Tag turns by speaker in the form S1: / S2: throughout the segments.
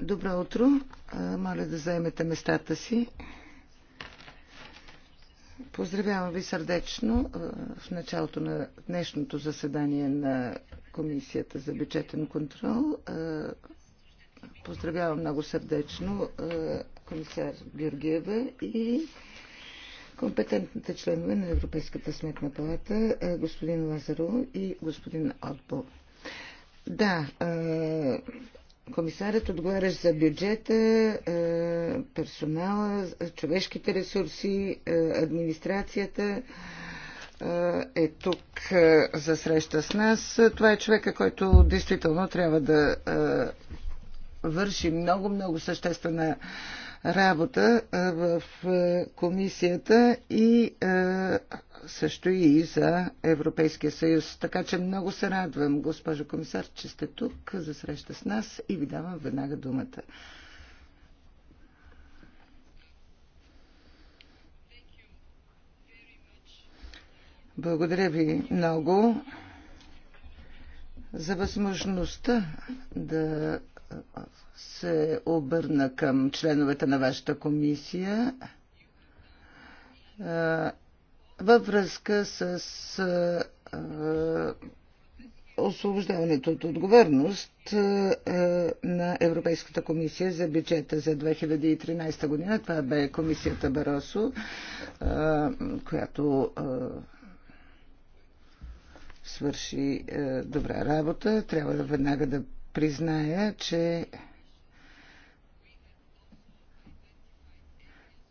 S1: Добро утро. Моля да заемете местата си. Поздравявам ви сърдечно в началото на днешното заседание на Комисията за бюджетен контрол. Поздравявам много сърдечно комисар Георгиева и компетентните членове на Европейската сметна палата, е, господин Лазаро и господин Отбо. Да, е, комисарят отговаряш за бюджета, е, персонала, човешките ресурси, администрацията е тук за среща с нас. Това е човека, който действително трябва да върши много-много съществена работа в комисията и също и за Европейския съюз. Така че много се радвам, госпожо комисар, че сте тук за среща с нас и ви давам веднага думата. Благодаря ви много за възможността да се обърна към членовете на вашата комисия във връзка с освобождаването от отговорност на Европейската комисия за бюджета за 2013 година. Това бе комисията Баросо, която свърши добра работа. Трябва да веднага да призная, че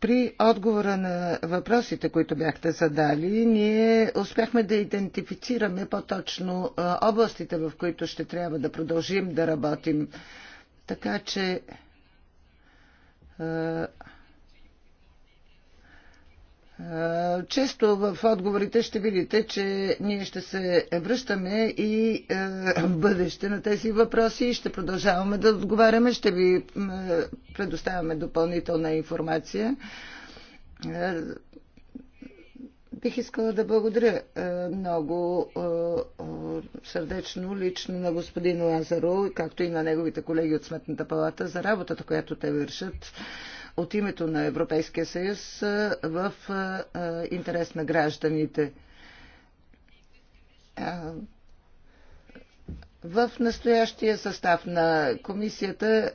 S1: При отговора на въпросите, които бяхте задали, ние успяхме да идентифицираме по-точно областите, в които ще трябва да продължим да работим. Така че е, често в отговорите ще видите, че ние ще се връщаме и е, в бъдеще на тези въпроси и ще продължаваме да отговаряме, ще ви е, предоставяме допълнителна информация. Бих искала да благодаря много сърдечно, лично на господин Лазаро, както и на неговите колеги от Сметната палата за работата, която те вършат от името на Европейския съюз в интерес на гражданите. В настоящия състав на комисията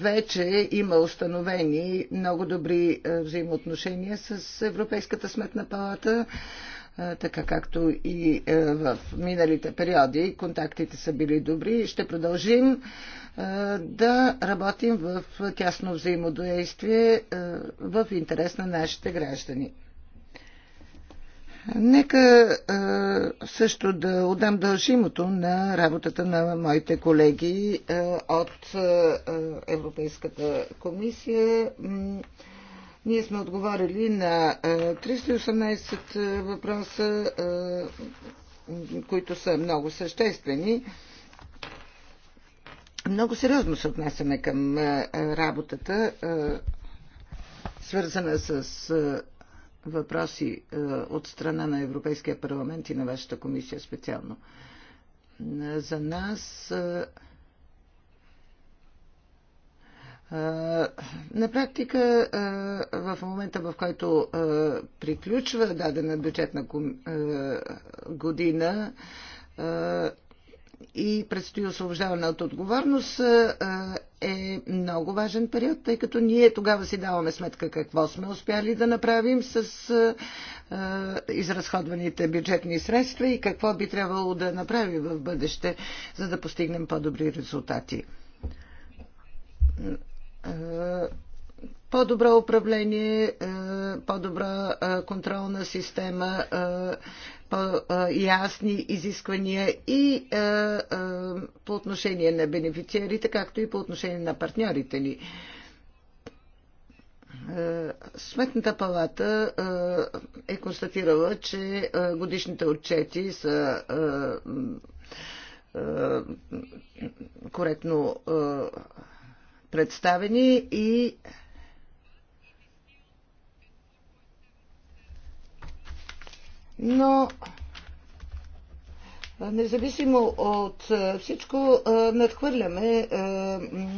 S1: вече има установени много добри взаимоотношения с Европейската сметна палата, така както и в миналите периоди контактите са били добри. Ще продължим да работим в тясно взаимодействие е, в интерес на нашите граждани. Нека е, също да отдам дължимото на работата на моите колеги е, от Европейската комисия. Ние сме отговорили на 318 въпроса, които са много съществени много сериозно се отнасяме към е, е, работата, е, свързана с въпроси от страна на Европейския парламент и на вашата комисия специално. За нас на практика, в момента в който приключва дадена бюджетна година, и предстои освобождаване от отговорност е много важен период, тъй като ние тогава си даваме сметка какво сме успяли да направим с изразходваните бюджетни средства и какво би трябвало да направим в бъдеще, за да постигнем по-добри резултати. По-добро управление, по-добра контролна система по-ясни изисквания и е, е, по отношение на бенефициарите, както и по отношение на партньорите ни. Е, Сметната палата е констатирала, че годишните отчети са коректно представени и Но независимо от всичко, надхвърляме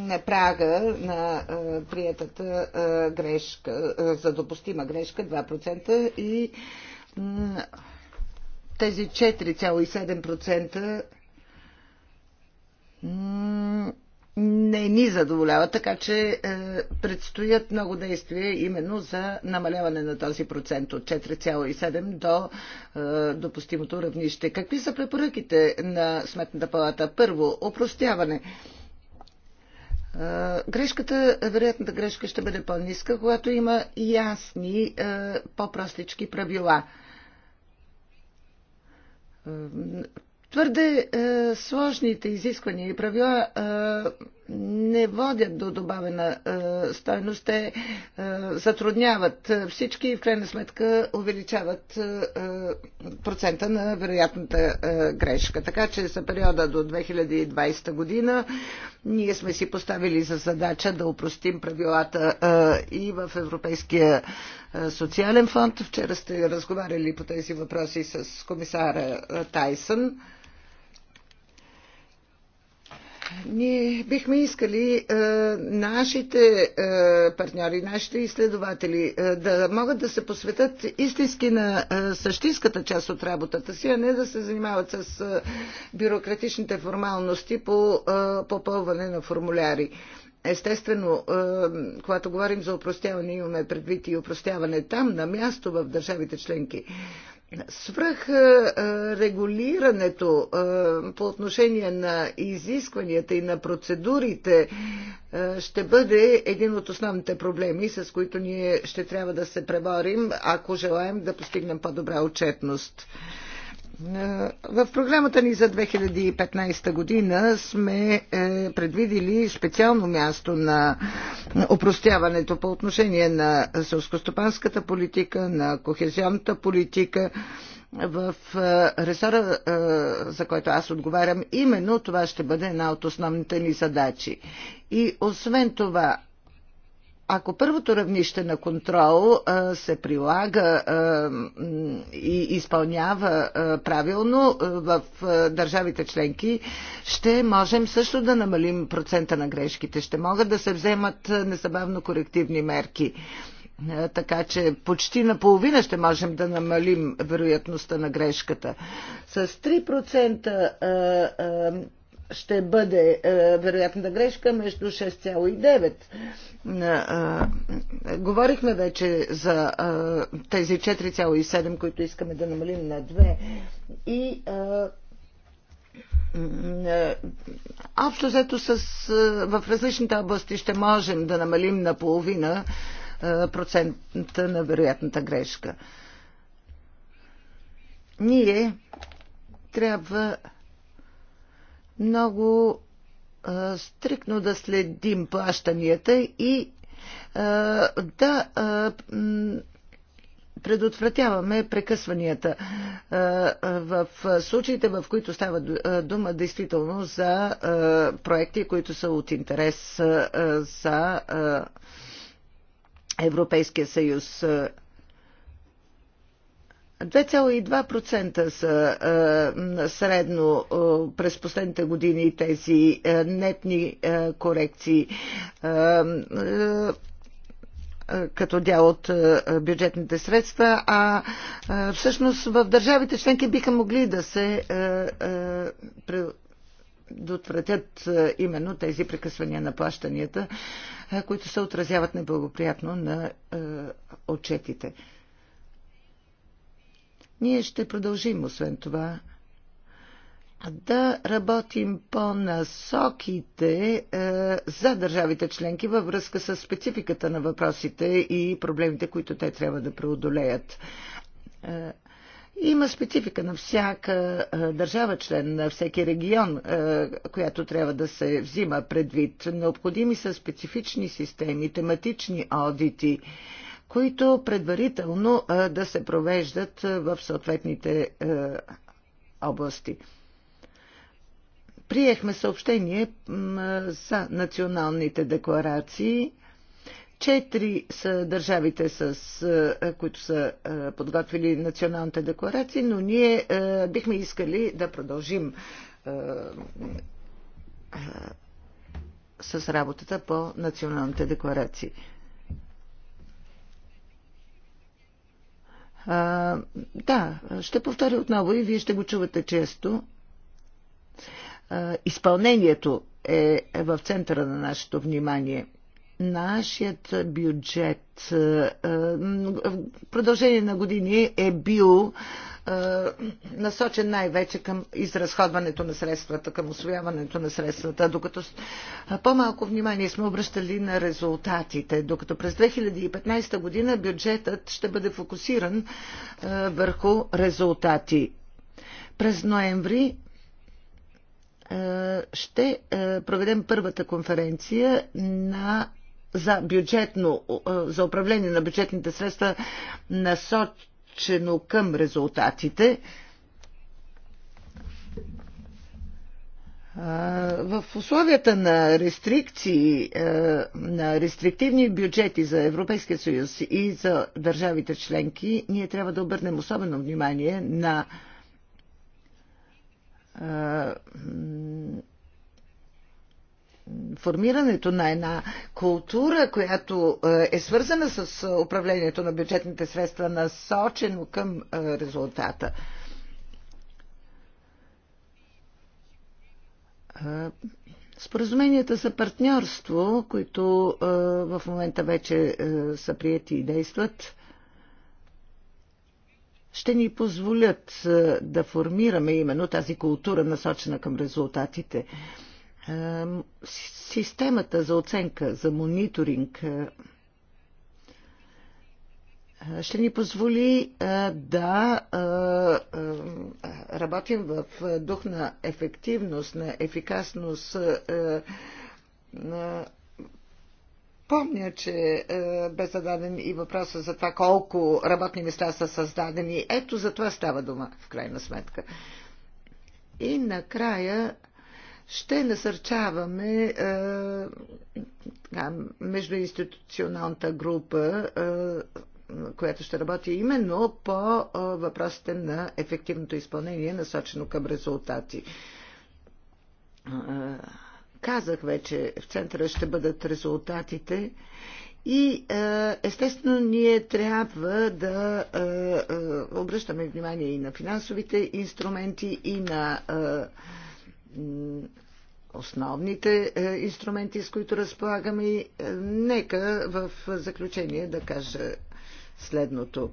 S1: на прага на приятата грешка, за допустима грешка 2% и тези 4,7% не ни задоволява, така че е, предстоят много действия именно за намаляване на този процент от 4,7 до е, допустимото равнище. Какви са препоръките на Сметната палата? Първо, опростяване. Е, грешката, вероятната грешка ще бъде по-ниска, когато има ясни, е, по-простички правила е, Твърде е, сложните изисквания и правила е, не водят до добавена е, стойност. Те е, затрудняват всички и в крайна сметка увеличават е, е процента на вероятната е, грешка. Така че за периода до 2020 година ние сме си поставили за задача да упростим правилата е, и в Европейския е, социален фонд. Вчера сте разговаряли по тези въпроси с комисара е, Тайсън. Ние бихме искали е, нашите е, партньори, нашите изследователи е, да могат да се посветят истински на е, същинската част от работата си, а не да се занимават с е, бюрократичните формалности по е, попълване на формуляри. Естествено, е, когато говорим за упростяване, имаме предвид и упростяване там, на място в държавите членки. Свръхрегулирането е, е, е, по отношение на изискванията и на процедурите ще бъде един от основните проблеми, с които ние ще трябва да се преборим, ако желаем да постигнем по-добра отчетност. В програмата ни за 2015 година сме е, предвидили специално място на опростяването по отношение на селскостопанската политика, на кохезионната политика. В е, ресора, е, за който аз отговарям, именно това ще бъде една от основните ни задачи. И освен това, ако първото равнище на контрол се прилага и изпълнява правилно в държавите членки, ще можем също да намалим процента на грешките. Ще могат да се вземат незабавно корективни мерки. Така че почти наполовина ще можем да намалим вероятността на грешката. С 3% ще бъде а, е, вероятната грешка между 6,9. А, а, говорихме вече за а, е, тези 4,7, които искаме да намалим на 2. И а, е, общо взето в различните области ще можем да намалим на половина процента на вероятната грешка. Ние трябва много а, стрикно да следим плащанията и а, да а, предотвратяваме прекъсванията в случаите, в които става дума действително за проекти, които са от интерес за Европейския съюз. 2,2% са а, е, средно а, е, през последните години тези а, е, нетни а, корекции. А, а, като дял от бюджетните средства, а всъщност в държавите членки биха могли да се предотвратят именно тези прекъсвания на плащанията, които се отразяват неблагоприятно на отчетите. Ние ще продължим, освен това, да работим по насоките е, за държавите членки във връзка с спецификата на въпросите и проблемите, които те трябва да преодолеят. Е, има специфика на всяка е, държава член, на всеки регион, е, която трябва да се взима предвид. Необходими са специфични системи, тематични одити. Е, които предварително да се провеждат в съответните области. Приехме съобщение за националните декларации. Четири са държавите, с, които са подготвили националните декларации, но ние бихме искали да продължим с работата по националните декларации. А, да, ще повторя отново и вие ще го чувате често. А, изпълнението е, е в центъра на нашето внимание – Нашият бюджет в е, е, продължение на години е бил е, насочен най-вече към изразходването на средствата, към освояването на средствата, докато по-малко внимание сме обръщали на резултатите, докато през 2015 година бюджетът ще бъде фокусиран върху резултати. През ноември ще проведем първата конференция на за бюджетно, за управление на бюджетните средства насочено към резултатите. В условията на рестрикции, на рестриктивни бюджети за Европейския съюз и за държавите членки, ние трябва да обърнем особено внимание на формирането на една култура, която е, е свързана с е, управлението на бюджетните средства, насочено към е, резултата. Споразуменията за партньорство, които в момента вече са прияти и действат, ще ни позволят да формираме именно тази култура, насочена към резултатите. Системата за оценка, за мониторинг ще ни позволи да работим в дух на ефективност, на ефикасност. Помня, че бе зададен и въпроса за това колко работни места са създадени. Ето за това става дума, в крайна сметка. И накрая ще насърчаваме е, а, междуинституционалната група, а, е, която ще работи именно по а, е, въпросите на ефективното изпълнение, насочено към резултати. А, казах вече, в центъра ще бъдат резултатите и естествено ние трябва да обръщаме внимание и на финансовите инструменти, и на основните е, инструменти, с които разполагаме. Е, нека в заключение да кажа следното.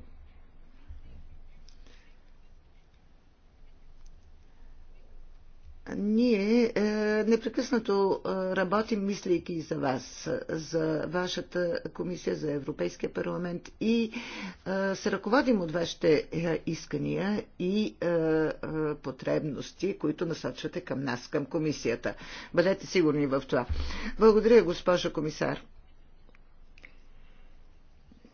S1: Ние е, непрекъснато е, работим, мислейки за вас, за вашата комисия, за Европейския парламент и е, се ръководим от вашите е, искания и е, е, потребности, които насочвате към нас, към комисията. Бъдете сигурни в това. Благодаря, госпожа комисар.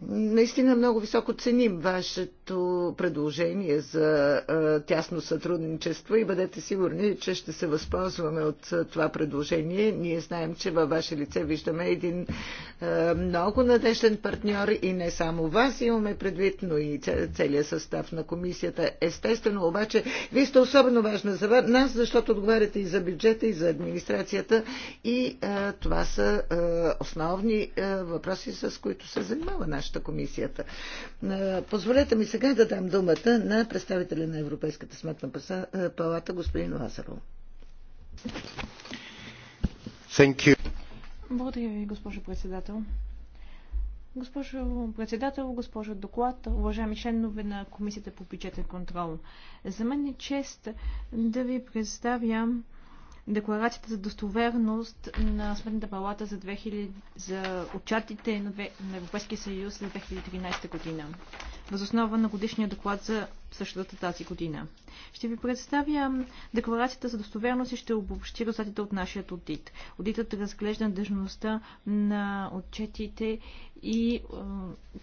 S1: Наистина много високо ценим вашето предложение за тясно сътрудничество и бъдете сигурни, че ще се възползваме от това предложение. Ние знаем, че във ваше лице виждаме един много надежден партньор и не само вас имаме предвид, но и целият състав на комисията. Естествено, обаче, вие сте особено важна за нас, защото отговаряте и за бюджета, и за администрацията и това са основни въпроси, с които се занимава нашата нашата комисията. Позволете ми сега да дам думата на представителя на Европейската сметна палата, господин Лазаров.
S2: Благодаря ви, госпожо председател. Госпожо председател, госпожо доклад, уважаеми членове на Комисията по бюджетен контрол. За мен е чест да ви представя декларацията за достоверност на Сметната палата за, 2000, за отчатите на, на Европейския съюз за 2013 година, възоснова на годишния доклад за същата тази година. Ще ви представя декларацията за достоверност и ще обобщи резултатите от нашия аудит. Одитът разглежда дъжността на отчетите и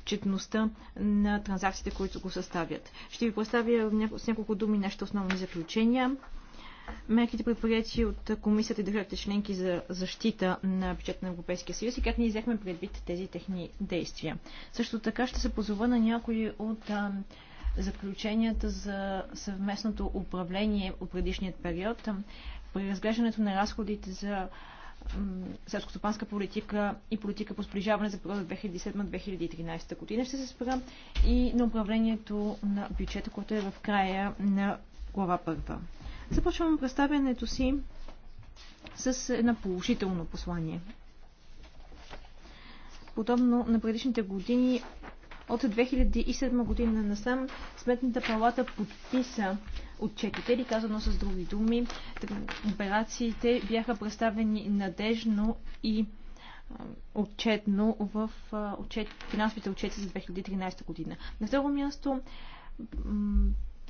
S2: четността на транзакциите, които го съставят. Ще ви представя с няколко думи нашите основни заключения мерките предприяти от комисията и държавите членки за защита на бюджета на Европейския съюз и как ние взехме предвид тези техни действия. Също така ще се позова на някои от а, заключенията за съвместното управление от предишният период. При разглеждането на разходите за селскостопанска политика и политика по сближаване за периода 2007-2013 година. Ще се спра и на управлението на бюджета, което е в края на
S1: глава първа.
S2: Започвам представянето си с едно положително послание. Подобно на предишните години, от 2007 година насам, Сметната палата подписа отчетите, или казано с други думи, операциите бяха представени надежно и отчетно в отчет, финансовите отчети за 2013 година. На второ място,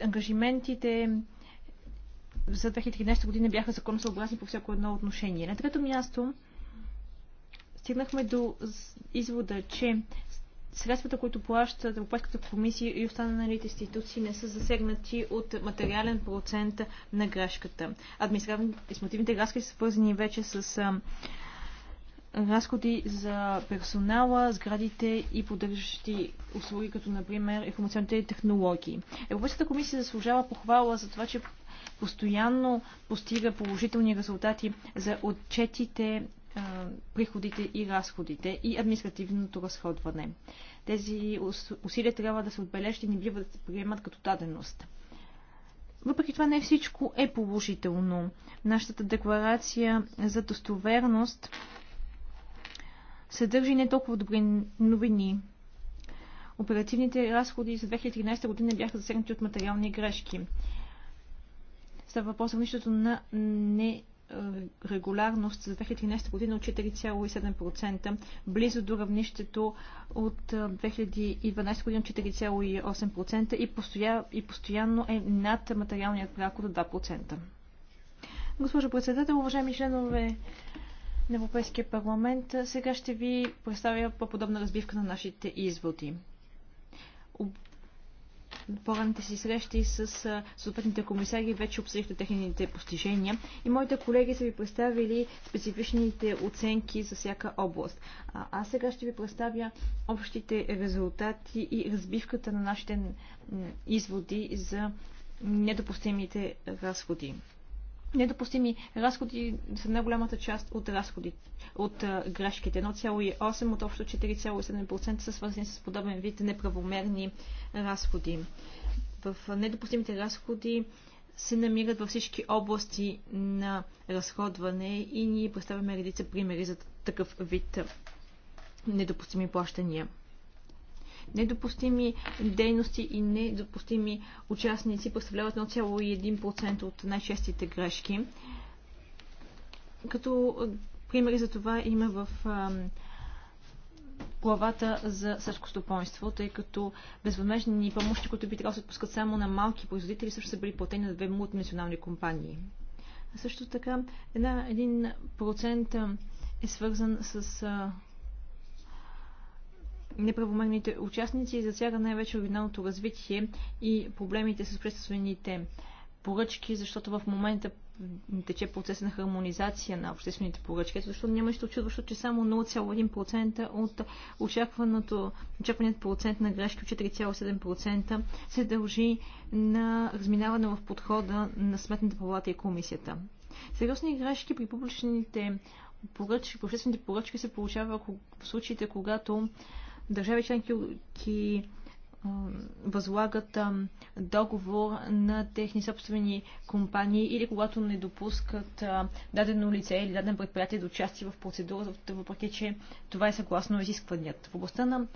S2: ангажиментите, за 2013 година бяха законосъобразни по всяко едно отношение. На трето място стигнахме до извода, че средствата, които плащат Европейската комисия и останалите институции не са засегнати от материален процент на грешката. Административните грешки са свързани вече с разходи за персонала, сградите и поддържащи услуги, като например информационните технологии. Европейската комисия заслужава похвала за това, че постоянно постига положителни резултати за отчетите, приходите и разходите и административното разходване. Тези усилия трябва да се отбележат и не бива да се приемат като даденост. Въпреки това не всичко е положително. Нашата декларация за достоверност съдържа не толкова добри новини. Оперативните разходи за 2013 година бяха засегнати от материални грешки. Става въпрос за нищото на нерегулярност за 2013 година от 4,7%, близо до равнището от 2012 година 4,8% и, постоя, и постоянно е над материалният прак от 2%. Госпожо председател, уважаеми членове на Европейския парламент, сега ще ви представя по-подобна разбивка на нашите изводи по-ранните си срещи с съответните комисари вече обсъжда техните постижения и моите колеги са ви представили специфичните оценки за всяка област. А, аз сега ще ви представя общите резултати и разбивката на нашите изводи за недопустимите разходи недопустими разходи са най-голямата част от разходите, от грешките. 1,8 от общо 4,7% са свързани с подобен вид неправомерни разходи. В недопустимите разходи се намират във всички области на разходване и ние представяме редица примери за такъв вид недопустими плащания недопустими дейности и недопустими участници представляват 0,1% от най-честите грешки. Като примери за това има в главата за стопонство, тъй като безвъзмежни помощи, които би трябвало да се отпускат само на малки производители, също са били платени на две мултинационални компании. също така, една, един процент е свързан с а, неправомерните участници и засяга най-вече оригиналното развитие и проблемите с обществените поръчки, защото в момента тече процес на хармонизация на обществените поръчки, защото няма нищо очудващо, че само 0,1% от очакваното, очакваният процент на грешки от 4,7% се дължи на разминаване в подхода на сметната палата и комисията. Сериозни грешки при публичните поръчки, обществените поръчки се получава в случаите, когато държави членки ки, възлагат договор на техни собствени компании или когато не допускат дадено лице или даден предприятие до участие в процедурата, въпреки че това е съгласно изискванията. В областта на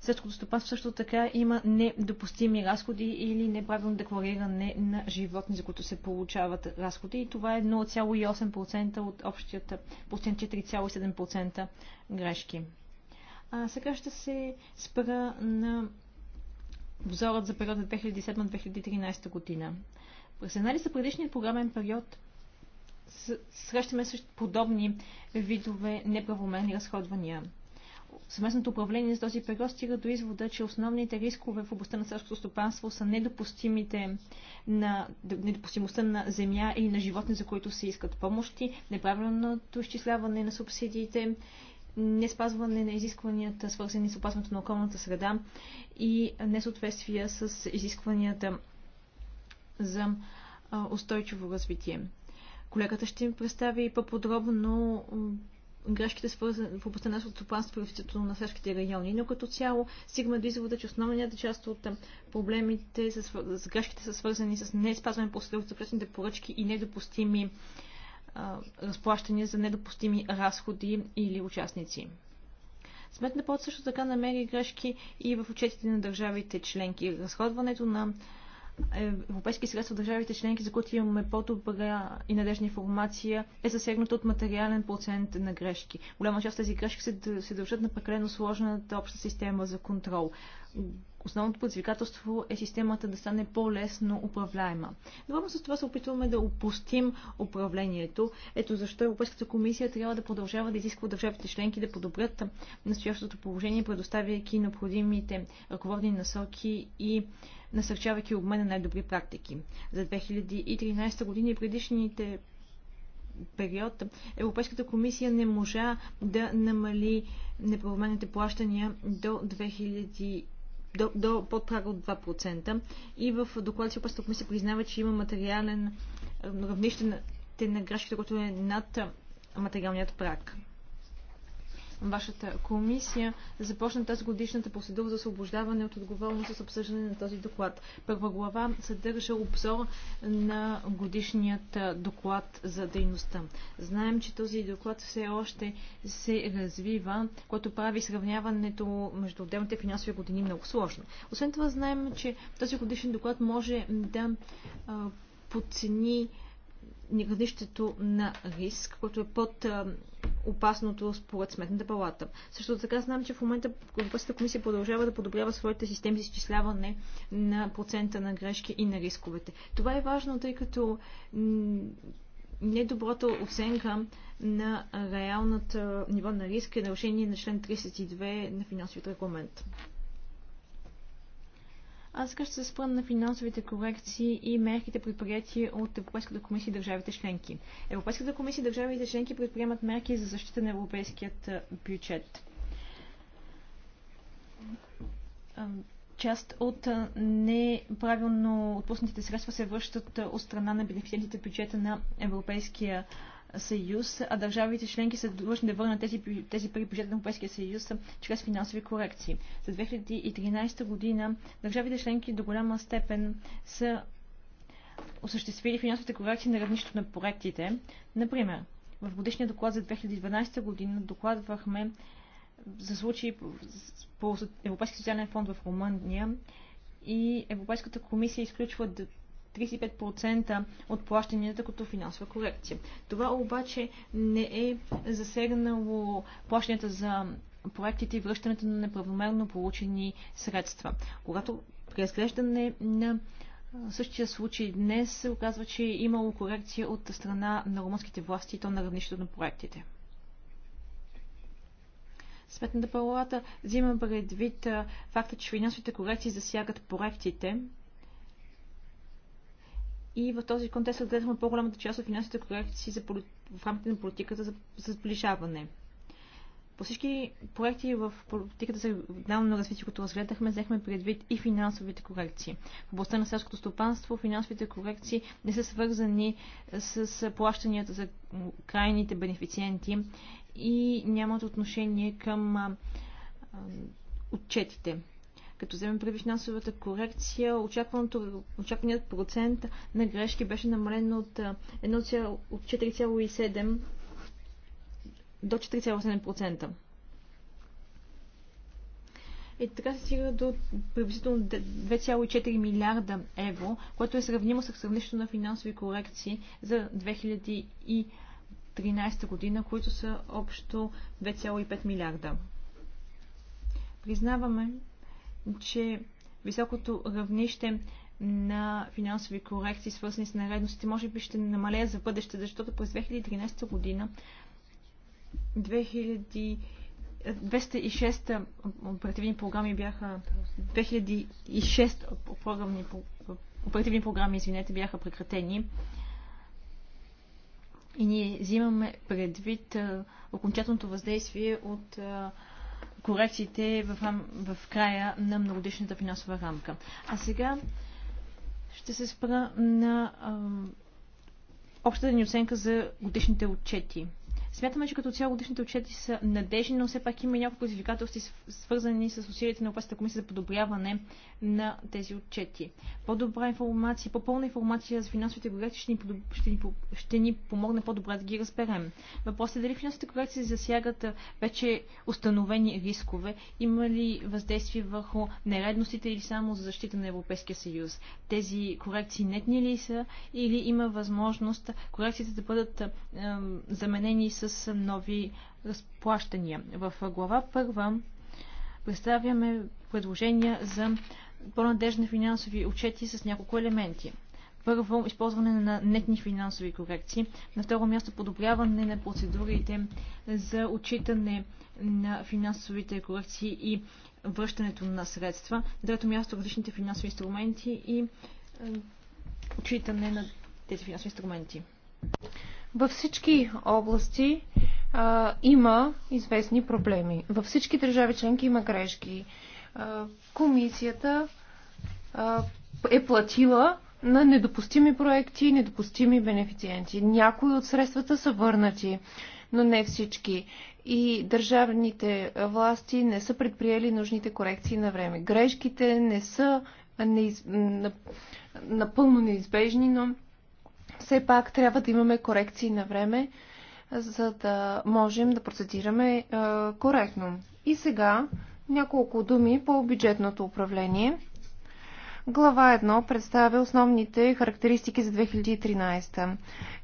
S2: Сърското стопанство също така има недопустими разходи или неправилно деклариране на животни, за които се получават разходи. И това е 0,8% от общията процент 4,7% грешки. А сега ще се спра на взорът за периода 2007-2013 година. През анализа предишният програмен период срещаме също подобни видове неправомерни разходвания. Съместното управление за този период стига до извода, че основните рискове в областта на селското стопанство са недопустимите на недопустимостта на земя и на животни, за които се искат помощи, неправилното изчисляване на субсидиите не спазване на изискванията, свързани с опасването на околната среда и несъответствия с изискванията за устойчиво развитие. Колегата ще ми представи по-подробно грешките свързани в областта на стопанство и развитието на селските райони, но като цяло стигаме до извода, че основната част от проблемите с, грешките са свързани с неспазване по за поръчки и недопустими разплащания за недопустими разходи или участници. Сметна под също така намери грешки и в отчетите на държавите членки. Разходването на европейски средства в държавите членки, за които имаме по-добра и надежна информация, е засегнато от материален процент на грешки. Голяма част от тези грешки се, се дължат на прекалено сложната обща система за контрол. Основното предизвикателство е системата да стане по-лесно управляема. Добавно с това се опитваме да опустим управлението. Ето защо Европейската комисия трябва да продължава да изисква държавите членки да подобрят настоящото положение, предоставяйки необходимите ръководни насоки и насърчавайки обмен на най-добри практики. За 2013 година и предишните период Европейската комисия не можа да намали неправоменните плащания до до, до под праг от 2%. И в доклад си опасно комисия признава, че има материален равнище на, на грешките, който е над материалният праг вашата комисия започна тази годишната процедура за освобождаване от отговорност с обсъждане на този доклад. Първа глава съдържа обзор на годишният доклад за дейността. Знаем, че този доклад все още се развива, което прави сравняването между отделните финансови години много сложно. Освен това знаем, че този годишен доклад може да подцени равнището на риск, който е под опасното според сметната палата. Също така знам, че в момента Европейската комисия продължава да подобрява своите системи за изчисляване на процента на грешки и на рисковете. Това е важно, тъй като недоброто оценка на реалната ниво на риск е нарушение на член 32 на финансовият регламент. Аз сега ще се спра на финансовите корекции и мерките предприятия от Европейската комисия и държавите членки. Европейската комисия и държавите членки предприемат мерки за защита на европейският бюджет. Част от неправилно отпуснатите средства се връщат от страна на бенефициентите бюджета на Европейския бюджет съюз, а държавите членки са длъжни да върнат тези, тези пари бюджета на Европейския съюз чрез финансови корекции. За 2013 година държавите членки до голяма степен са осъществили финансовите корекции на равнището на проектите. Например, в годишния доклад за 2012 година докладвахме за случаи по Европейския социален фонд в Румъния и Европейската комисия изключва 35% от плащанията като финансова корекция. Това обаче не е засегнало плащанията за проектите и връщането на неправомерно получени средства. Когато при разглеждане на същия случай днес се оказва, че е имало корекция от страна на румънските власти и то на равнището на проектите. Сметната палата взима предвид факта, че финансовите корекции засягат проектите, и в този контекст разгледахме по-голямата част от финансовите корекции за поли... в рамките на политиката за, за сближаване. По всички проекти в политиката за регионално развитие, които разгледахме, взехме предвид и финансовите корекции. В областта на селското стопанство финансовите корекции не са свързани с плащанията за крайните бенефициенти и нямат отношение към отчетите. Като вземем преди финансовата корекция, очакваният процент на грешки беше намален от 4,7 до 4,7%. И така се стига до приблизително 2,4 милиарда евро, което е сравнимо с сравнището на финансови корекции за 2013 година, които са общо 2,5 милиарда. Признаваме, че високото равнище на финансови корекции, свързани с наредностите, може би ще намалее за бъдеще, защото през 2013 година 206 оперативни програми бяха 2006 програмни, оперативни програми извинете, бяха прекратени и ние взимаме предвид окончателното въздействие от корекциите в, рам... в края на многодишната финансова рамка. А сега ще се спра на общата ни оценка за годишните отчети. Смятаме, че като цяло годишните отчети са надежни, но все пак има и няколко предизвикателства, свързани с усилията на Европейската комисия за подобряване на тези отчети. По-добра информация, по-пълна информация за финансовите корекции ще ни, ще ни, ще ни помогне по-добре да ги разберем. Въпросът е дали финансовите корекции засягат вече установени рискове, има ли въздействие върху нередностите или само за защита на Европейския съюз. Тези корекции нетни ли са или има възможност корекциите да бъдат е, заменени с с нови разплащания. В глава първа представяме предложения за по-надежни финансови отчети с няколко елементи. Първо, използване на нетни финансови корекции. На второ място, подобряване на процедурите за отчитане на финансовите корекции и връщането на средства. На трето място, различните финансови инструменти и е, отчитане на тези финансови инструменти.
S3: Във всички области а, има известни проблеми. Във всички държави членки има грешки. А, комисията а, е платила на недопустими проекти и недопустими бенефициенти. Някои от средствата са върнати, но не всички. И държавните власти не са предприели нужните корекции на време. Грешките не са неиз... напълно неизбежни, но все пак трябва да имаме корекции на време, за да можем да процедираме е, коректно. И сега няколко думи по бюджетното управление. Глава 1 представя основните характеристики за 2013.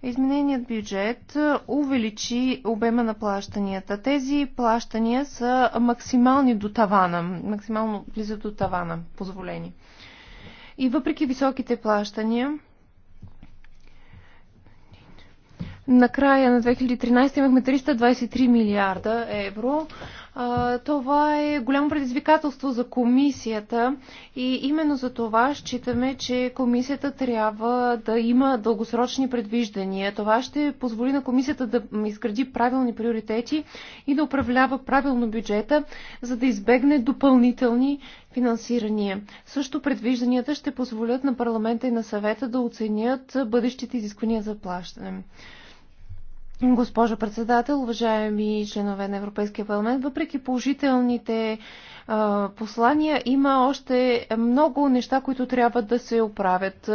S3: Измененият бюджет е, увеличи обема на плащанията. Тези плащания са максимални до тавана, максимално близо до тавана, позволени. И въпреки високите плащания, на края на 2013 имахме 323 милиарда евро. Това е голямо предизвикателство за комисията и именно за това считаме, че комисията трябва да има дългосрочни предвиждания. Това ще позволи на комисията да изгради правилни приоритети и да управлява правилно бюджета, за да избегне допълнителни финансирания. Също предвижданията ще позволят на парламента и на съвета да оценят бъдещите изисквания за плащане. Госпожо председател, уважаеми членове на Европейския парламент, въпреки положителните а, послания, има още много неща, които трябва да се оправят.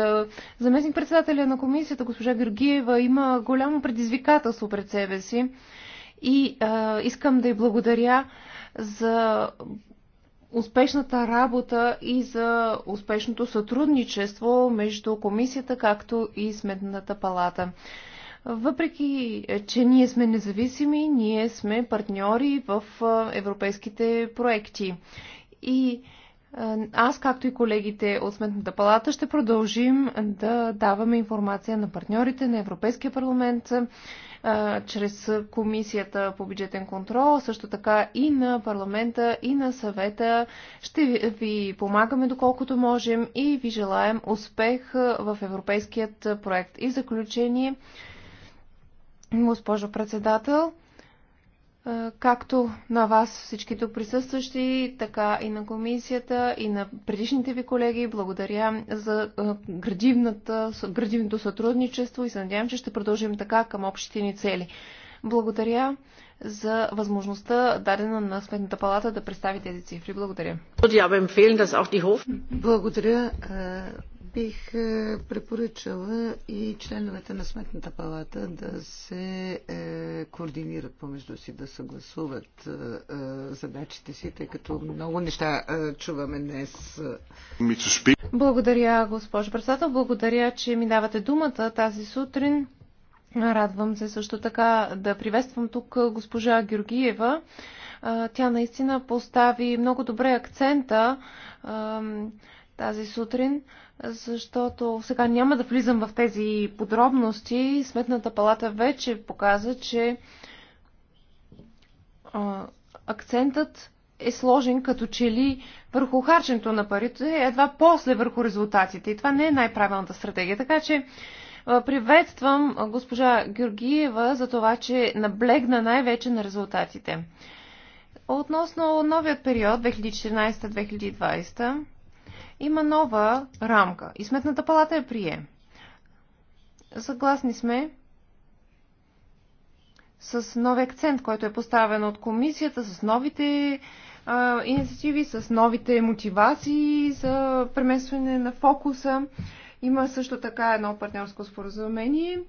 S3: Заместник председателя на комисията, госпожа Георгиева, има голямо предизвикателство пред себе си и а, искам да й благодаря за успешната работа и за успешното сътрудничество между комисията, както и Сметната палата. Въпреки, че ние сме независими, ние сме партньори в европейските проекти. И аз, както и колегите от Сметната палата, ще продължим да даваме информация на партньорите на Европейския парламент чрез Комисията по бюджетен контрол, също така и на парламента, и на съвета. Ще ви помагаме доколкото можем и ви желаем успех в европейският проект. И в заключение, госпожо председател. Както на вас всичките присъстващи, така и на комисията, и на предишните ви колеги, благодаря за градивното сътрудничество и се надявам, че ще продължим така към общите ни цели. Благодаря за възможността, дадена на Сметната палата, да представи тези цифри. Благодаря.
S1: Благодаря. Бих е, препоръчала и членовете на Сметната палата да се е, координират помежду си, да съгласуват е, задачите си, тъй като много неща чуваме днес.
S3: Благодаря, госпожо председател. Благодаря, че ми давате думата тази сутрин. Радвам се също така да приветствам тук госпожа Георгиева. Тя наистина постави много добре акцента тази сутрин защото сега няма да влизам в тези подробности. Сметната палата вече показа, че акцентът е сложен като че ли върху харченето на парите, едва после върху резултатите. И това не е най-правилната стратегия. Така че приветствам госпожа Георгиева за това, че наблегна най-вече на резултатите. Относно новият период 2014-2020, има нова рамка и Сметната палата я прие. Съгласни сме с нови акцент, който е поставен от комисията, с новите а, инициативи, с новите мотивации за преместване на фокуса. Има също така едно партньорско споразумение.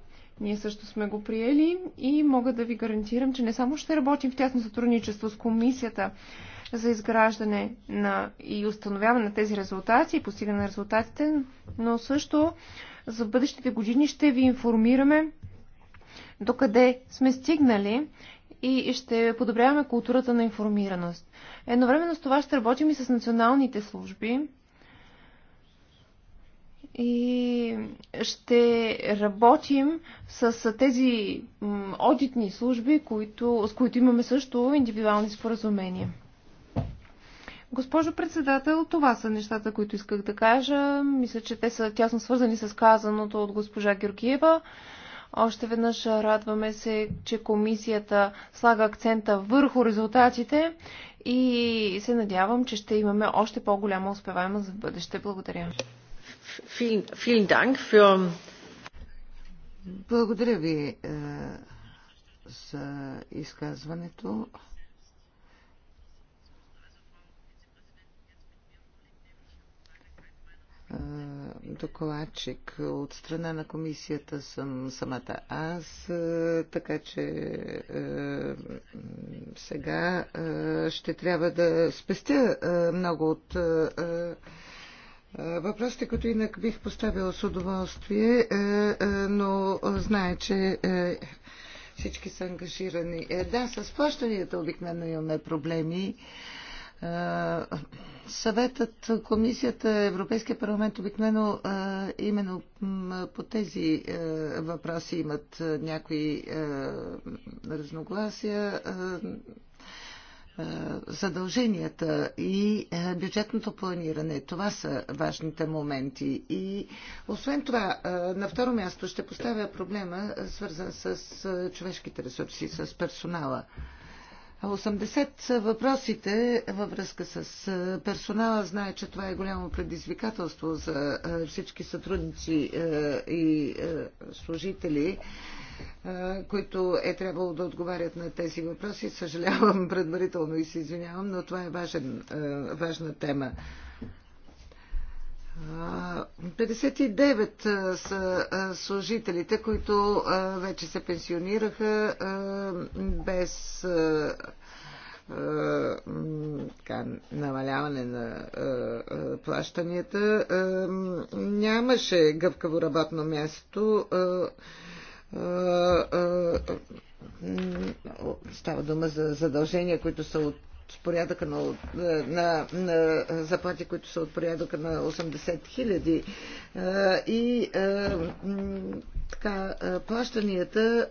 S3: Ние също сме го приели и мога да ви гарантирам, че не само ще работим в тясно сътрудничество с комисията, за изграждане на и установяване на тези резултати и постигане на резултатите, но също за бъдещите години ще ви информираме докъде сме стигнали и ще подобряваме културата на информираност. Едновременно с това ще работим и с националните служби и ще работим с тези одитни служби, които, с които имаме също индивидуални споразумения. Госпожо председател, това са нещата, които исках да кажа. Мисля, че те са тясно свързани с казаното от госпожа Георгиева. Още веднъж радваме се, че комисията слага акцента върху резултатите и се надявам, че ще имаме още по-голяма успеваемост в бъдеще. Благодаря.
S1: Благодаря ви е, за изказването. докладчик от страна на комисията съм самата аз, така че сега ще трябва да спестя много от въпросите, които инак бих поставила с удоволствие, но знае, че всички са ангажирани. Е, да, с плащанията обикновено имаме проблеми Съветът, комисията, Европейския парламент обикновено именно по тези въпроси имат някои разногласия. Задълженията и бюджетното планиране, това са важните моменти. И освен това, на второ място ще поставя проблема, свързан с човешките ресурси, с персонала. 80 въпросите във връзка с персонала. Знае, че това е голямо предизвикателство за всички сътрудници и служители, които е трябвало да отговарят на тези въпроси. Съжалявам предварително и се извинявам, но това е важен, важна тема. 59 са служителите, които вече се пенсионираха без така, намаляване на плащанията. Нямаше гъвкаво работно място. Става дума за задължения, които са от от порядъка на, е, на, на заплати, които са от порядъка на 80 хиляди. Е, и е, така, плащанията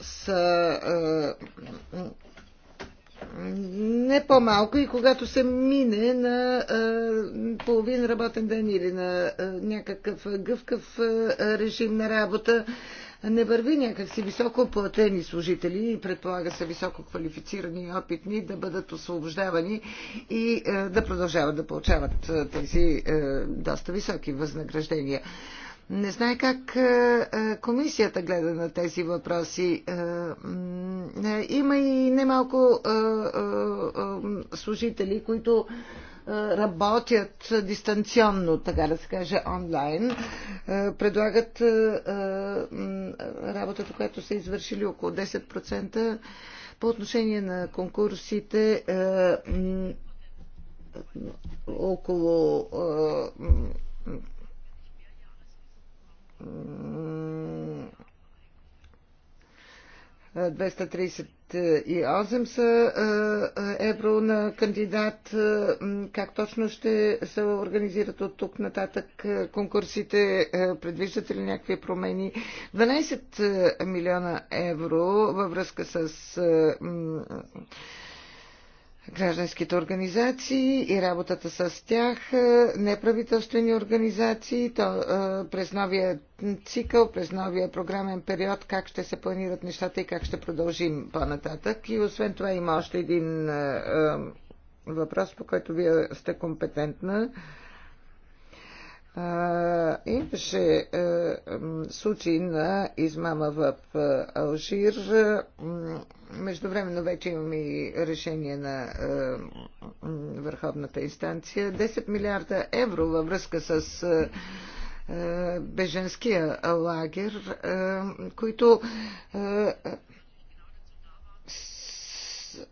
S1: са не по-малко и когато се мине на а, половин работен ден или на а, някакъв гъвкав а, режим на работа, не върви някакси високо платени служители и предполага се високо квалифицирани и опитни да бъдат освобождавани и е, да продължават да получават е, тези е, доста високи възнаграждения. Не знае как комисията гледа на тези въпроси. Има и немалко служители, които работят дистанционно, така да се каже, онлайн, предлагат работата, която са извършили около 10% по отношение на конкурсите около двеста 230 28 е, евро на кандидат. Е, как точно ще се организират от тук нататък е, конкурсите? Предвиждате ли някакви промени? 12 милиона евро във връзка с гражданските организации и работата с тях, е, неправителствени организации, то е, през новия цикъл, през новия програмен период, как ще се планират нещата и как ще продължим по-нататък. И освен това има още един е, въпрос, по който вие сте компетентна имаше случаи на измама в Алжир. Междувременно вече имаме и решение на Върховната инстанция. 10 милиарда евро във връзка с беженския лагер, които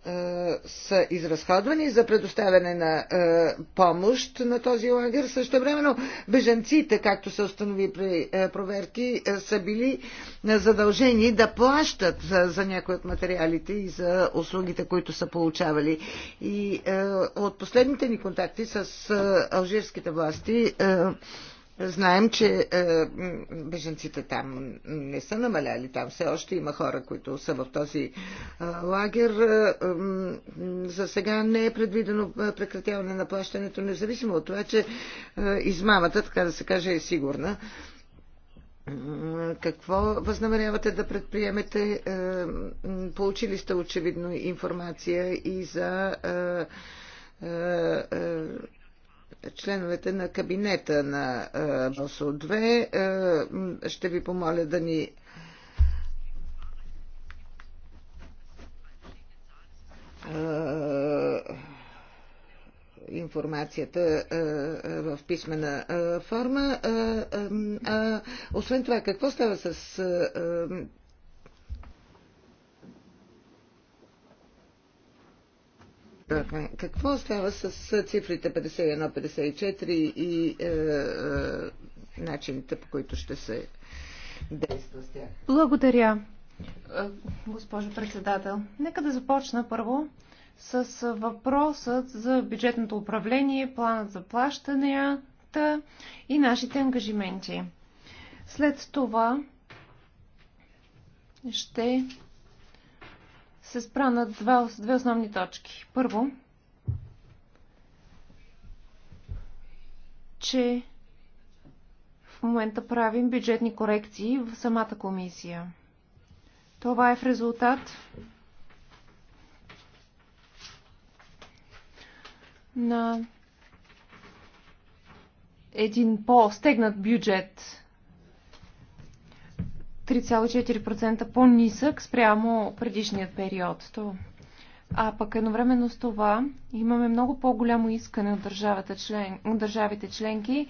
S1: е, са изразходвани за предоставяне на е, помощ на този лагер. Също времено бежанците, както се установи при е, проверки, са били задължени да плащат за някои от материалите и за услугите, които са получавали. И от последните ни контакти с алжирските власти Знаем, че е, беженците там не са намаляли. Там все още има хора, които са в този е, лагер. Е, е, за сега не е предвидено е, прекратяване на плащането, независимо от това, че е, измамата, така да се каже, е сигурна. Е, какво възнамерявате да предприемете? Е, получили сте очевидно информация и за членовете на кабинета на е, БОСО 2. Е, ще ви помоля да ни е, информацията в писмена форма. Освен това, какво става с разбрахме. Какво става с цифрите 51-54 и е, е, начините по които ще се действа с тях?
S3: Благодаря, е, госпожо председател. Нека да започна първо с въпросът за бюджетното управление, планът за плащанията и нашите ангажименти. След това ще се спра на два, две основни точки. Първо, че в момента правим бюджетни корекции в самата комисия. Това е в резултат на един по-стегнат бюджет 3,4% по-нисък спрямо предишният период. А пък едновременно с това имаме много по-голямо искане от, държавата член, от държавите членки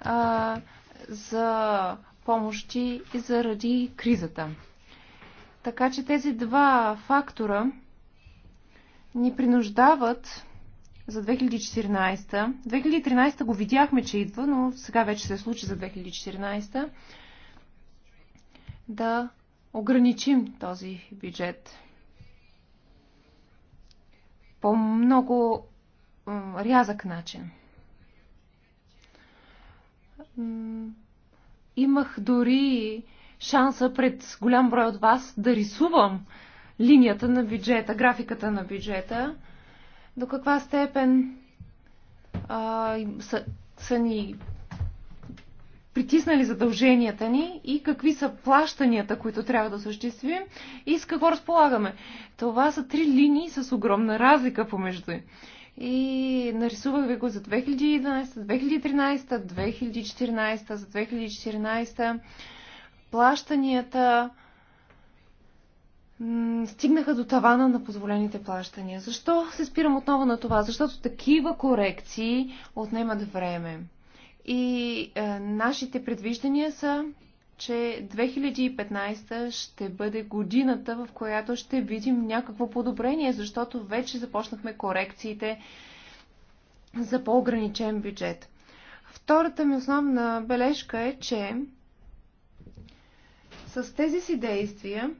S3: а, за помощи заради кризата. Така че тези два фактора ни принуждават за 2014. 2013 го видяхме, че идва, но сега вече се случи за 2014 да ограничим този бюджет по много рязък начин. Имах дори шанса пред голям брой от вас да рисувам линията на бюджета, графиката на бюджета, до каква степен а, са, са ни притиснали задълженията ни и какви са плащанията, които трябва да осъществим и с какво разполагаме. Това са три линии с огромна разлика помежду им. И нарисувах ви го за 2011, 2013, 2014, за 2014. Плащанията стигнаха до тавана на позволените плащания. Защо се спирам отново на това? Защото такива корекции отнемат време. И е, нашите предвиждания са, че 2015 ще бъде годината, в която ще видим някакво подобрение, защото вече започнахме корекциите за по-ограничен бюджет. Втората ми основна бележка е, че с тези си действия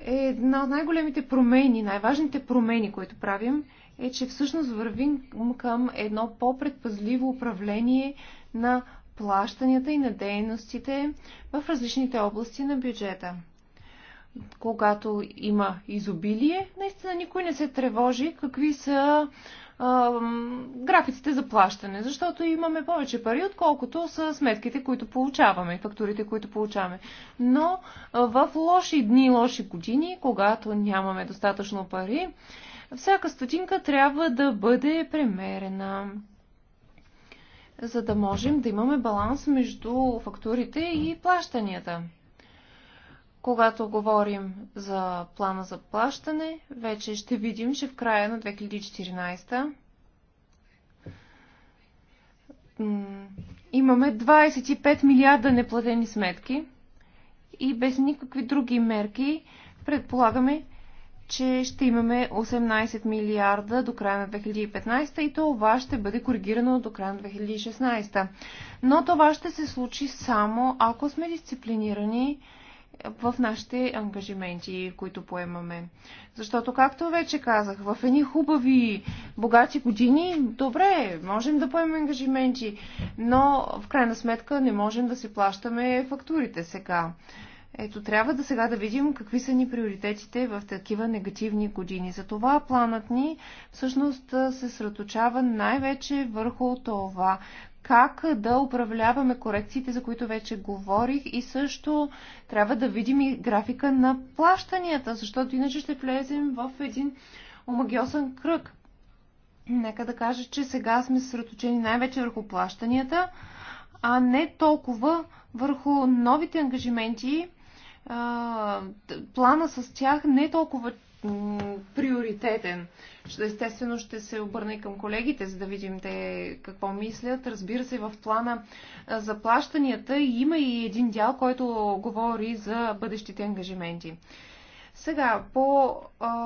S3: е една от най-големите промени, най-важните промени, които правим – е, че всъщност вървим към едно по-предпазливо управление на плащанията и на дейностите в различните области на бюджета. Когато има изобилие, наистина никой не се тревожи какви са а, графиците за плащане, защото имаме повече пари, отколкото са сметките, които получаваме, фактурите, които получаваме. Но в лоши дни, лоши години, когато нямаме достатъчно пари, всяка стотинка трябва да бъде премерена, за да можем да имаме баланс между фактурите и плащанията. Когато говорим за плана за плащане, вече ще видим, че в края на 2014 имаме 25 милиарда неплатени сметки и без никакви други мерки предполагаме, че ще имаме 18 милиарда до края на 2015 и това ще бъде коригирано до края на 2016. Но това ще се случи само ако сме дисциплинирани в нашите ангажименти, които поемаме. Защото, както вече казах, в едни хубави, богати години, добре, можем да поемем ангажименти, но в крайна сметка не можем да си плащаме фактурите сега. Ето, трябва да сега да видим какви са ни приоритетите в такива негативни години. Затова планът ни всъщност се сръточава най-вече върху това как да управляваме корекциите, за които вече говорих и също трябва да видим и графика на плащанията, защото иначе ще влезем в един омагиосен кръг. Нека да кажа, че сега сме съсредоточени най-вече върху плащанията, а не толкова върху новите ангажименти, плана с тях не е толкова приоритетен. Естествено ще се обърна и към колегите, за да видим те какво мислят. Разбира се, в плана за плащанията има и един дял, който говори за бъдещите ангажименти. Сега, по а,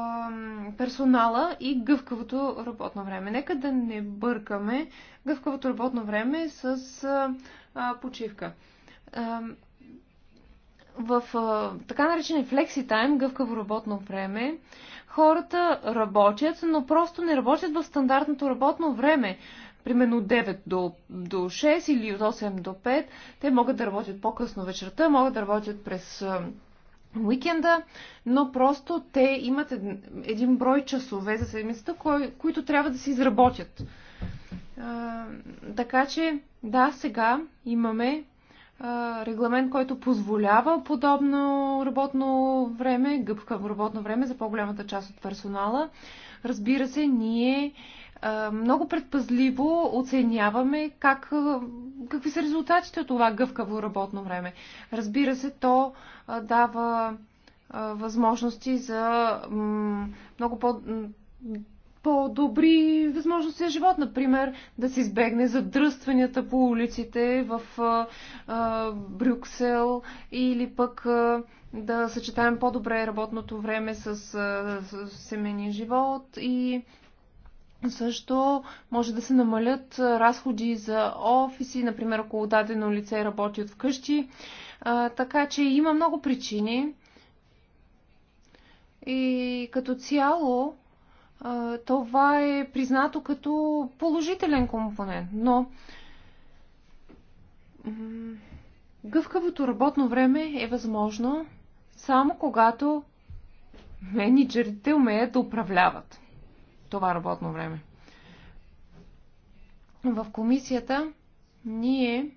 S3: персонала и гъвкавото работно време. Нека да не бъркаме гъвкавото работно време с а, а, почивка. А, в така наречен флекси тайм, гъвкаво работно време, хората работят, но просто не работят в стандартното работно време. Примерно от 9 до, до 6 или от 8 до 5. Те могат да работят по-късно вечерта, могат да работят през уикенда, но просто те имат един брой часове за седмицата, кои, които трябва да се изработят. А, така че, да, сега имаме регламент, който позволява подобно работно време, гъвкаво работно време за по-голямата част от персонала. Разбира се, ние много предпазливо оценяваме как, какви са резултатите от това гъвкаво работно време. Разбира се, то дава възможности за много по- по-добри възможности за живот. Например, да се избегне задръстванията по улиците в а, а, Брюксел или пък а, да съчетаем по-добре работното време с, с, с семейния живот и също може да се намалят разходи за офиси, например, ако дадено лице работи от вкъщи. А, така че има много причини. И като цяло това е признато като положителен компонент, но гъвкавото работно време е възможно само когато менеджерите умеят да управляват това работно време. В комисията ние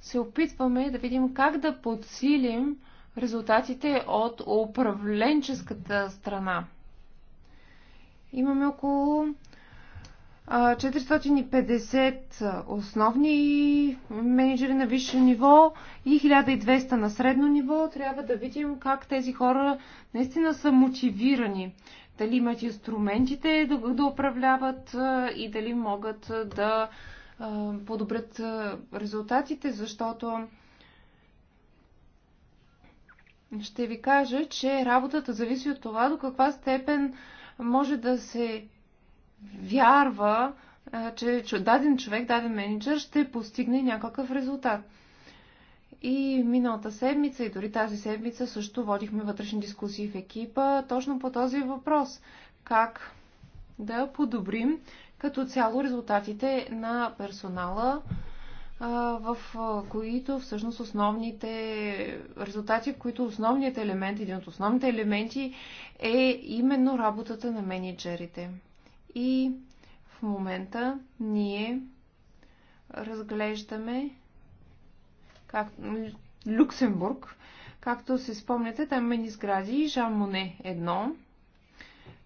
S3: се опитваме да видим как да подсилим резултатите от управленческата страна – Имаме около 450 основни менеджери на висше ниво и 1200 на средно ниво. Трябва да видим как тези хора наистина са мотивирани. Дали имат инструментите да, да управляват и дали могат да подобрят резултатите, защото ще ви кажа, че работата зависи от това до каква степен може да се вярва, че даден човек, даден менеджер ще постигне някакъв резултат. И миналата седмица и дори тази седмица също водихме вътрешни дискусии в екипа точно по този въпрос. Как да подобрим като цяло резултатите на персонала в които всъщност основните резултати, в които основният елемент, един от основните елементи е именно работата на менеджерите. И в момента ние разглеждаме как, Люксембург. Както се спомняте, там има ни сгради Жан Моне едно.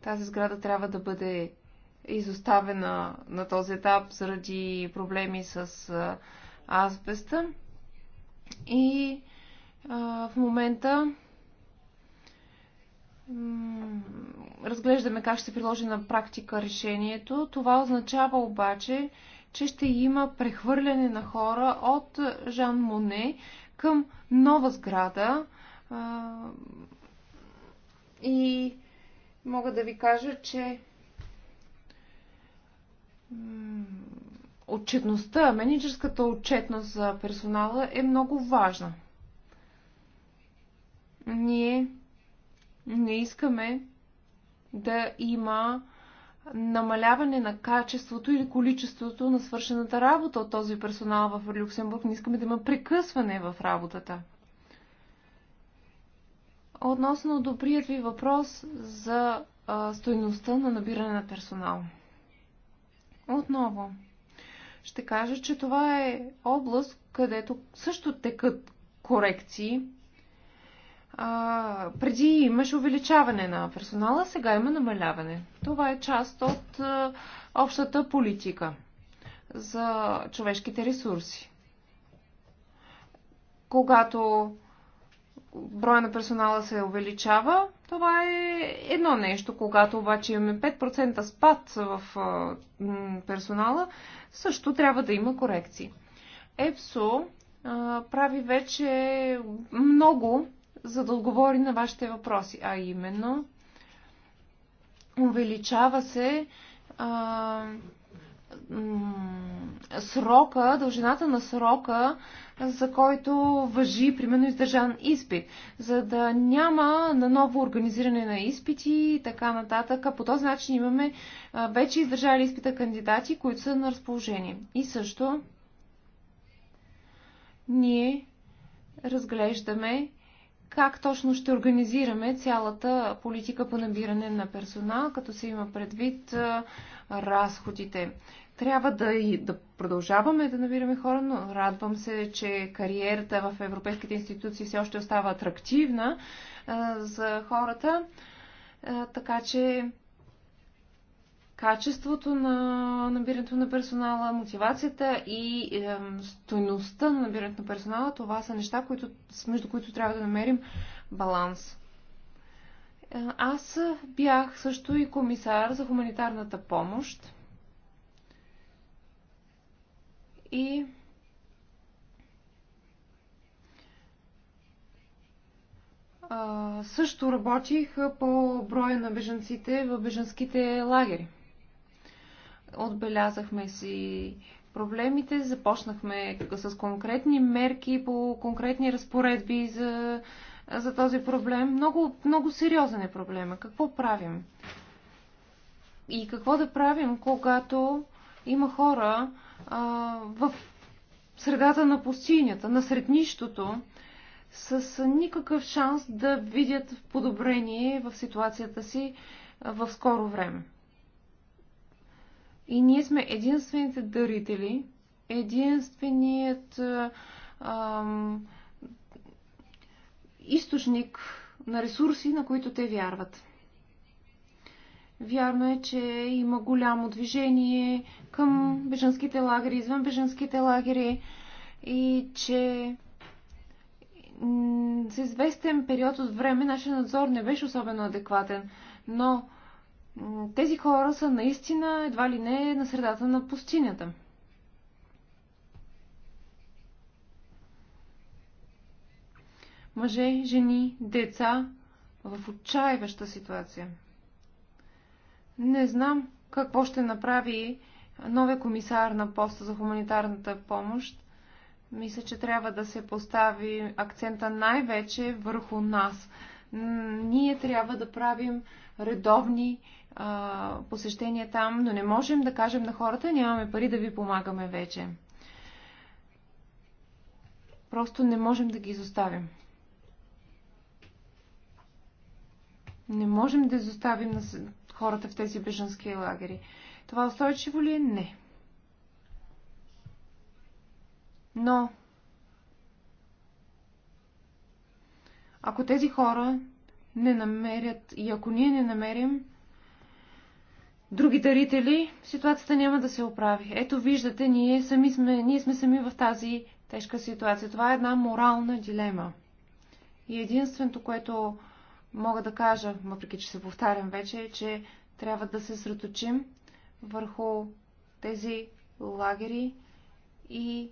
S3: Тази сграда трябва да бъде изоставена на този етап заради проблеми с азбеста. И а, в момента разглеждаме как ще се приложи на практика решението. Това означава обаче, че ще има прехвърляне на хора от Жан Моне към нова сграда. А, и мога да ви кажа, че отчетността, менеджерската отчетност за персонала е много важна. Ние не искаме да има намаляване на качеството или количеството на свършената работа от този персонал в Люксембург. Не искаме да има прекъсване в работата. Относно добрият ви въпрос за а, стойността на набиране на персонал. Отново, ще кажа, че това е област, където също текат корекции. А, преди имаше увеличаване на персонала, сега има намаляване. Това е част от а, общата политика за човешките ресурси. Когато броя на персонала се увеличава, това е едно нещо. Когато обаче имаме 5% спад в персонала, също трябва да има корекции. ЕПСО прави вече много, за да отговори на вашите въпроси, а именно увеличава се а, срока, дължината на срока за който въжи, примерно, издържан изпит, за да няма наново организиране на изпити и така нататък. по този начин имаме вече издържали изпита кандидати, които са на разположение. И също ние разглеждаме как точно ще организираме цялата политика по набиране на персонал, като се има предвид разходите. Трябва да, и, да продължаваме да набираме хора, но радвам се, че кариерата в европейските институции все още остава атрактивна а, за хората. А, така че качеството на набирането на персонала, мотивацията и е, стойността на набирането на персонала, това са неща, които, между които трябва да намерим баланс. Е, аз бях също и комисар за хуманитарната помощ. и също работих по броя на беженците в беженските лагери. Отбелязахме си проблемите, започнахме с конкретни мерки по конкретни разпоредби за, за този проблем. Много, много сериозен е проблема. Какво правим? И какво да правим, когато има хора, а, в средата на пустинята, насред нищото, с никакъв шанс да видят подобрение в ситуацията си в скоро време. И ние сме единствените дарители, единственият ам, източник на ресурси, на които те вярват. Вярно е, че има голямо движение към беженските лагери, извън беженските лагери и че за известен период от време нашия надзор не беше особено адекватен, но тези хора са наистина едва ли не на средата на пустинята. Мъже, жени, деца в отчаяваща ситуация. Не знам какво ще направи новия комисар на поста за хуманитарната помощ. Мисля, че трябва да се постави акцента най-вече върху нас. Ние трябва да правим редовни а, посещения там, но не можем да кажем на хората, нямаме пари да ви помагаме вече. Просто не можем да ги изоставим. Не можем да изоставим хората в тези беженски лагери. Това устойчиво ли е? Не. Но, ако тези хора не намерят и ако ние не намерим други дарители, ситуацията няма да се оправи. Ето виждате, ние, сами сме, ние сме сами в тази тежка ситуация. Това е една морална дилема. И единственото, което мога да кажа, въпреки че се повтарям вече, че трябва да се сръточим върху тези лагери и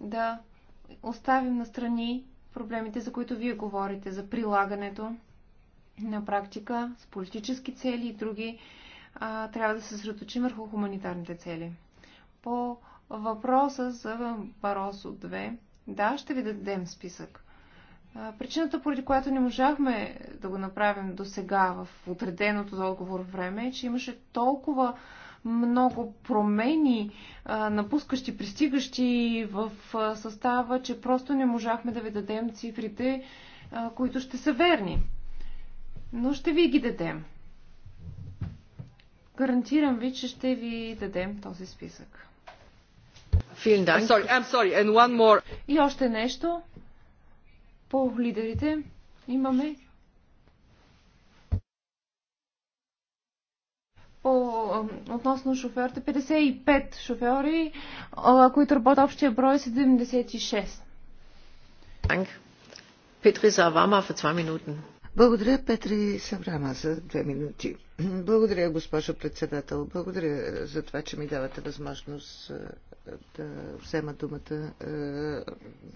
S3: да оставим на страни проблемите, за които вие говорите, за прилагането на практика с политически цели и други. А, трябва да се сръточим върху хуманитарните цели. По въпроса за Баросо 2, да, ще ви дадем списък. Причината, поради която не можахме да го направим до сега в отреденото за отговор време, е, че имаше толкова много промени, напускащи, пристигащи в състава, че просто не можахме да ви дадем цифрите, които ще са верни. Но ще ви ги дадем. Гарантирам ви, че ще ви дадем този списък. И още нещо по лидерите имаме по, относно шофьорите 55 шофьори, които работят общия брой 76. Петри Савама за два
S1: минути. Благодаря, Петри Саврама, за две минути. Благодаря, госпожо председател. Благодаря за това, че ми давате възможност да взема думата е,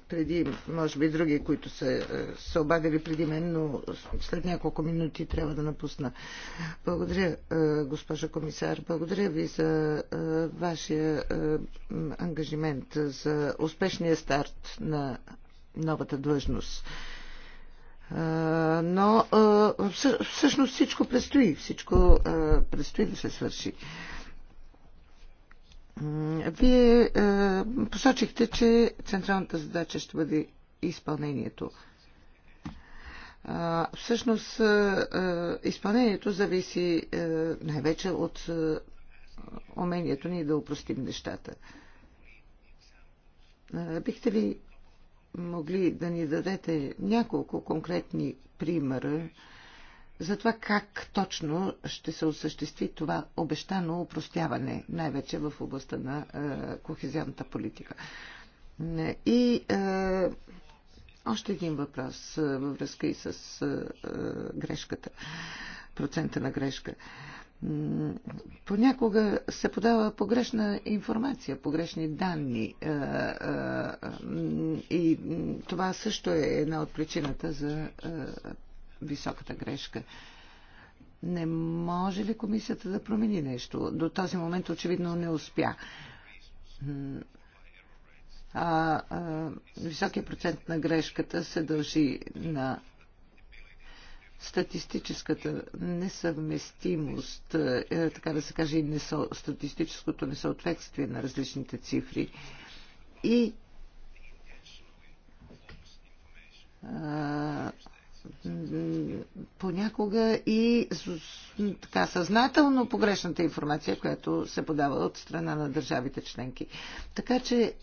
S1: преди, може би други, които са се обадили преди мен, но след няколко минути трябва да напусна. Благодаря, е, госпожа комисар. Благодаря ви за е, вашия ангажимент, за успешния старт на новата длъжност. Но всъщност всичко предстои. Всичко предстои да се свърши. Вие е, посочихте, че централната задача ще бъде изпълнението. Всъщност, е, е, изпълнението зависи най-вече от умението ни да упростим нещата. Бихте ли могли да ни дадете няколко конкретни примера за това как точно ще се осъществи това обещано упростяване, най-вече в областта на е, кохезионната политика. Е, и е, още един въпрос е, във връзка и с е, е, грешката, процента на грешка. Понякога се подава погрешна информация, погрешни данни е, е, и това също е една от причината за високата грешка. Не може ли комисията да промени нещо? До този момент очевидно не успя. А, а високия процент на грешката се дължи на статистическата несъвместимост, е, така да се каже, и несо, статистическото несъответствие на различните цифри. И а, понякога и така съзнателно погрешната информация, която се подава от страна на държавите членки. Така че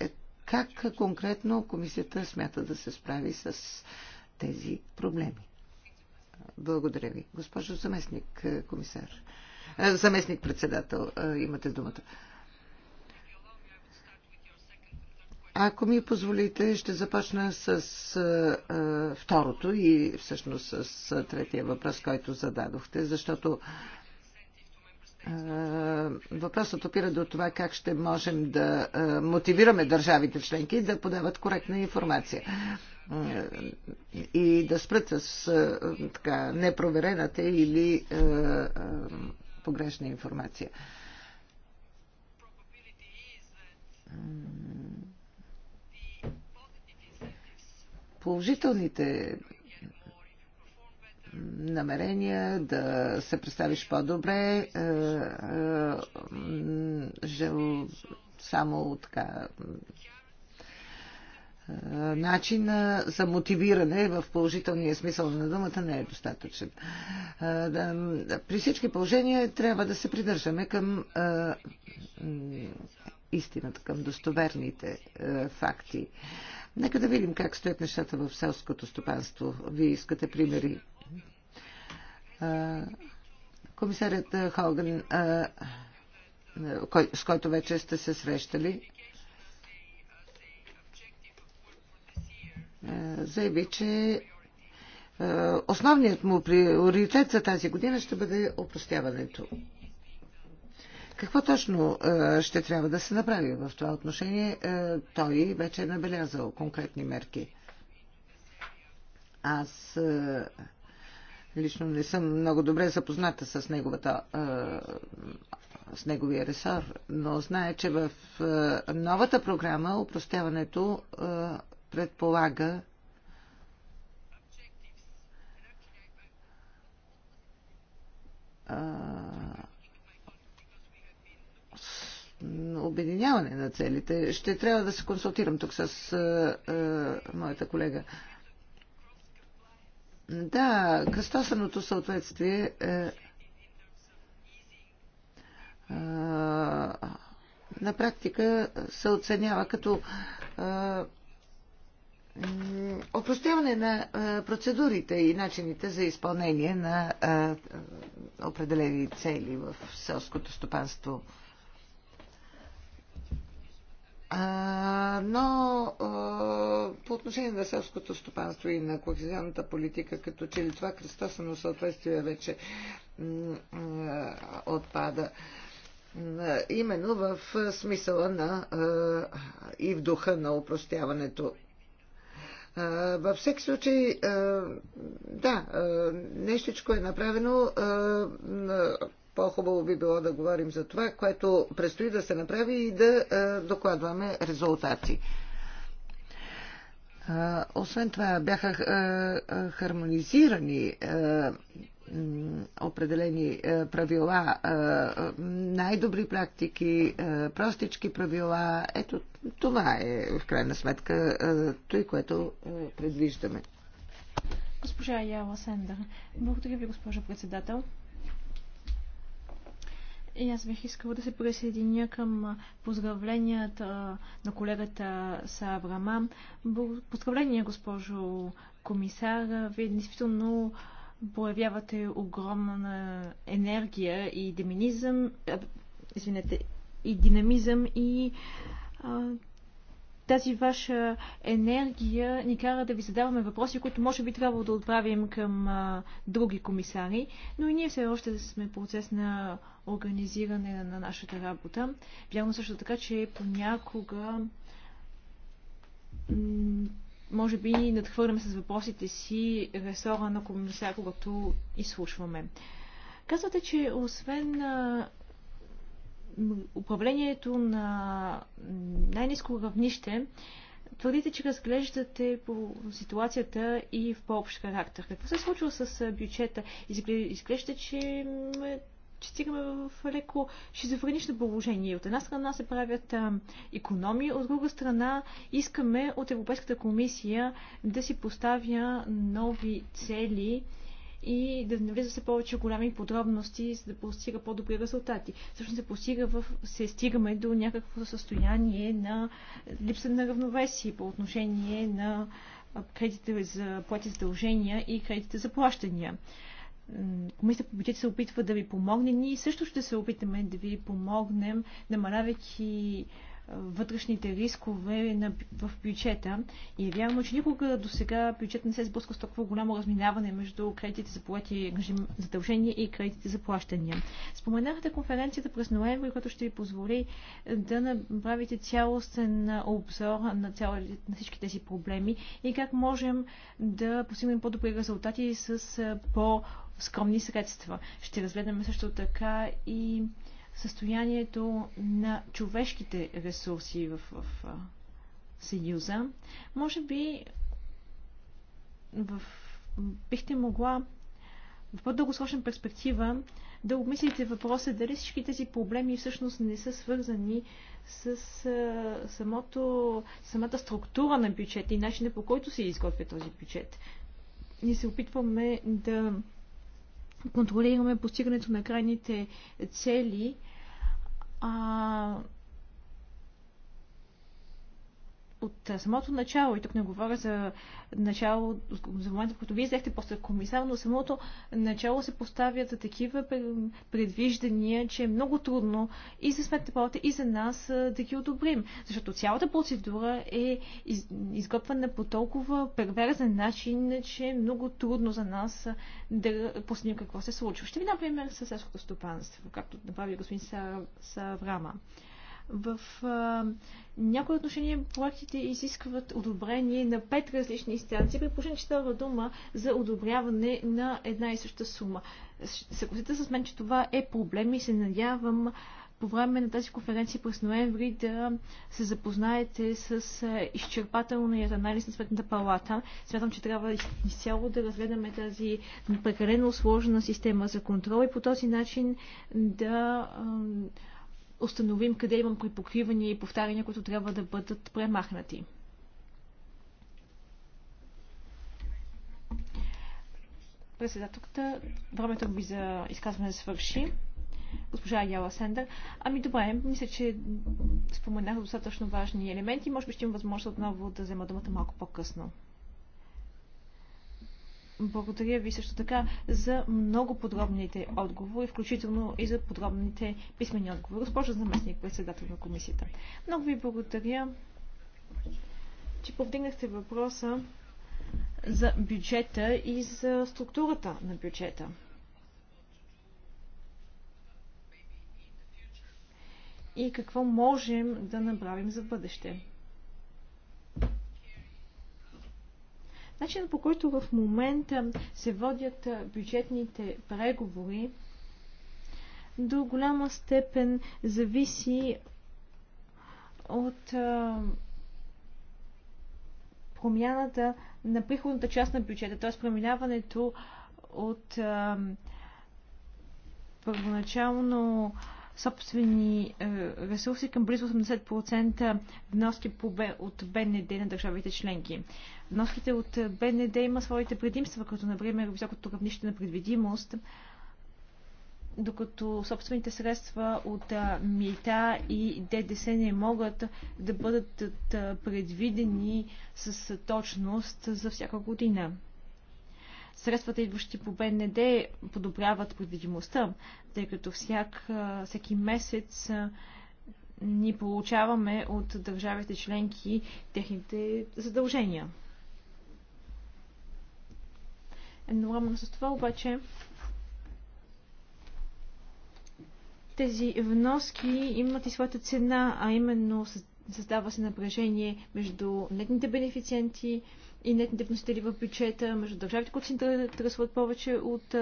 S1: как конкретно комисията смята да се справи с тези проблеми? Благодаря ви. Госпожо заместник комисар, заместник председател, имате думата. Ако ми позволите, ще започна с а, второто и всъщност с третия въпрос, който зададохте, защото Въпросът опира до това как ще можем да мотивираме държавите членки да подават коректна информация и да спрат с така, непроверената или погрешна информация. положителните намерения да се представиш по-добре. Е, е, жел само така е, начина за мотивиране в положителния смисъл на думата не е достатъчен. При всички положения трябва да се придържаме към истината, към достоверните факти. Нека да видим как стоят нещата в селското стопанство. Вие искате примери. Комисарят Холган, с който вече сте се срещали, заяви, че основният му приоритет за тази година ще бъде опростяването какво точно е, ще трябва да се направи в това отношение? Е, той вече е набелязал конкретни мерки. Аз е, лично не съм много добре запозната с неговата с неговия ресор, но знае, че в новата програма упростяването предполага обединяване на целите. Ще трябва да се консултирам тук с а, е, а, е, моята колега. Да, кръстосаното съответствие е, а, е, на практика се оценява като а, опростяване на процедурите и начините за изпълнение на определени цели в селското стопанство но по отношение на селското стопанство и на кохезионната политика, като че ли това кръстосано съответствие вече отпада. Именно в смисъла на и в духа на упростяването във всеки случай, да, нещичко е направено по-хубаво би било да говорим за това, което предстои да се направи и да докладваме резултати. Освен това, бяха хармонизирани определени правила, най-добри практики, простички правила. Ето, това е в крайна сметка той, което предвиждаме.
S2: Госпожа Яла Сендър. Благодаря ви, госпожа председател. И аз бих искала да се присъединя към поздравленията на колегата Саврама. Поздравления, госпожо комисар. Вие действително проявявате огромна енергия и деминизъм, извинете, и динамизъм и а, тази ваша енергия ни кара да ви задаваме въпроси, които може би трябва да отправим към а, други комисари, но и ние все още сме процес на организиране на нашата работа. Вярно също така, че понякога може би надхвърляме с въпросите си ресора на комисар, когато изслушваме. Казвате, че освен управлението на най-низко равнище, твърдите, че разглеждате по ситуацията и в по-общ характер. Какво се е случва с бюджета? Изглежда, че че стигаме в леко шизофренично положение. От една страна се правят а, економии, от друга страна искаме от Европейската комисия да си поставя нови цели, и да навлиза се повече голями подробности, за да постига по-добри резултати. Всъщност се, постига в, се стигаме до някакво състояние на липса на равновесие по отношение на кредитите за плати задължения и кредитите за плащания. Комисията по бюджет се опитва да ви помогне. Ние също ще се опитаме да ви помогнем, намалявайки да вътрешните рискове на, в бюджета. И е вярно, че никога до сега бюджет не се е сблъска с толкова голямо разминаване между кредитите за поети задължения и кредитите за плащания. Споменахте конференцията през ноември, която ще ви позволи е, да направите цялостен обзор на, цяло, на всички тези проблеми и как можем да постигнем по-добри резултати с е, по-скромни средства. Ще разгледаме също така и състоянието на човешките ресурси в, в, в Съюза. Може би в, бихте могла в по-дългосрочна перспектива да обмислите въпроса дали всички тези проблеми всъщност не са свързани с а, самото, самата структура на бюджета и начина по който се изготвя този бюджет. Ние се опитваме да контролираме постигането на крайните цели, а от самото начало, и тук не говоря за начало, за момента, в който вие взехте после комисар, но самото начало се поставят за такива предвиждания, че е много трудно и за сметната палата, и за нас да ги одобрим. Защото цялата процедура е изготвена по толкова перверзен начин, че е много трудно за нас да посним какво се случва. Ще ви дам пример с селското стопанство, както направи господин Саврама. Са в а, някои отношения проектите изискват одобрение на пет различни инстанции, при положение, че става дума за одобряване на една и съща сума. Съгласите с мен, че това е проблем и се надявам по време на тази конференция през ноември да се запознаете с изчерпателният анализ на Светната палата. Смятам, че трябва изцяло да разгледаме тази прекалено сложна система за контрол и по този начин да установим къде имам припокривания и повтаряния, които трябва да бъдат премахнати. Председателката, времето ми за изказване да свърши. Госпожа Яла Сендър. Ами добре, мисля, че споменах достатъчно важни елементи. Може би ще имам възможност отново да взема думата малко по-късно. Благодаря ви също така за много подробните отговори, включително и за подробните писмени отговори. Госпожа заместник председател на комисията. Много ви благодаря, че повдигнахте въпроса за бюджета и за структурата на бюджета. И какво можем да направим за бъдеще. Начинът по който в момента се водят бюджетните преговори до голяма степен зависи от промяната на приходната част на бюджета, т.е. преминаването от първоначално а, собствени е, ресурси към близо 80% вноски от БНД на държавите членки. Вноските от БНД има своите предимства, като например високото равнище на предвидимост, докато собствените средства от МИТА и ДДС не могат да бъдат предвидени с точност за всяка година средствата, идващи по БНД, подобряват предвидимостта, тъй като всяк, всеки месец ни получаваме от държавите членки техните задължения. Едновременно с това обаче тези вноски имат и своята цена, а именно създава се напрежение между нетните бенефициенти и нетните вносители в бюджета, между държавите, които се интересуват повече от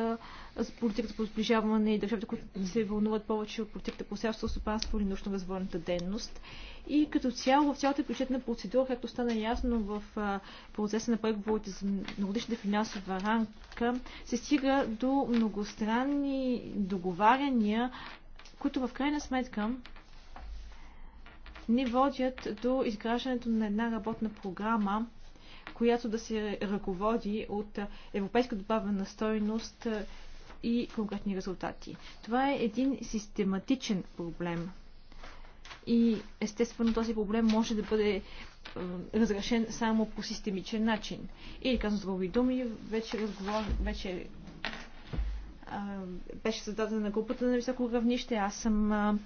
S2: политиката по сближаване и държавите, които се вълнуват повече от политиката по селство, стопанство или научно-развойната дейност. И като цяло в цялата бюджетна процедура, както стана ясно в процеса на преговорите за многодишната финансова рамка, се стига до многостранни договаряния, които в крайна сметка ни водят до изграждането на една работна програма, която да се ръководи от европейска добавена стойност и конкретни резултати. Това е един систематичен проблем. И естествено този проблем може да бъде разрешен само по системичен начин. И казвам с други думи, вече, разговор, вече беше създадена групата на високо равнище. Аз съм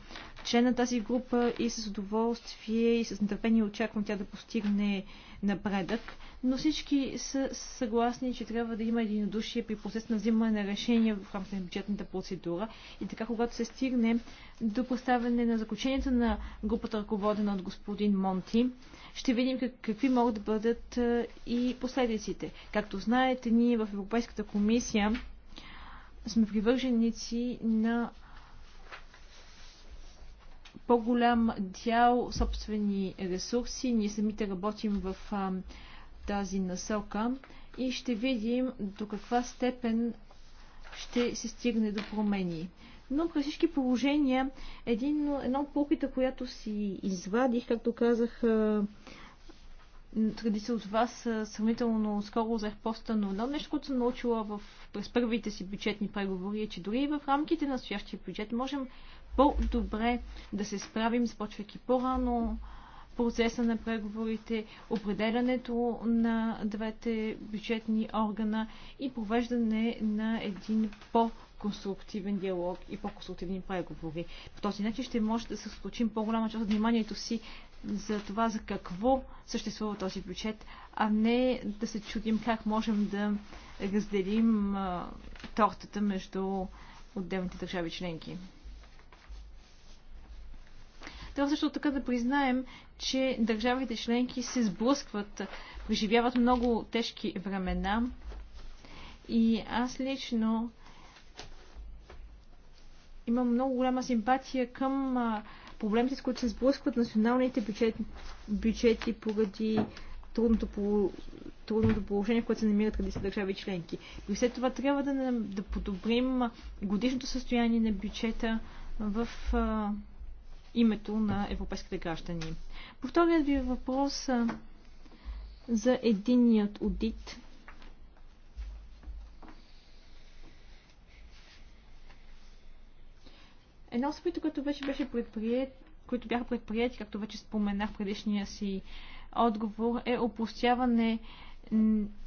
S2: член на тази група и с удоволствие и с нетърпение очаквам тя да постигне напредък. Но всички са съгласни, че трябва да има единодушие при процес на взимане на решения в рамките на бюджетната процедура. И така, когато се стигне до поставяне на заключенията на групата, ръководена от господин Монти, ще видим как, какви могат да бъдат и последиците. Както знаете, ние в Европейската комисия сме привърженици на по-голям дял собствени ресурси. Ние самите работим в а, тази насока и ще видим до каква степен ще се стигне до промени. Но при всички положения, един, едно от полките, която си извадих, както казах, традиция се от вас сравнително скоро взех поста, но едно нещо, което съм научила в, през първите си бюджетни преговори е, че дори и в рамките на настоящия бюджет можем по-добре да се справим, започвайки по-рано процеса на преговорите, определянето на двете бюджетни органа и провеждане на един по- конструктивен диалог и по-конструктивни преговори. По този начин ще може да се случим по-голяма част от вниманието си за това за какво съществува този бюджет, а не да се чудим как можем да разделим тортата между отделните държави членки. Трябва също така да признаем, че държавите членки се сблъскват, преживяват много тежки времена и аз лично имам много голяма симпатия към Проблемите, с които се сблъскват националните бюджет, бюджети поради трудното, по, трудното положение, в което се намират къде са държави членки. И след това трябва да, да подобрим годишното състояние на бюджета в а, името на европейските граждани. По ви въпрос а, за единният аудит. Едно от което вече беше предприят, които бяха предприяти, както вече споменах в предишния си отговор, е опустяване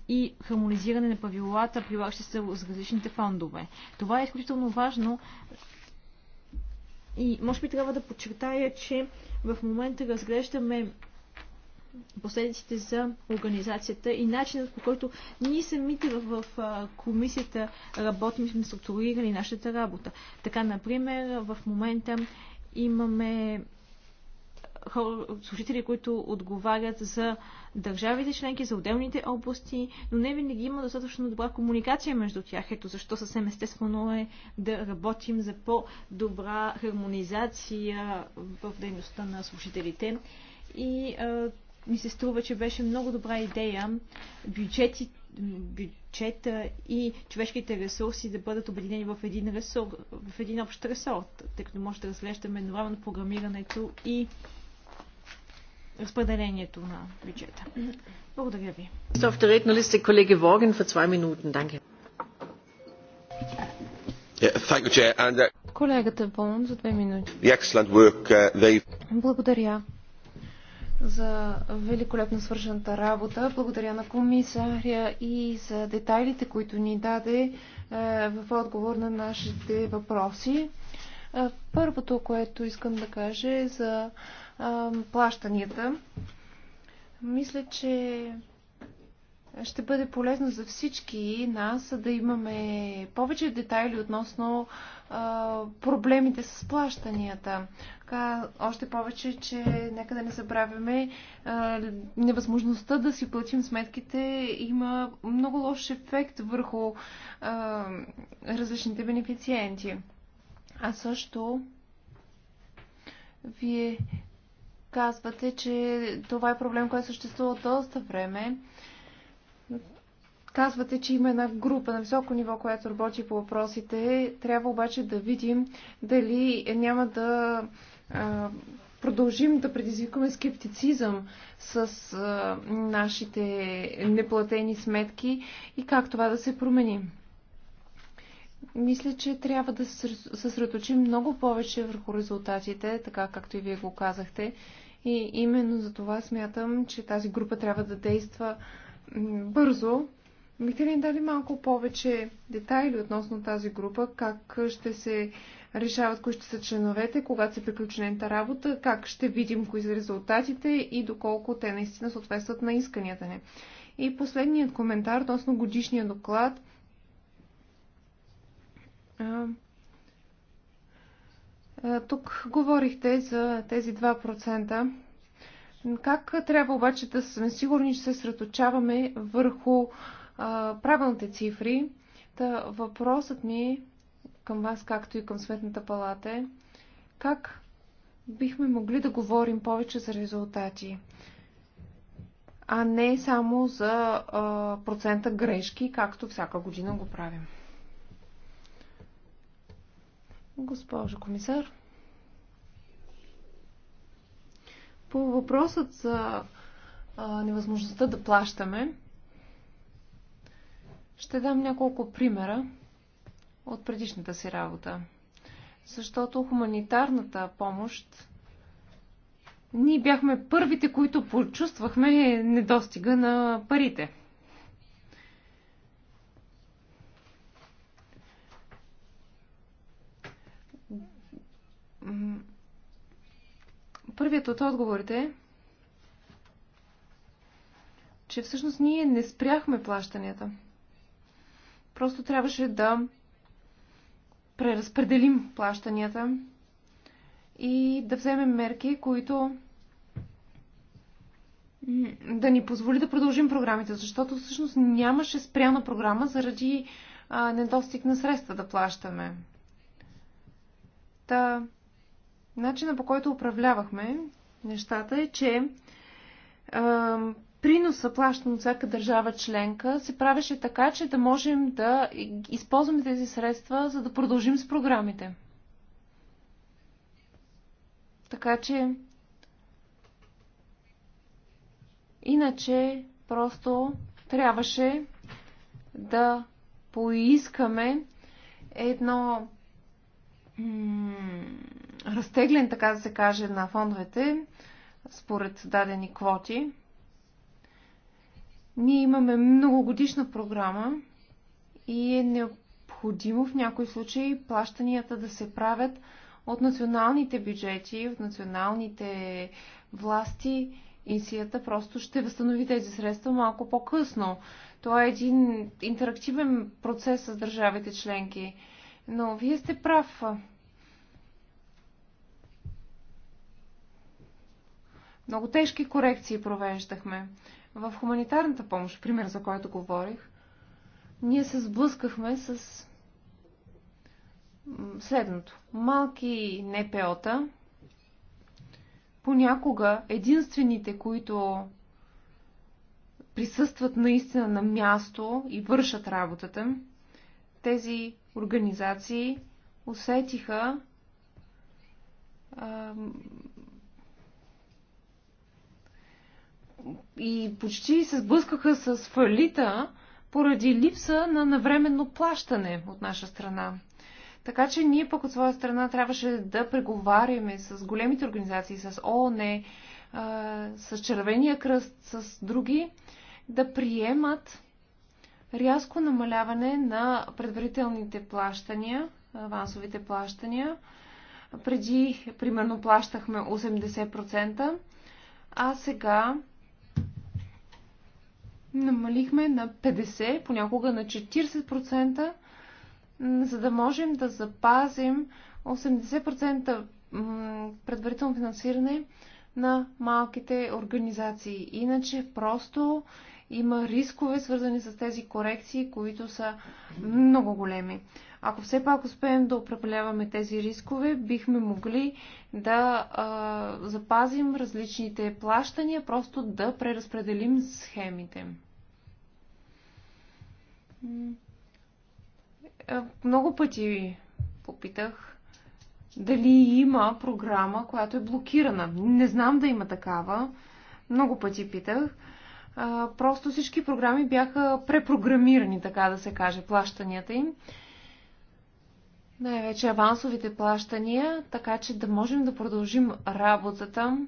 S2: и хармонизиране на правилата, прилагащи се с различните фондове. Това е изключително важно и може би трябва да подчертая, че в момента разглеждаме последиците за организацията и начинът по който ние самите в, в комисията работим и сме структурирали нашата работа. Така, например, в момента имаме хора, служители, които отговарят за държавите членки, за отделните области, но не винаги има достатъчно добра комуникация между тях. Ето защо съвсем естествено е да работим за по-добра хармонизация в дейността на служителите. И а, ми се струва, че беше много добра идея бюджети, бюджета и човешките ресурси да бъдат обединени в един, ресурс, в един общ ресор, тъй като може да разглеждаме едновременно програмирането и разпределението на бюджета. Благодаря ви. Uh,
S3: Колегата Болм за две минути.
S2: Uh,
S3: Благодаря за великолепно свършената работа. Благодаря на комисария и за детайлите, които ни даде е, в отговор на нашите въпроси. Е, първото, което искам да кажа е за плащанията. Мисля, че ще бъде полезно за всички нас да имаме повече детайли относно а, проблемите с плащанията. Така, още повече, че нека да не забравяме а, невъзможността да си платим сметките има много лош ефект върху а, различните бенефициенти. А също вие казвате, че това е проблем, който съществува доста време Казвате, че има една група на високо ниво, която работи по въпросите. Трябва обаче да видим дали няма да а, продължим да предизвикаме скептицизъм с а, нашите неплатени сметки и как това да се промени. Мисля, че трябва да се съсредоточим много повече върху резултатите, така както и вие го казахте. И именно за това смятам, че тази група трябва да действа бързо Бихте ли дали малко повече детайли относно тази група? Как ще се решават кои ще са членовете, когато се приключи нейната работа, как ще видим кои са резултатите и доколко те наистина съответстват на исканията ни. И последният коментар относно годишния доклад. Тук говорихте за тези 2%. Как трябва обаче да сме сигурни, че се средочаваме върху правилните цифри. Та въпросът ми към вас, както и към Светната палата е как бихме могли да говорим повече за резултати, а не само за а, процента грешки, както всяка година го правим. Госпожо комисар, по въпросът за а, невъзможността да плащаме, ще дам няколко примера от предишната си работа, защото хуманитарната помощ ние бяхме първите, които почувствахме недостига на парите. Първият от отговорите е, че всъщност ние не спряхме плащанията. Просто трябваше да преразпределим плащанията и да вземем мерки, които да ни позволи да продължим програмите, защото всъщност нямаше спряна програма заради а, недостиг на средства да плащаме. Та, начина по който управлявахме нещата е, че а, приноса, плащан от всяка държава членка, се правеше така, че да можем да използваме тези средства, за да продължим с програмите. Така че, иначе просто трябваше да поискаме едно разтеглен, така да се каже, на фондовете, според дадени квоти, ние имаме многогодишна програма и е необходимо в някои случаи плащанията да се правят от националните бюджети, от националните власти. Инсията просто ще възстанови тези средства малко по-късно. Това е един интерактивен процес с държавите членки. Но вие сте прав. Много тежки корекции провеждахме в хуманитарната помощ, пример за който говорих, ние се сблъскахме с следното. Малки НПО-та, понякога единствените, които присъстват наистина на място и вършат работата, тези организации усетиха и почти се сблъскаха с фалита поради липса на навременно плащане от наша страна. Така че ние пък от своя страна трябваше да преговаряме с големите организации, с ООН, с Червения кръст, с други, да приемат рязко намаляване на предварителните плащания, авансовите плащания. Преди, примерно, плащахме 80%, а сега намалихме на 50, понякога на 40%, за да можем да запазим 80% предварително финансиране на малките организации. Иначе просто има рискове, свързани с тези корекции, които са много големи. Ако все пак успеем да управляваме тези рискове, бихме могли да а, запазим различните плащания, просто да преразпределим схемите. Е, много пъти попитах дали има програма, която е блокирана. Не знам да има такава. Много пъти питах. Просто всички програми бяха препрограмирани, така да се каже, плащанията им. Най-вече авансовите плащания, така че да можем да продължим работата,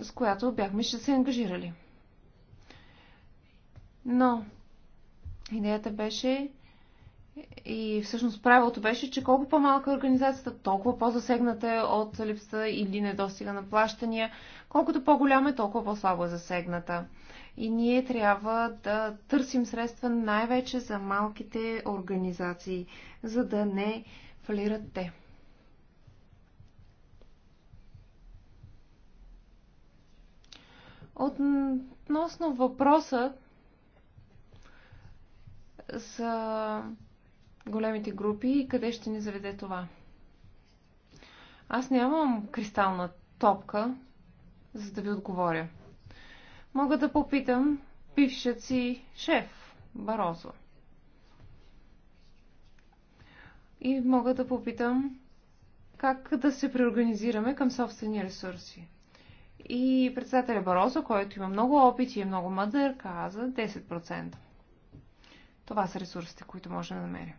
S3: с която бяхме ще се ангажирали. Но Идеята беше и всъщност правилото беше, че колко по-малка е организацията, толкова по-засегната е от липса или недостига на плащания. Колкото по-голяма е, толкова по-слабо е засегната. И ние трябва да търсим средства най-вече за малките организации, за да не фалират те. Относно въпросът са големите групи и къде ще ни заведе това? Аз нямам кристална топка, за да ви отговоря. Мога да попитам бившият си шеф, Барозо. И мога да попитам как да се преорганизираме към собствени ресурси. И председателя Барозо, който има много опит и е много мъдър, каза 10%. Това са ресурсите, които може да намерим.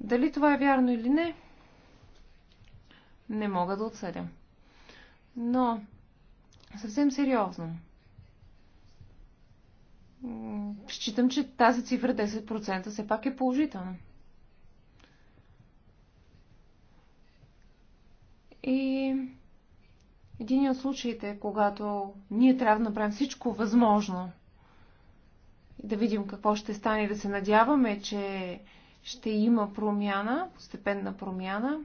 S3: Дали това е вярно или не, не мога да отсъдя. Но, съвсем сериозно, считам, че тази цифра 10% все пак е положителна. И един от случаите, когато ние трябва да направим всичко възможно, да видим какво ще стане, да се надяваме, че ще има промяна, постепенна промяна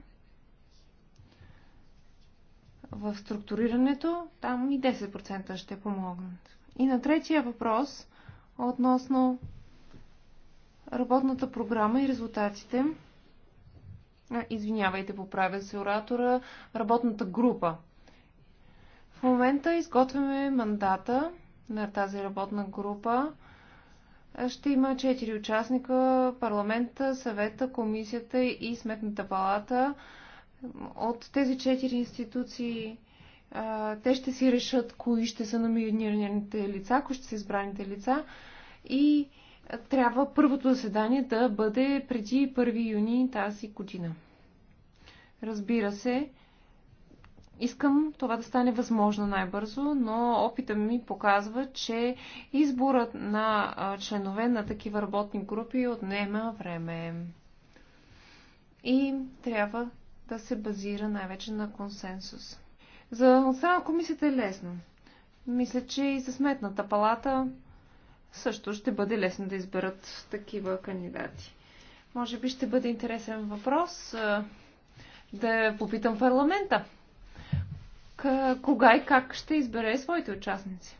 S3: в структурирането, там и 10% ще помогнат. И на третия въпрос относно работната програма и резултатите. А, извинявайте, поправя се оратора. Работната група. В момента изготвяме мандата на тази работна група ще има четири участника парламента, съвета, комисията и сметната палата. От тези четири институции те ще си решат кои ще са номинираните лица, кои ще са избраните лица и трябва първото заседание да бъде преди 1 юни тази година. Разбира се, Искам това да стане възможно най-бързо, но опита ми показва, че изборът на членове на такива работни групи отнема време. И трябва да се базира най-вече на консенсус. За отстрана комисията е лесно. Мисля, че и за сметната палата също ще бъде лесно да изберат такива кандидати. Може би ще бъде интересен въпрос да попитам парламента кога и как ще избере своите участници.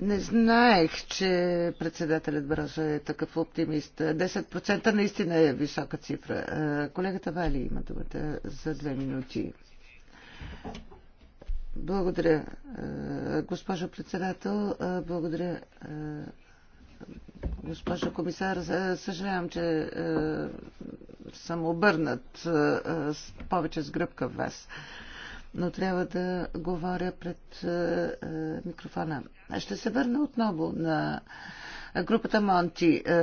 S1: Не знаех, че председателят Барозо е такъв оптимист. 10% наистина е висока цифра. Колегата Вали има думата за две минути. Благодаря, госпожо председател. Благодаря госпожо комисар. Съжалявам, че е, съм обърнат е, с, повече с гръбка в вас. Но трябва да говоря пред е, е, микрофона. Ще се върна отново на групата Монти. Е,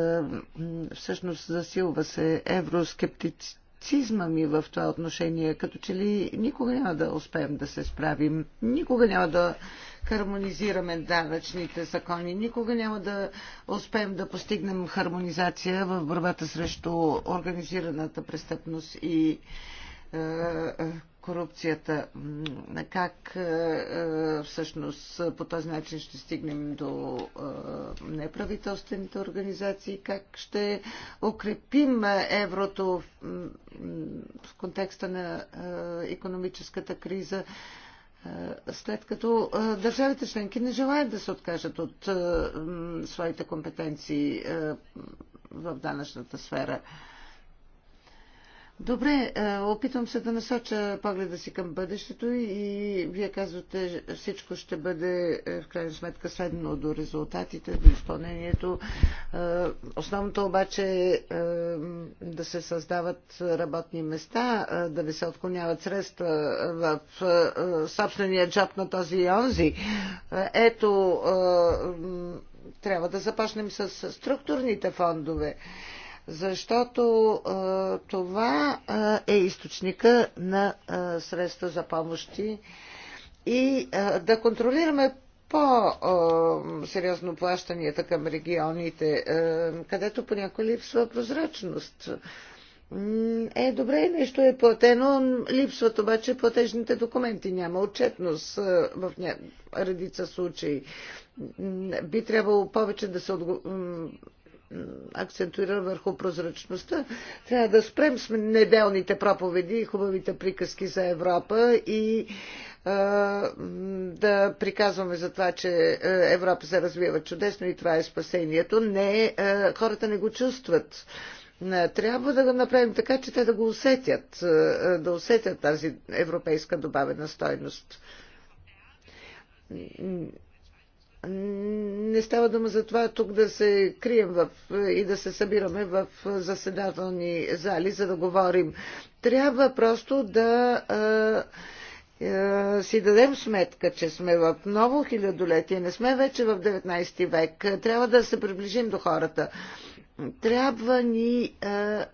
S1: всъщност засилва се евроскептици скептицизма ми в това отношение, като че ли никога няма да успеем да се справим, никога няма да хармонизираме данъчните закони, никога няма да успеем да постигнем хармонизация в борбата срещу организираната престъпност и е, е, корупцията. Как е, е, всъщност по този начин ще стигнем до е, неправителствените организации? Как ще укрепим еврото в контекста на економическата криза? след като държавите членки не желаят да се откажат от своите компетенции в данъчната сфера. Добре, е, опитвам се да насоча погледа си към бъдещето и вие казвате, всичко ще бъде е, в крайна сметка сведено до резултатите, до изпълнението. Е, основното обаче е да се създават работни места, да ви се отклоняват средства в собствения джоб на този и онзи. Ето, трябва да започнем с структурните фондове защото е, това е, е източника на е, средства за помощи и да контролираме по-сериозно плащанията към регионите, където понякога липсва прозрачност. Е, добре, нещо е платено, липсват обаче платежните документи, няма отчетност в ня... редица случаи. Би трябвало повече да се акцентуира върху прозрачността. Трябва да спрем с неделните проповеди и хубавите приказки за Европа и да приказваме за това, че Европа се развива чудесно и това е спасението. Не, хората не го чувстват. Трябва да го направим така, че те да го усетят, да усетят тази европейска добавена стойност не става дума за това тук да се крием в, и да се събираме в заседателни зали, за да говорим. Трябва просто да а, а, си дадем сметка, че сме в ново хилядолетие, не сме вече в 19 век. Трябва да се приближим до хората. Трябва ни. Е,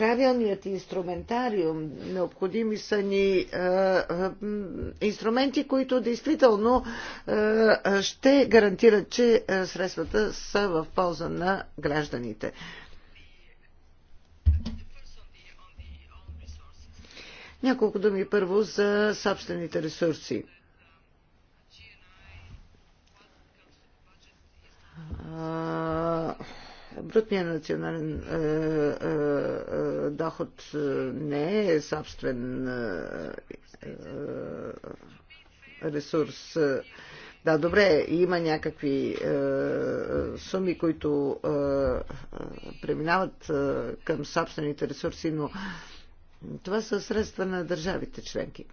S1: правилният инструментариум. Необходими са ни а, е, а, е, инструменти, които действително а, е, ще гарантират, че а, средствата са в полза на гражданите. Няколко думи първо за собствените ресурси. А, брутният национален е, е, е, доход е, не е собствен е, е, е, ресурс. Да, добре, има някакви е, е суми, които е, преминават е, към собствените ресурси, но това са средства на държавите членки.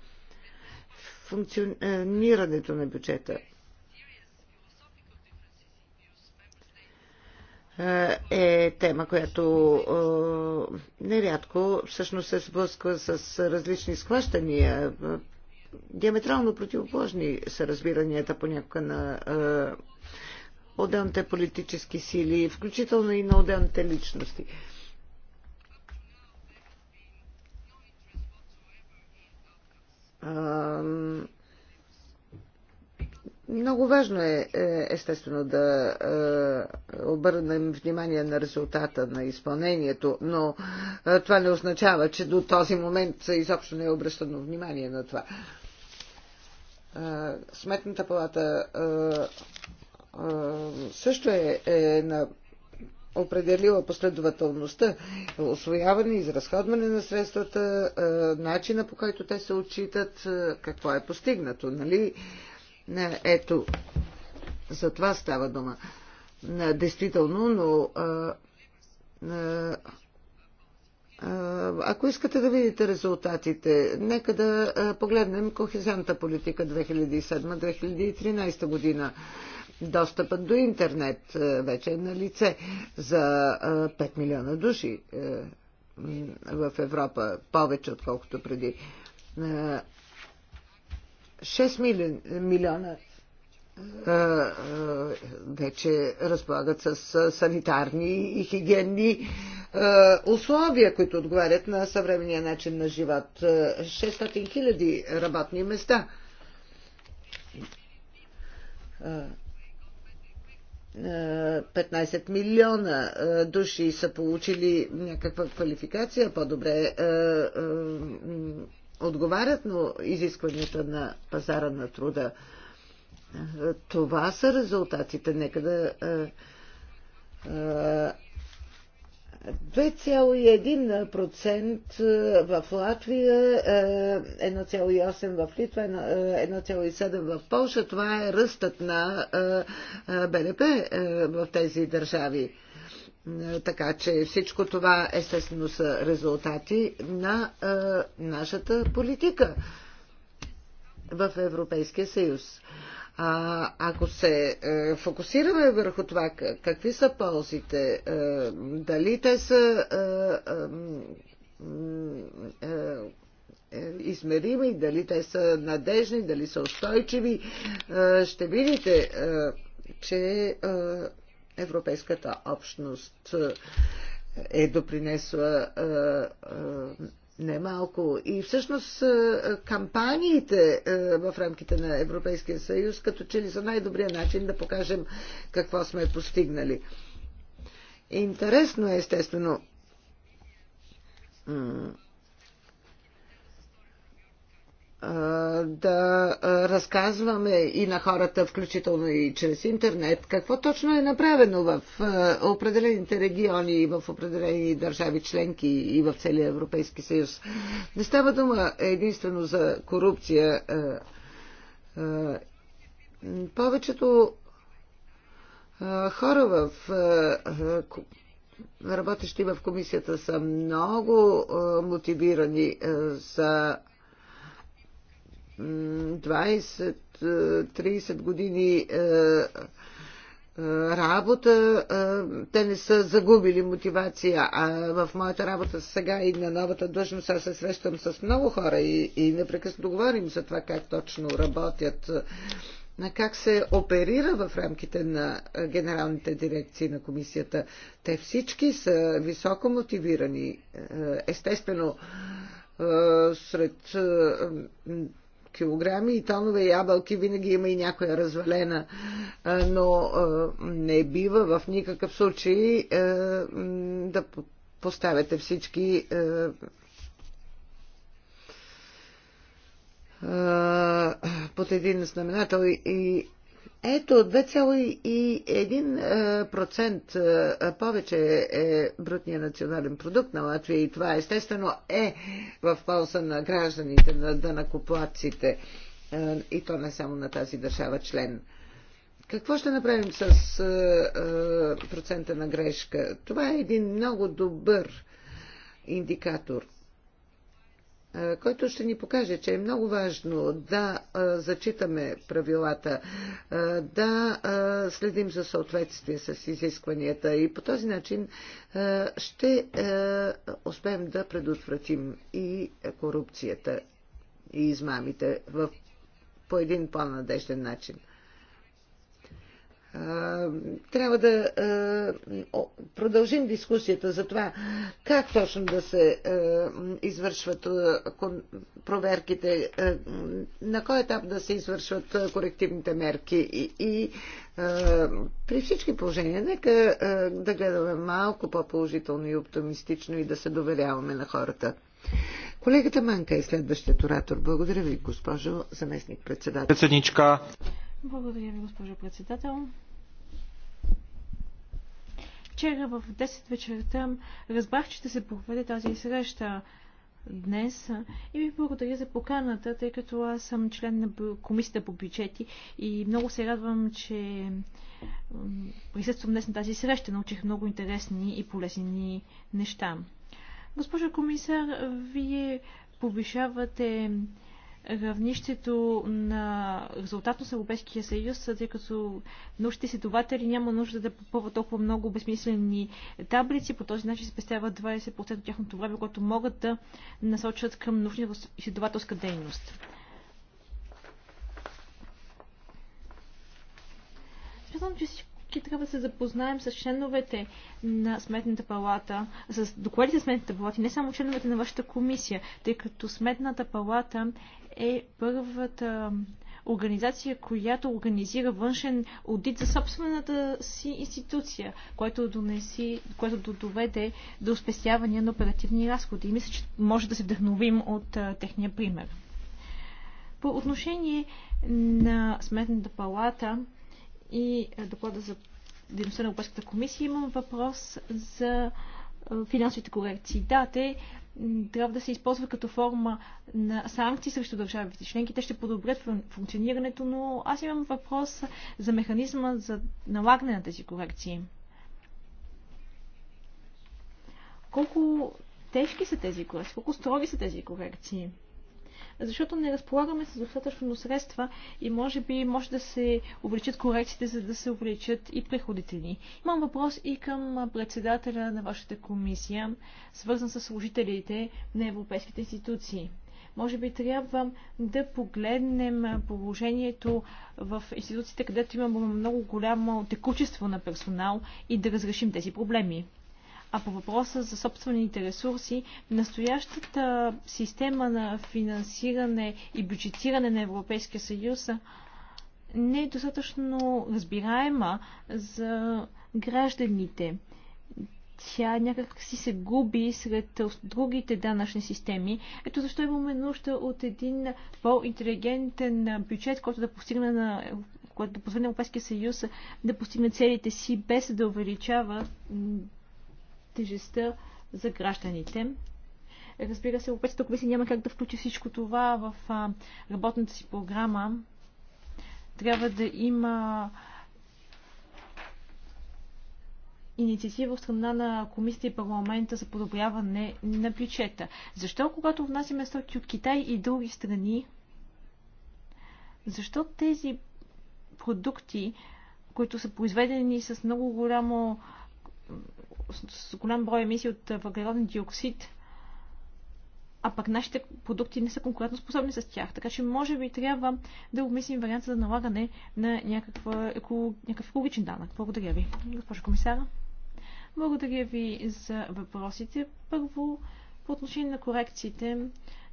S1: Функционирането на бюджета е тема, която е, нерядко всъщност се сблъсква с различни схващания. Диаметрално противоположни са разбиранията понякога на е, отделните политически сили, включително и на отделните личности. Um много важно е, е естествено, да е, обърнем внимание на резултата на изпълнението, но е, това не означава, че до този момент изобщо не е обръщано внимание на това. Сметната палата също е, е на определила последователността, освояване, изразходване на средствата, начина по който те се отчитат, какво е постигнато, нали? Ето, за това става дума. Действително, но ако искате да видите резултатите, нека да погледнем кохезионната политика 2007-2013 година. Достъпът до интернет вече е на лице за 5 милиона души в Европа, повече отколкото преди. 6 мили, милиона вече разполагат с санитарни и хигиенни условия, които отговарят на съвременния начин на живот. 600 хиляди работни места. Uh, 15 милиона души са получили някаква квалификация, по-добре отговарят на изискванията на пазара на труда. Това са резултатите. Нека да. 2,1% в Латвия, 1,8% в Литва, 1,7% в Польша. Това е ръстът на БНП в тези държави. Така че всичко това естествено са резултати на а, нашата политика в Европейския съюз. А, ако се а, фокусираме върху това какви са ползите, а, дали те са а, а, а, е, измерими, дали те са надежни, дали са устойчиви, ще видите, че. Европейската общност е, е допринесла е, е, немалко. И всъщност кампаниите в рамките на Европейския съюз като че ли са най-добрия начин да покажем какво сме постигнали. Интересно е, естествено, да разказваме и на хората, включително и чрез интернет, какво точно е направено в определените региони и в определени държави членки и в целия Европейски съюз. Не става дума единствено за корупция. Повечето хора в работещи в комисията са много мотивирани за 20-30 години е, е, работа, е, те не са загубили мотивация. А в моята работа сега и на новата длъжност аз се срещам с много хора и, и непрекъснато говорим за това как точно работят, на как се оперира в рамките на генералните дирекции на комисията. Те всички са високо мотивирани. Естествено, сред килограми и тонове ябълки, винаги има и някоя развалена, но не бива в никакъв случай да поставяте всички под един знаменател и ето, 2,1% е, е, повече е брутния национален продукт на Латвия и това естествено е в полза на гражданите, на данакоплатците е, и то не само на тази държава член. Какво ще направим с процента на грешка? Това е един много добър индикатор – който ще ни покаже, че е много важно да зачитаме правилата, да следим за съответствие с изискванията и по този начин ще успеем да предотвратим и корупцията и измамите в, по един по-надежден начин трябва да продължим дискусията за това как точно да се извършват проверките, на кой етап да се извършват корективните мерки и, при всички положения нека да гледаме малко по-положително и оптимистично и да се доверяваме на хората. Колегата Манка е следващият оратор. Благодаря ви, госпожо заместник председател.
S3: Председничка.
S2: Благодаря ви, госпожо председател. Вчера в 10 вечерта разбрах, че ще се проведе тази среща днес и ви благодаря за поканата, тъй като аз съм член на комисията по бюджети и много се радвам, че присъствам днес на тази среща. Научих много интересни и полезни неща. Госпожа комисар, вие повишавате равнището на резултатност Европейския съюз, тъй като научните изследователи няма нужда да попълват толкова много безмислени таблици. По този начин се спестяват 20% от тяхното време, което могат да насочат към научна изследователска дейност. Смятам, че всичко ти трябва да се запознаем с членовете на Сметната палата, с докладите на Сметната палата и не само членовете на вашата комисия, тъй като Сметната палата е първата организация, която организира външен аудит за собствената си институция, което, донеси, което доведе до спестявания на оперативни разходи. И мисля, че може да се вдъхновим от а, техния пример. По отношение на Сметната палата, и е, доклада за дейността на Европейската комисия, имам въпрос за е, финансовите корекции. Да, те трябва да се използва като форма на санкции срещу държавите членки. Те ще подобрят функционирането, но аз имам въпрос за механизма за налагане на тези корекции. Колко тежки са тези корекции? Колко строги са тези корекции? защото не разполагаме с достатъчно средства и може би може да се увеличат корекциите, за да се увеличат и приходите ни. Имам въпрос и към председателя на вашата комисия, свързан с служителите на европейските институции може би трябва да погледнем положението в институциите, където имаме много голямо текучество на персонал и да разрешим тези проблеми. А по въпроса за собствените ресурси, настоящата система на финансиране и бюджетиране на Европейския съюз не е достатъчно разбираема за гражданите. Тя някак си се губи сред другите данъчни системи. Ето защо имаме нужда от един по-интелигентен бюджет, който да постигне на което да позволи Европейския съюз да постигне целите си без да увеличава тежестта за гражданите. Разбира се, Европейската комисия няма как да включи всичко това в работната си програма. Трябва да има инициатива в страна на комисията и парламента за подобряване на бюджета. Защо, когато внасяме стоки от Китай и други страни, защо тези продукти, които са произведени с много голямо с голям брой емисии от въглероден диоксид, а пък нашите продукти не са конкурентно способни с тях. Така че може би трябва да обмислим варианта за налагане на някаква, някакъв екологичен данък. Благодаря ви, госпожо комисара. Благодаря ви за въпросите. Първо, по отношение на корекциите.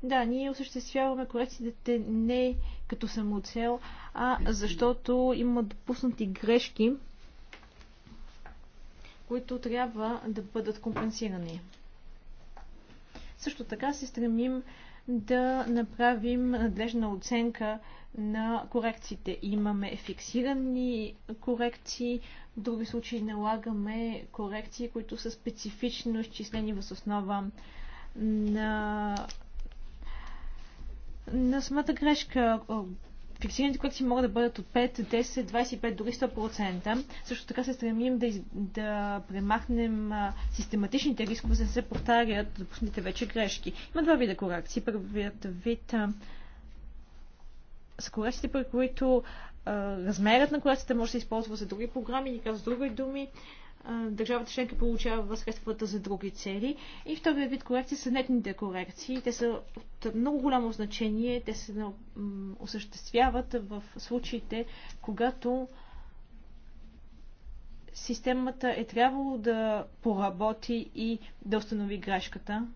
S2: Да, ние осъществяваме корекциите не като самоцел, а защото има допуснати грешки които трябва да бъдат компенсирани. Също така се стремим да направим надлежна оценка на корекциите. Имаме фиксирани корекции, в други случаи налагаме корекции, които са специфично изчислени въз основа на на самата грешка, фиксираните корекции могат да бъдат от 5, 10, 25, дори 100%. Също така се стремим да, из... да премахнем систематичните рискове, за да се повтарят допуснатите вече грешки. Има два вида корекции. Първият вид са корекциите, при които а, размерът на корекцията може да се използва за други програми, или казва с други думи, държавата членка получава средствата за други цели. И втория вид корекции са нетните корекции. Те са от много голямо значение. Те се осъществяват в случаите, когато системата е трябвало да поработи и да установи грешката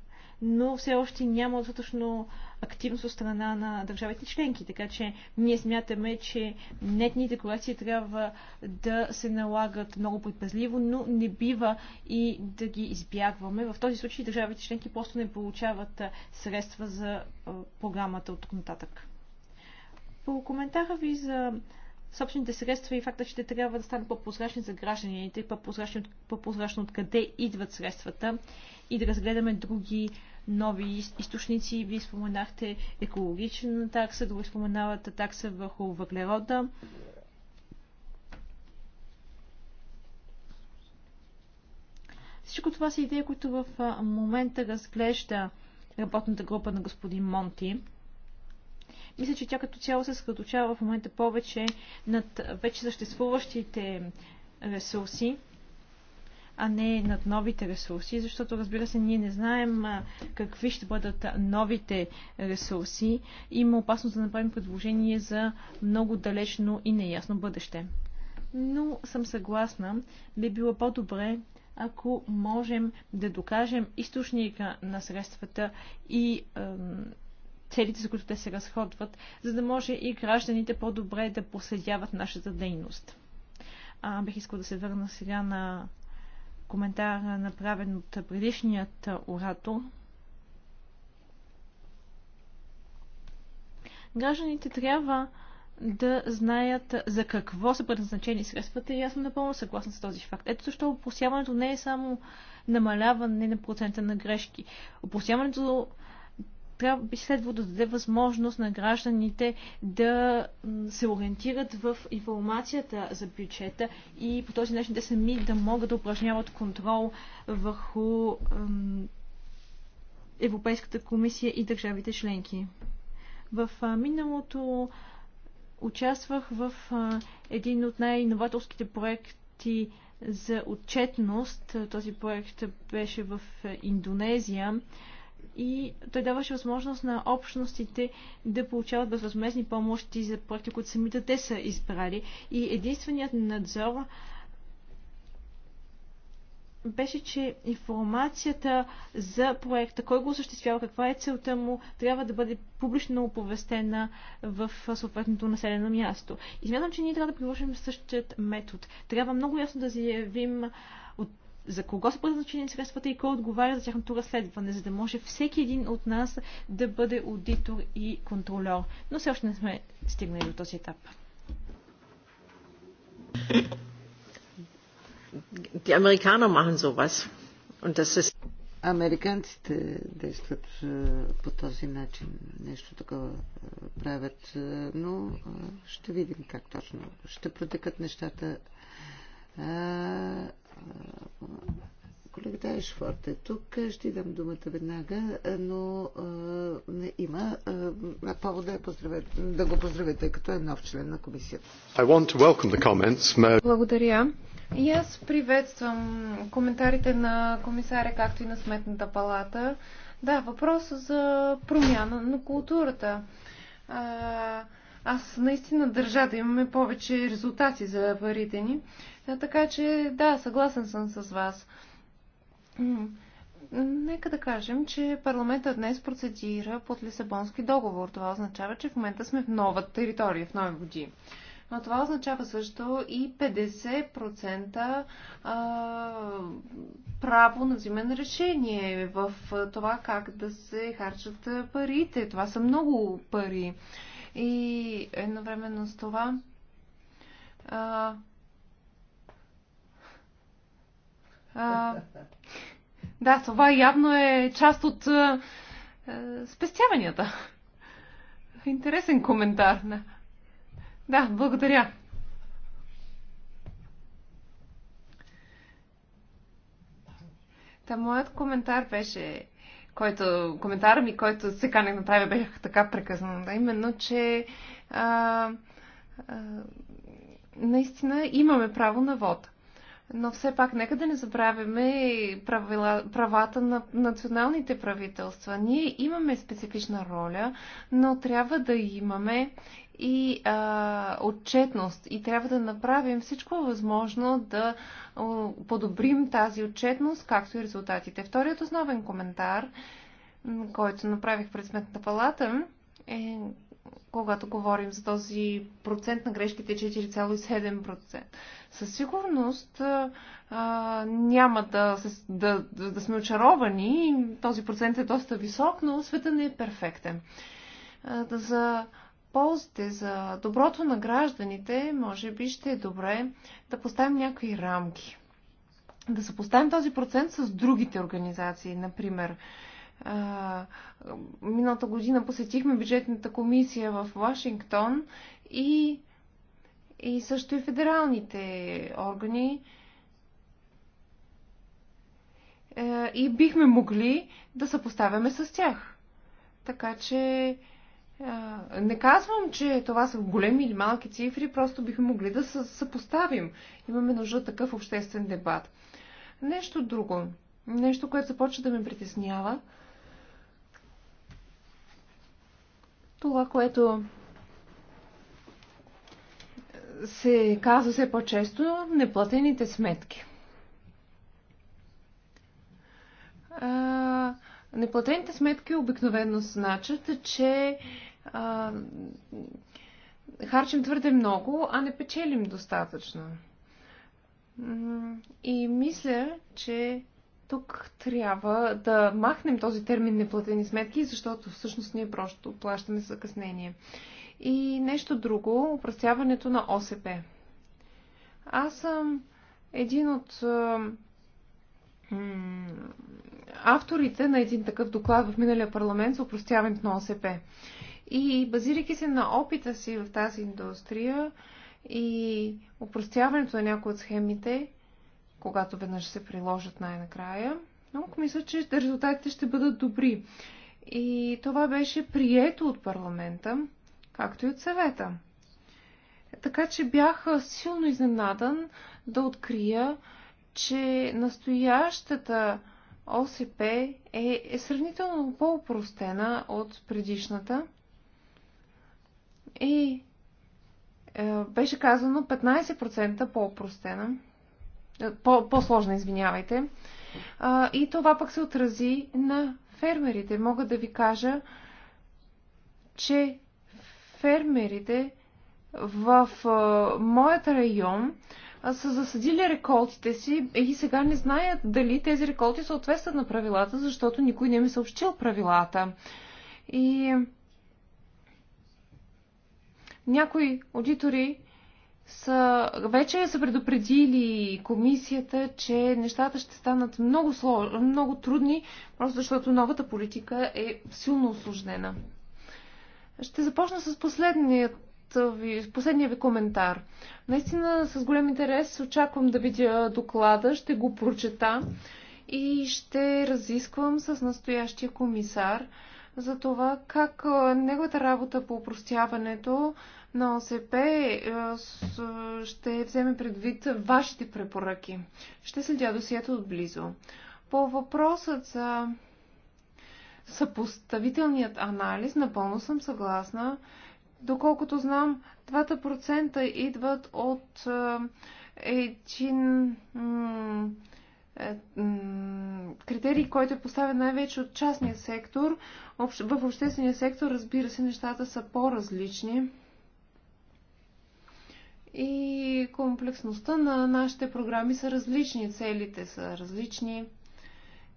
S2: но все още няма достатъчно активност от страна на държавите членки. Така че ние смятаме, че нетните декларации трябва да се налагат много предпазливо, но не бива и да ги избягваме. В този случай държавите членки просто не получават средства за програмата от тук нататък. По коментара ви за собствените средства и факта, че те трябва да станат по-прозрачни за гражданите, по-прозрачно, по-прозрачно откъде идват средствата и да разгледаме други нови източници. Вие споменахте екологична такса, да го споменавате такса върху въглерода. Всичко това са идеи, които в момента разглежда работната група на господин Монти. Мисля, че тя като цяло се съсредоточава в момента повече над вече съществуващите ресурси, а не над новите ресурси, защото разбира се, ние не знаем какви ще бъдат новите ресурси. Има опасност да направим предложение за много далечно и неясно бъдеще. Но съм съгласна, би било по-добре ако можем да докажем източника на средствата и целите, за които те се разходват, за да може и гражданите по-добре да проследяват нашата дейност. А, бих искал да се върна сега на Коментар, направен от предишният оратор. Гражданите трябва да знаят за какво са предназначени средствата и аз съм напълно съгласна с този факт. Ето защо опросяването не е само намаляване на процента на грешки. Опросяването трябва, би следвало да даде възможност на гражданите да се ориентират в информацията за бюджета и по този начин те сами да могат да упражняват контрол върху Европейската комисия и държавите членки. В миналото участвах в един от най-инноваторските проекти за отчетност. Този проект беше в Индонезия и той даваше възможност на общностите да получават безвъзмезни помощи за проекти, които самите те са избрали. И единственият надзор беше, че информацията за проекта, кой го осъществява, каква е целта му, трябва да бъде публично оповестена в съответното населено място. И смятам, че ние трябва да приложим същият метод. Трябва много ясно да заявим от за кого са предназначени средствата и кой отговаря за тяхното разследване, за да може всеки един от нас да бъде аудитор и контролер. Но все още не сме стигнали до този етап.
S1: Американците действат е, по този начин, нещо такова е, правят, е, но ще видим как точно ще протекат нещата. Колегата Ешфорд е тук. Ще дам думата веднага, но не има а, повод да, да го поздравите, като е нов член на комисията. Благодаря.
S3: И аз приветствам коментарите на комисаря, както и на Сметната палата. Да, въпрос за промяна на културата. А, аз наистина държа да имаме повече резултати за парите ни. Е, така че, да, съгласен съм с вас. Нека да кажем, че парламентът днес процедира под Лисабонски договор. Това означава, че в момента сме в нова територия, в нови води. Но това означава също и 50% право на взимане решение в това как да се харчат парите. Това са много пари. И едновременно с това А, да, това явно е част от а, спестяванията. Интересен коментар. Да, да благодаря. Та моят коментар беше, който, коментар ми, който се канех направя, беше така прекъсна, Да, именно, че а, а, наистина имаме право на вод. Но все пак, нека да не забравяме правила, правата на националните правителства. Ние имаме специфична роля, но трябва да имаме и а, отчетност. И трябва да направим всичко възможно да а, подобрим тази отчетност, както и резултатите. Вторият основен коментар, който направих пред сметната палата, е когато говорим за този процент на грешките 4,7%. Със сигурност а, няма да, да, да сме очаровани, този процент е доста висок, но света не е перфектен. А, за ползите, за доброто на гражданите, може би ще е добре да поставим някакви рамки. Да съпоставим този процент с другите организации, например миналата година посетихме бюджетната комисия в Вашингтон и, и също и федералните органи. Е, и бихме могли да съпоставяме с тях. Така че не казвам, че това са големи или малки цифри, просто бихме могли да съпоставим. Имаме нужда такъв обществен дебат. Нещо друго, нещо, което започва да ме притеснява, Това, което се казва все по-често, неплатените сметки. А, неплатените сметки обикновено значат, че а, харчим твърде много, а не печелим достатъчно. И мисля, че тук трябва да махнем този термин неплатени сметки, защото всъщност ние просто плащаме закъснение. И нещо друго, упростяването на ОСП. Аз съм един от авторите на един такъв доклад в миналия парламент за упростяването на ОСП. И базирайки се на опита си в тази индустрия и упростяването на някои от схемите, когато веднъж се приложат най-накрая. Но мисля, че резултатите ще бъдат добри. И това беше прието от парламента, както и от съвета. Така че бях силно изненадан да открия, че настоящата ОСП е, е сравнително по-упростена от предишната. И е, беше казано 15% по-упростена. Е, по-сложна, -по извинявайте. А, и това пък се отрази на фермерите. Мога да ви кажа, че фермерите в а, моят район а, са засадили реколтите си и сега не знаят дали тези реколти съответстват на правилата, защото никой не ми е съобщил правилата. И някои аудитори са, вече са предупредили комисията, че нещата ще станат много, слож, много трудни, просто защото новата политика е силно осложнена. Ще започна с последният ви, последния ви коментар. Наистина с голям интерес очаквам да видя доклада, ще го прочета и ще разисквам с настоящия комисар за това как е, неговата работа по упростяването на ОСП е, ще вземе предвид вашите препоръки. Ще следя досието отблизо. По въпросът за съпоставителният анализ, напълно съм съгласна. Доколкото знам, 2% идват от е, един е, критерий, който е поставен най-вече от частния сектор. В обществения сектор, разбира се, нещата са по-различни и комплексността на нашите програми са различни, целите са различни.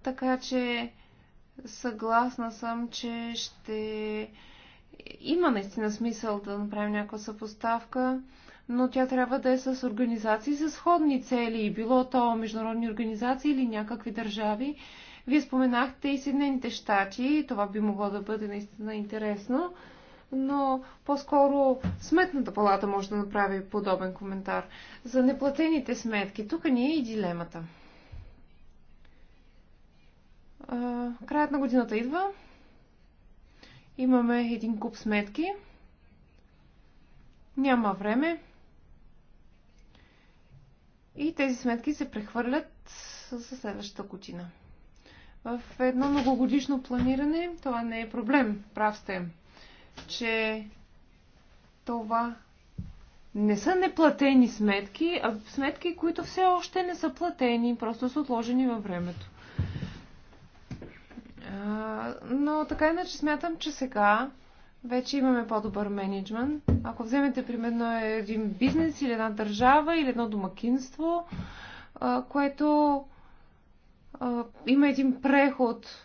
S3: Така че съгласна съм, че ще има наистина смисъл да направим някаква съпоставка, но тя трябва да е с организации с сходни цели, било то международни организации или някакви държави. Вие споменахте и Съединените щати, това би могло да бъде наистина интересно но по-скоро сметната палата може да направи подобен коментар. За неплатените сметки, тук ни е и дилемата. А, краят на годината идва. Имаме един куп сметки. Няма време. И тези сметки се прехвърлят за следващата година. В едно многогодишно планиране това не е проблем. Прав сте че това не са неплатени сметки, а сметки, които все още не са платени, просто са отложени във времето. А, но така иначе смятам, че сега вече имаме по-добър менеджмент. Ако вземете примерно един бизнес или една държава или едно домакинство, а, което а, има един преход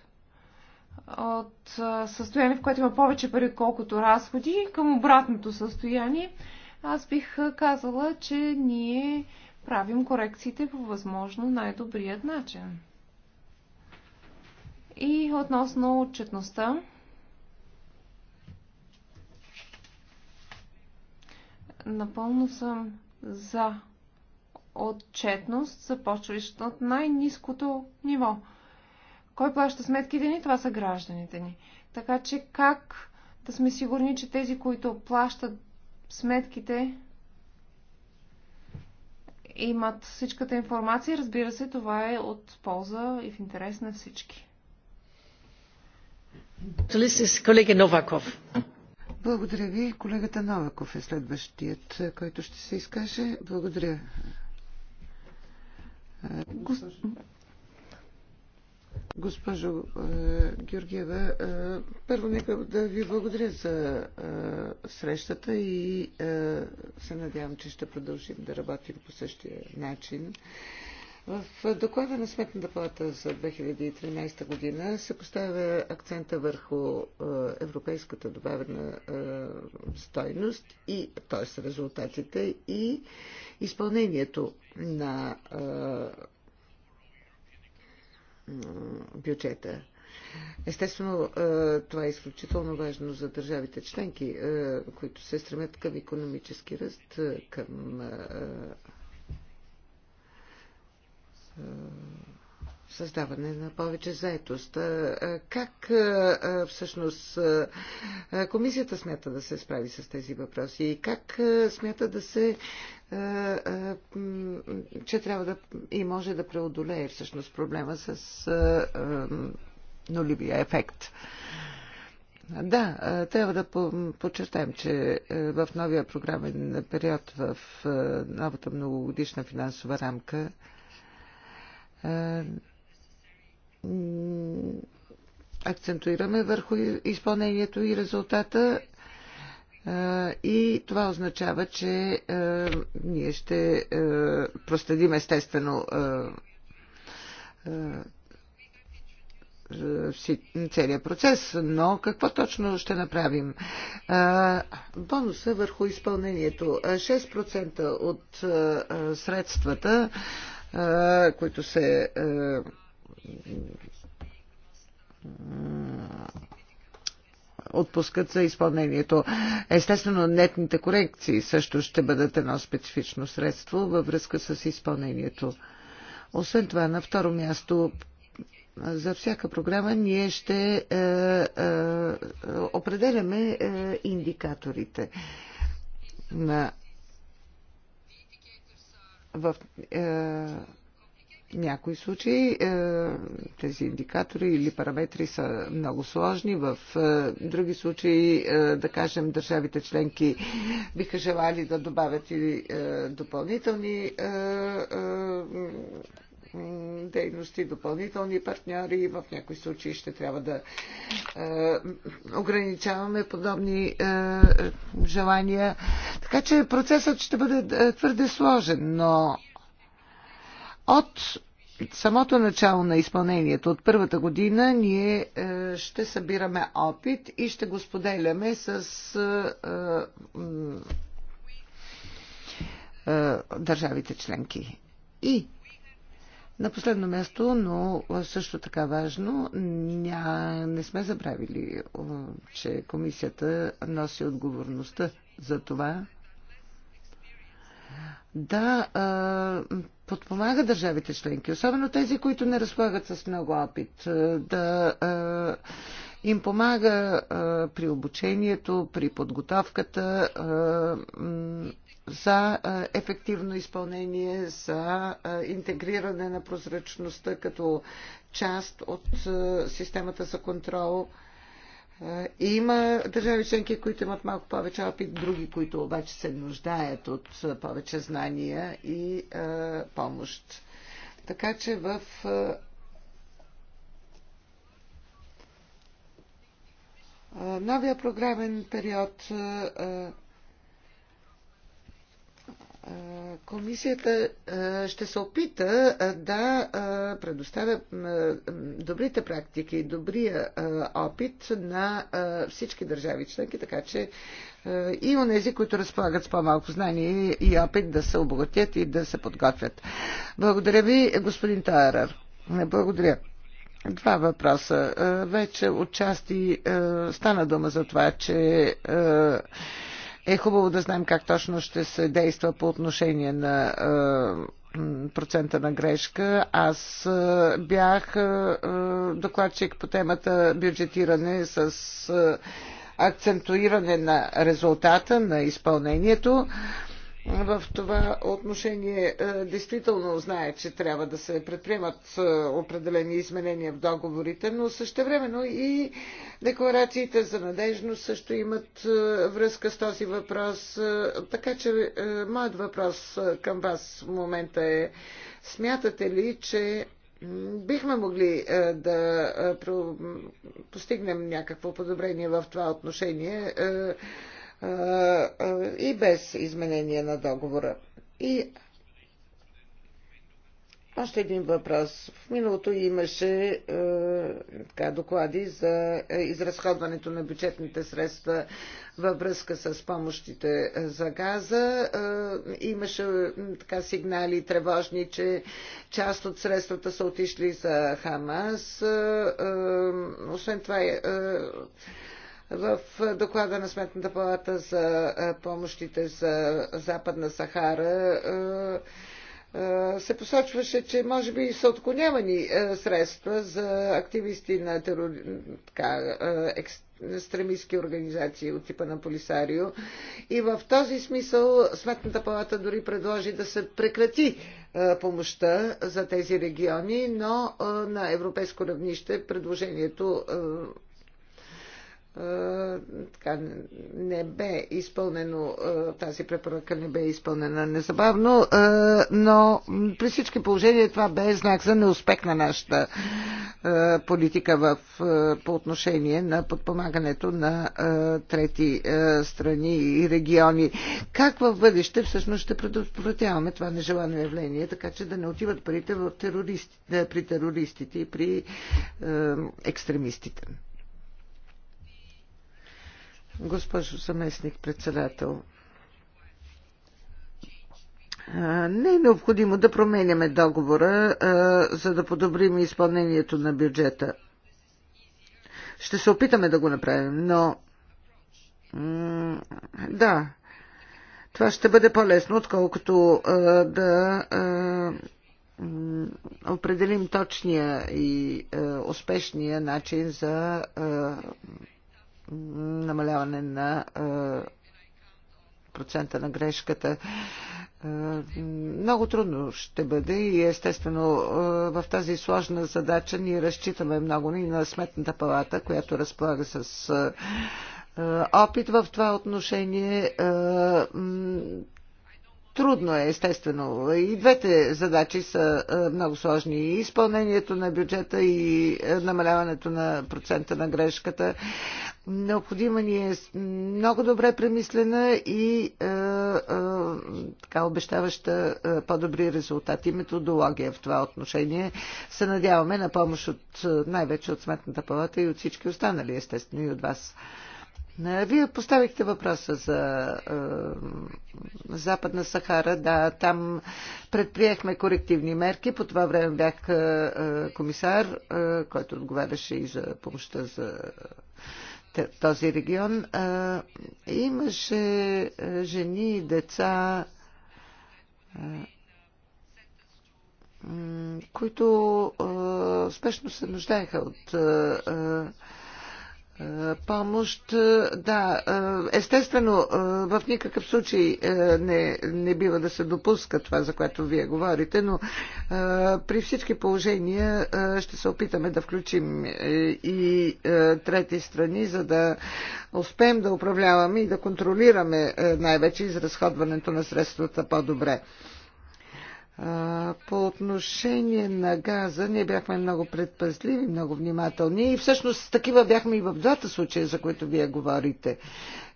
S3: от състояние, в което има повече пари, колкото разходи, към обратното състояние, аз бих казала, че ние правим корекциите по възможно най-добрият начин. И относно отчетността, напълно съм за отчетност, започваща от най-низкото ниво – кой плаща сметките ни? Това са гражданите ни. Така че как да сме сигурни, че тези, които плащат сметките, имат всичката информация. Разбира се, това е от полза и в интерес на всички.
S1: Колега Новаков. Благодаря ви. Колегата Новаков е следващият, който ще се изкаже. Благодаря. Госпожо е, Георгиева, е, първо нека да ви благодаря за е, срещата и се надявам, че ще продължим да работим по същия начин. В доклада на Сметната палата за 2013 година се поставя акцента върху европейската добавена стойност и т.е. резултатите и изпълнението на бюджета. Естествено, е, това е изключително важно за държавите членки, е, които се стремят към економически ръст, е, към създаване на повече заетост. Как всъщност комисията смята да се справи с тези въпроси и как смята да се че трябва да и може да преодолее всъщност проблема с нулевия ефект. Да, трябва да подчертаем, че в новия програмен период, в новата многогодишна финансова рамка, акцентуираме върху изпълнението и резултата и това означава, че ние ще проследим естествено целият процес, но какво точно ще направим? Бонуса върху изпълнението. 6% от средствата, които се отпускат за изпълнението. Естествено, нетните корекции също ще бъдат едно специфично средство във връзка с изпълнението. Освен това, на второ място, за всяка програма ние ще е, е, определяме е, индикаторите на в е, някои случаи е, тези индикатори или параметри са много сложни. В е, други случаи, е, да кажем, държавите членки биха желали да добавят и допълнителни дейности, допълнителни партньори. В някои случаи ще трябва да е, ограничаваме подобни е, желания. Така че процесът ще бъде твърде сложен, но от самото начало на изпълнението от първата година ние е, ще събираме опит и ще го споделяме с е, е, държавите членки. И на последно място, но също така важно, ня, не сме забравили, че комисията носи отговорността за това да подпомага държавите членки, особено тези, които не разполагат с много опит, е, да е, им помага е, при обучението, при подготовката за ефективно изпълнение, за интегриране на прозрачността като част от системата за контрол. Има държави членки, които имат малко повече опит, други, които обаче се нуждаят от повече знания и е, помощ. Така че в новия програмен период Комисията ще се опита да предоставя добрите практики и добрия опит на всички държави членки, така че и нези, които разполагат с по-малко знание и опит да се обогатят и да се подготвят. Благодаря ви, господин Тарар. Благодаря. Два въпроса. Вече отчасти стана дума за това, че е хубаво да знаем как точно ще се действа по отношение на е, процента на грешка. Аз е, бях е, докладчик по темата бюджетиране с акцентуиране на резултата, на изпълнението в това отношение е, действително знае, че трябва да се предприемат е, определени изменения в договорите, но същевременно и декларациите за надежност също имат е, връзка с този въпрос. Така че моят въпрос към вас в момента е смятате ли, че бихме могли да постигнем някакво подобрение в това отношение и без изменение на договора. И още един въпрос. В миналото имаше е, така, доклади за изразходването на бюджетните средства във връзка с помощите за газа. Е, имаше е, така, сигнали тревожни, че част от средствата са отишли за Хамас. Е, е, освен това. Е, е в доклада на Сметната палата за е, помощите за Западна Сахара е, е, се посочваше, че може би са отклонявани средства за активисти на терор... така, екстремистски организации от типа на Полисарио. И в този смисъл Сметната палата дори предложи да се прекрати помощта за тези региони, но на европейско равнище предложението е, така, не бе изпълнено, е, тази препоръка не бе изпълнена незабавно, е, но при всички положения това бе знак за неуспех на нашата политика в, по отношение на подпомагането на трети страни и региони. Как в бъдеще всъщност ще предотвратяваме това нежелано явление, така че да не отиват парите в терористи, при терористите и при екстремистите? госпожо заместник-председател. Не е необходимо да променяме договора, за да подобрим изпълнението на бюджета. Ще се опитаме да го направим, но. Да. Това ще бъде по-лесно, отколкото да определим точния и успешния начин за намаляване на е, процента на грешката. Е, много трудно ще бъде и естествено е, в тази сложна задача ние разчитаме много и на Сметната палата, която разполага с опит в това отношение. Трудно е, естествено. И двете задачи са е, много сложни. И изпълнението на бюджета, и е, намаляването на процента на грешката. Необходима ни е много добре премислена и е, е, така обещаваща е, по-добри резултати. Методология в това отношение се надяваме на помощ от е, най-вече от Сметната палата и от всички останали, естествено, и от вас. Е, вие поставихте въпроса за е, Западна Сахара. Да, там предприехме корективни мерки. По това време бях е, е комисар, е, който отговаряше и за помощта за е, този регион. Е, имаше жени, деца, е, които е, спешно се нуждаеха от. Е, е, помощ, е, да, е, естествено, е, в никакъв случай не, не бива да се допуска това, за което вие говорите, но при всички положения ще се опитаме да включим и трети страни, за да успеем да управляваме и да контролираме най-вече изразходването на средствата по-добре. По отношение на газа, ние бяхме много предпазливи, много внимателни и всъщност такива бяхме и в двата случая, за които вие говорите.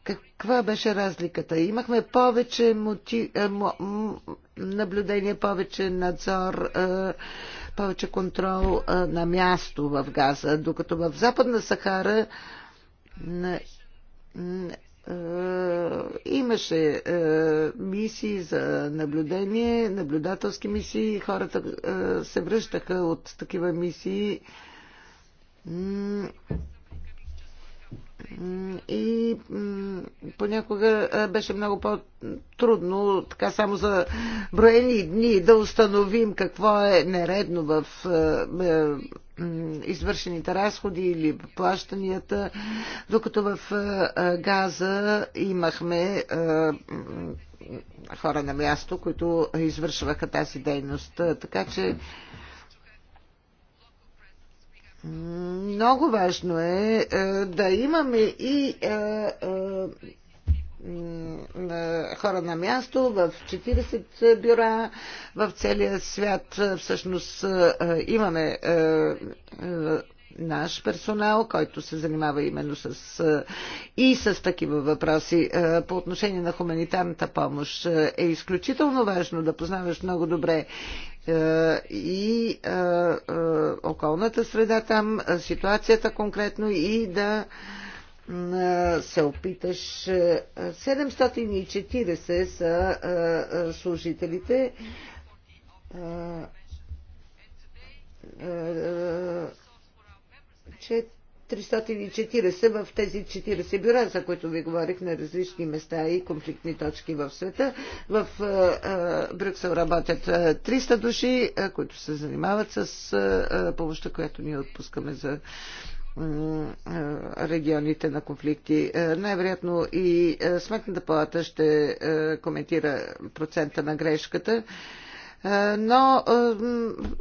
S1: Каква беше разликата? Имахме повече мути... наблюдение, повече надзор, повече контрол на място в газа, докато в Западна Сахара е, имаше е, мисии за наблюдение, наблюдателски мисии. Хората е, се връщаха от такива мисии. И понякога беше много по-трудно, така само за броени дни, да установим какво е нередно в извършените разходи или плащанията, докато в Газа имахме хора на място, които извършваха тази дейност. Така че много важно е да имаме и хора на място в 40 бюра в целия свят. Всъщност имаме наш персонал, който се занимава именно с и с такива въпроси. По отношение на хуманитарната помощ е изключително важно да познаваш много добре и околната среда там, ситуацията конкретно и да се опиташ. 740 са служителите. Че 340 в тези 40 бюра, за които ви говорих на различни места и конфликтни точки в света. В Брюксел работят 300 души, които се занимават с помощта, която ние отпускаме за регионите на конфликти. Е, най-вероятно и е, Сметната палата ще е, коментира процента на грешката. Но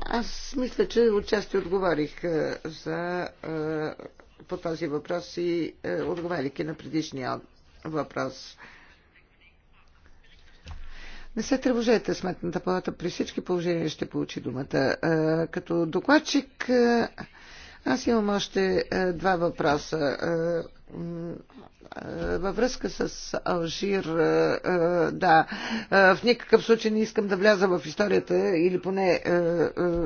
S1: аз мисля, че отчасти отговорих за, по този въпрос и отговаряйки на предишния въпрос. Не се тревожете, Сметната палата при всички положения ще получи думата. Като докладчик аз имам още е, два въпроса. Е, е, във връзка с Алжир, да, в никакъв случай не искам да вляза в историята или поне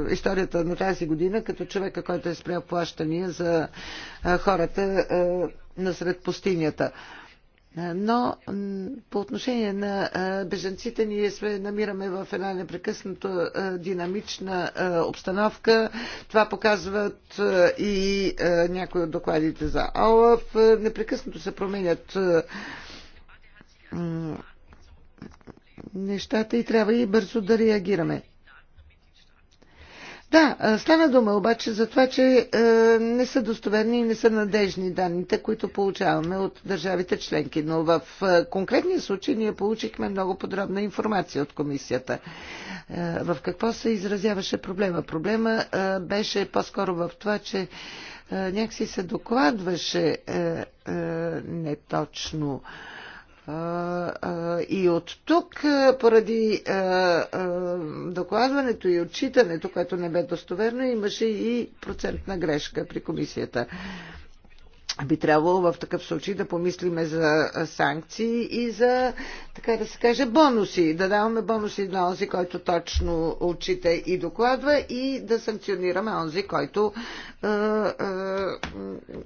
S1: историята на тази година, като човека, който е спрял плащания за хората насред пустинята. Е, но по отношение на е, беженците ние се намираме в една непрекъснато е, динамична обстановка. Това показват и някои от докладите за ОЛАФ. Непрекъснато се променят нещата и трябва и бързо да реагираме. Да, стана дума обаче за това, че е, не са достоверни и не са надежни данните, които получаваме от държавите членки. Но в е, конкретния случай ние получихме много подробна информация от комисията. Е, в какво се изразяваше проблема? Проблема е, беше по-скоро в това, че е, някакси се докладваше е, е, неточно и от тук, е, поради е, е, докладването и отчитането, което не бе достоверно, имаше и процентна грешка при комисията. Би трябвало в такъв случай да помислиме за санкции и за, така да се каже, бонуси. Да даваме бонуси на онзи, който точно отчита и докладва и да санкционираме онзи, който е, е,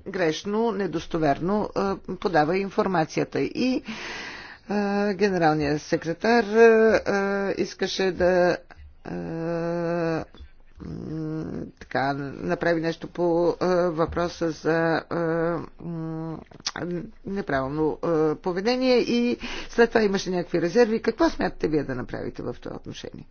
S1: грешно, недостоверно е, подава информацията. И е, Генералният секретар искаше да така, направи нещо по въпроса за неправилно поведение и след това имаше някакви резерви. Какво смятате вие да направите в това отношение?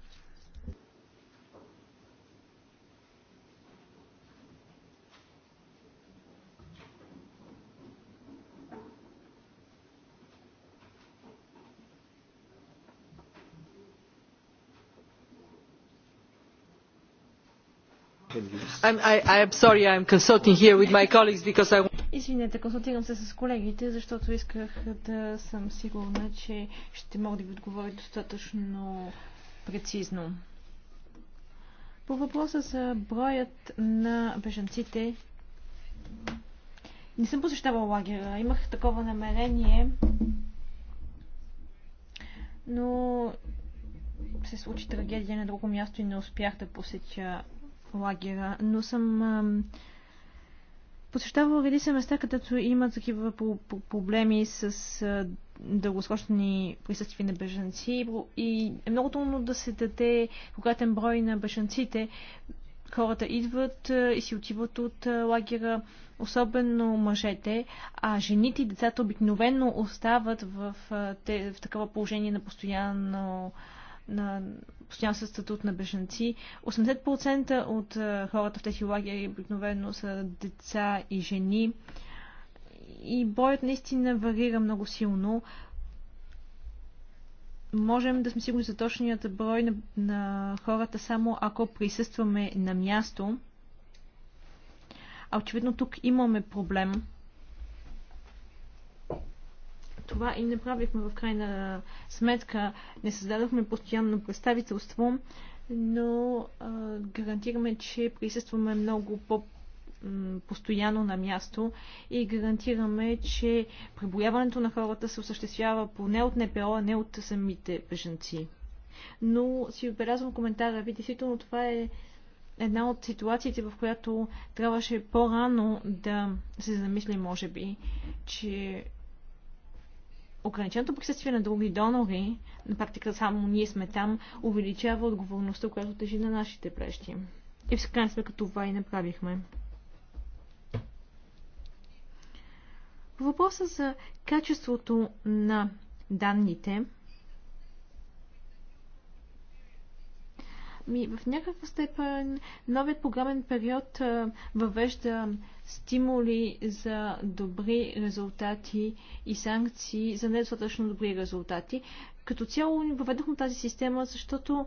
S2: Извинете, консултирам се с колегите, защото исках да съм сигурна, че ще мога да ви отговоря достатъчно прецизно. По въпроса за броят на бежанците, не съм посещавала лагера. Имах такова намерение, но се случи трагедия на друго място и не успях да посетя лагера, но съм ам, посещавала редица места, където има такива проблеми с дългосрочни присъствия на бежанци и е много трудно да се даде конкретен брой на бежанците. Хората идват и си отиват от лагера, особено мъжете, а жените и децата обикновено остават в, в такова положение на постоянно на постоянно със статут на бежанци. 80% от хората в тези лагери обикновено са деца и жени. И боят наистина варира много силно. Можем да сме сигурни за точният брой на, на хората само ако присъстваме на място. А очевидно тук имаме проблем това и направихме в крайна сметка. Не създадохме постоянно представителство, но а, гарантираме, че присъстваме много по- постоянно на място и гарантираме, че преброяването на хората се осъществява поне от НПО, а не от самите бежанци. Но си отбелязвам коментара ви. Действително това е една от ситуациите, в която трябваше по-рано да се замисли, може би, че ограниченото присъствие на други донори, на практика само ние сме там, увеличава отговорността, която тежи на нашите плещи. И в крайна сметка това и направихме. По Въпроса за качеството на данните – Ми, в някаква степен новият програмен период въвежда стимули за добри резултати и санкции за недостатъчно добри резултати. Като цяло въведохме тази система, защото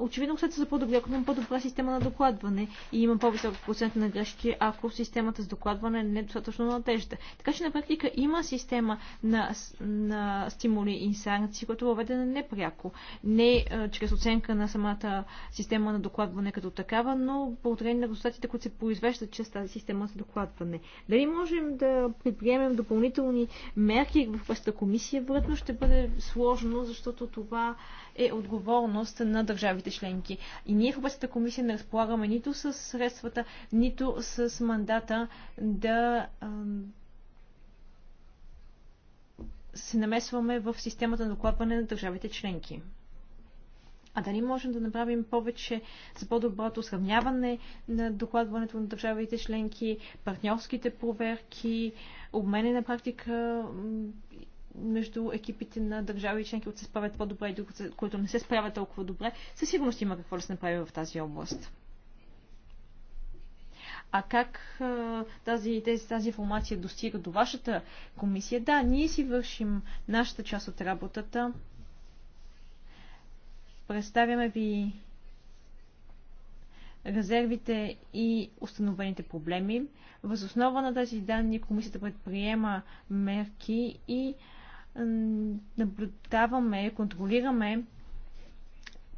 S2: очевидно след се по-добре, ако имам по-добра система на докладване и има по-висок процент на грешки, ако системата с докладване не е достатъчно надежда. Така че на практика има система на, на стимули и санкции, която е въведена непряко. Не а, е, чрез оценка на самата система на докладване като такава, но благодарение на резултатите, които се произвеждат чрез тази система за докладване. Дали можем да предприемем допълнителни мерки в Европейската комисия? Вероятно ще бъде сложно, защото това е отговорност на държавите членки. И ние в областната комисия не разполагаме нито с средствата, нито с мандата да се намесваме в системата на докладване на държавите членки. А дали можем да направим повече за по-доброто сравняване на докладването на държавите членки, партньорските проверки, обмене на практика между екипите на държави и членки, които се справят по-добре и други, които не се справят толкова добре, със сигурност има какво да се направи в тази област. А как тази, тази, тази информация достига до вашата комисия? Да, ние си вършим нашата част от работата. Представяме ви резервите и установените проблеми. Въз основа на тези данни комисията предприема мерки и наблюдаваме, контролираме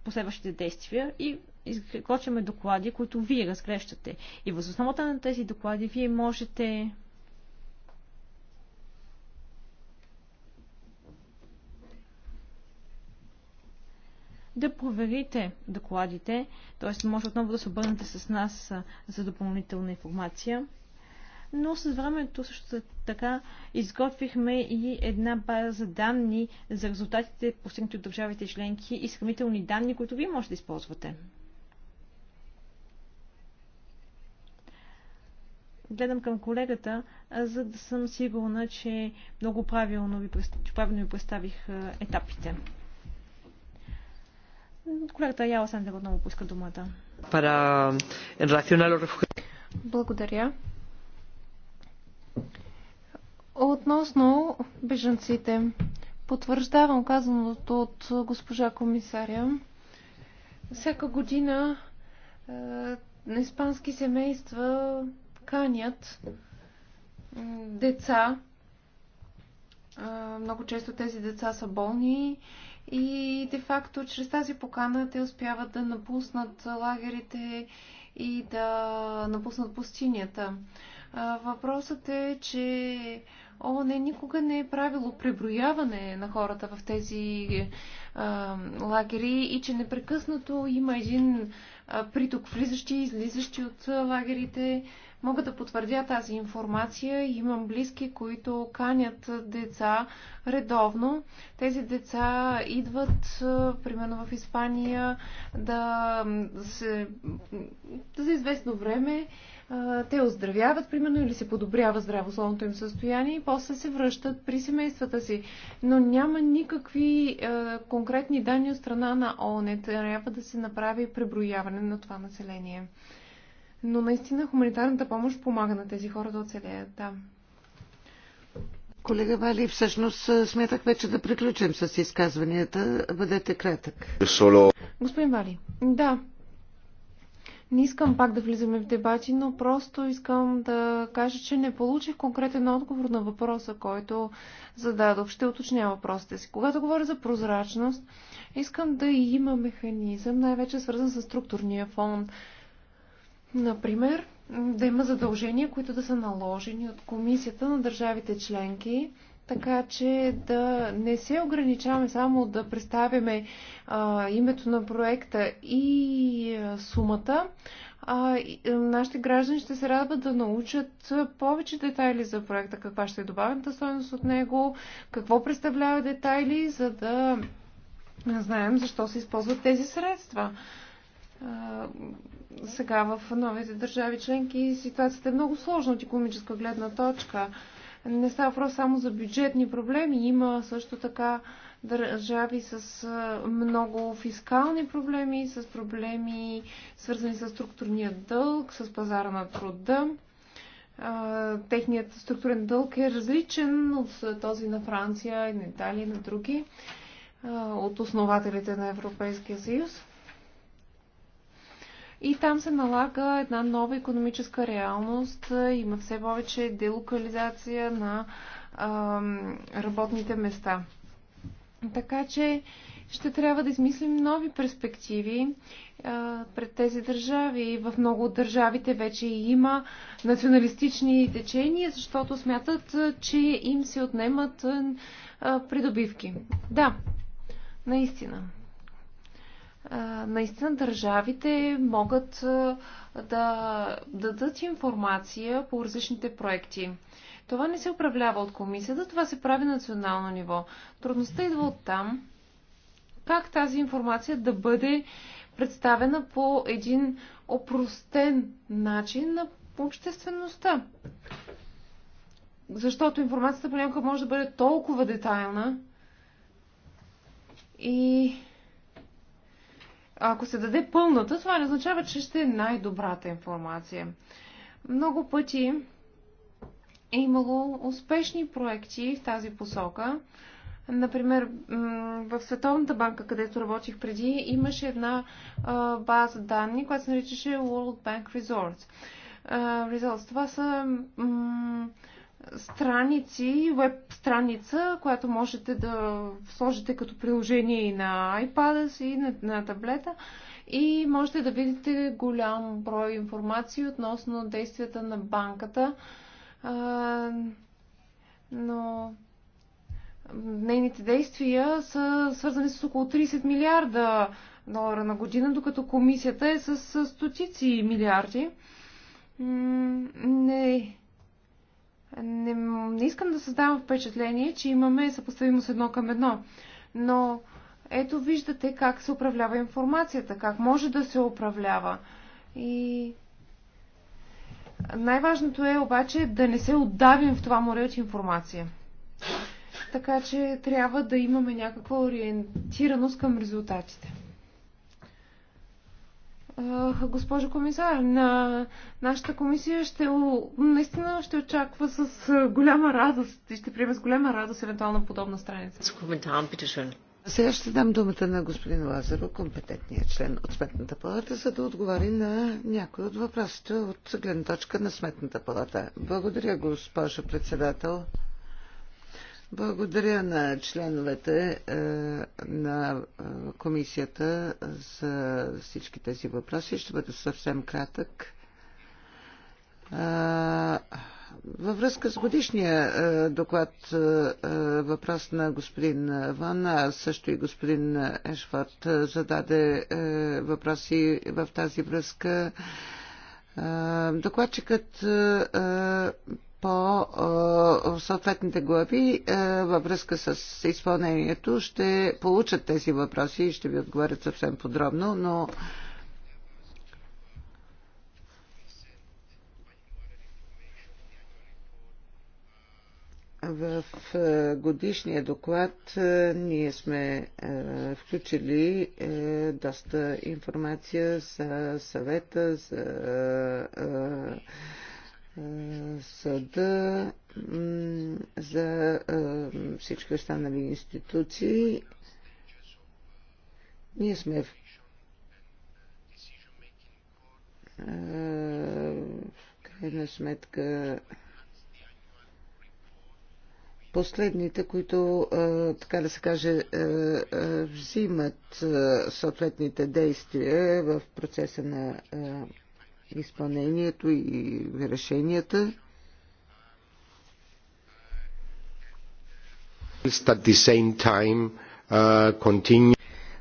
S2: последващите действия и изготвяме доклади, които вие разгрещате. И въз основата на тези доклади вие можете да проверите докладите, т.е. може отново да се обърнете с нас за допълнителна информация но с времето също така изготвихме и една база данни за резултатите постигнати от държавите членки и сравнителни данни, които вие можете да използвате. гледам към колегата, за да съм сигурна, че много правилно ви, правилно ви представих етапите. Колегата Яла Сандер отново пуска думата.
S3: Благодаря. Относно бежанците, потвърждавам казаното от госпожа комисаря. Всяка година е, испански семейства канят е, деца. Е, много често тези деца са болни и де-факто чрез тази покана те успяват да напуснат лагерите и да напуснат пустинята. Въпросът е, че ООН никога не е правило преброяване на хората в тези а, лагери и че непрекъснато има един а, приток влизащи и излизащи от лагерите Мога да потвърдя тази информация. Имам близки, които канят деца редовно. Тези деца идват, примерно в Испания, да се, за известно време те оздравяват, примерно, или се подобрява здравословното им състояние и после се връщат при семействата си. Но няма никакви е, конкретни данни от страна на ООН. Трябва да се направи преброяване на това население. Но наистина хуманитарната помощ помага на тези хора да оцелеят. Да.
S1: Колега Вали, всъщност смятах вече да приключим с изказванията. Бъдете кратък. Господин Вали, да. Не
S3: искам пак да влизаме в дебати, но просто искам да кажа, че не получих конкретен отговор на въпроса, който зададох. Ще уточня въпросите си. Когато говоря за прозрачност, искам да има механизъм, най-вече свързан с структурния фонд Например, да има задължения, които да са наложени от комисията на държавите членки, така че да не се ограничаваме само да представяме а, името на проекта и а, сумата. А, и, а, нашите граждани ще се радват да научат повече детайли за проекта, каква ще е добавената стоеност от него, какво представлява детайли, за да знаем защо се използват тези средства сега в новите държави членки ситуацията е много сложна от економическа гледна точка. Не става въпрос само за бюджетни проблеми. Има също така държави с много фискални проблеми, с проблеми свързани с структурния дълг, с пазара на труда. Техният структурен дълг е различен от този на Франция, на Италия и на други, от основателите на Европейския съюз. И там се налага една нова економическа реалност. Има все повече делокализация на а, работните места. Така че ще трябва да измислим нови перспективи а, пред тези държави. В много от държавите вече има националистични течения, защото смятат, че им се отнемат а, придобивки. Да, наистина наистина държавите могат да дадат информация по различните проекти. Това не се управлява от комисията, това се прави на национално ниво. Трудността идва от там, как тази информация да бъде представена по един опростен начин на обществеността. Защото информацията понякога може да бъде толкова детайлна и ако се даде пълната, това не означава, че ще е най-добрата информация. Много пъти е имало успешни проекти в тази посока. Например, в Световната банка, където работих преди, имаше една база данни, която се наричаше World Bank Resorts. Резултат, Това са страници, веб страница, която можете да сложите като приложение и на iPad си, и на, на таблета. И можете да видите голям брой информации относно действията на банката. А, но нейните действия са свързани с около 30 милиарда долара на година, докато комисията е с стотици милиарди. Не, не, не искам да създавам впечатление, че имаме съпоставимост едно към едно, но ето виждате как се управлява информацията, как може да се управлява. И най-важното е обаче да не се отдавим в това море от информация. Така че трябва да имаме някаква ориентираност към резултатите. Е, госпожо комисар, на нашата комисия ще, наистина ще очаква с е, голяма радост и ще приеме с голяма радост евентуална подобна страница.
S1: Сега ще дам думата на господин Лазаро, компетентният член от Сметната палата, за да отговори на някои от въпросите от гледна точка на Сметната палата. Благодаря, госпожо председател. Благодаря на членовете е, на е, комисията за всички тези въпроси. Ще бъда съвсем кратък. Е, във връзка с годишния доклад въпрос на господин Ван, а също и господин Ешфорд зададе въпроси в тази връзка. Докладчикът по съответните глави във връзка с изпълнението ще получат тези въпроси и ще ви отговарят съвсем подробно, но В годишния доклад ние сме включили доста информация за съвета, за съда, за всички останали институции. Ние сме в крайна сметка последните, които, така да се каже, взимат съответните действия в процеса на изпълнението и решенията.
S2: Uh,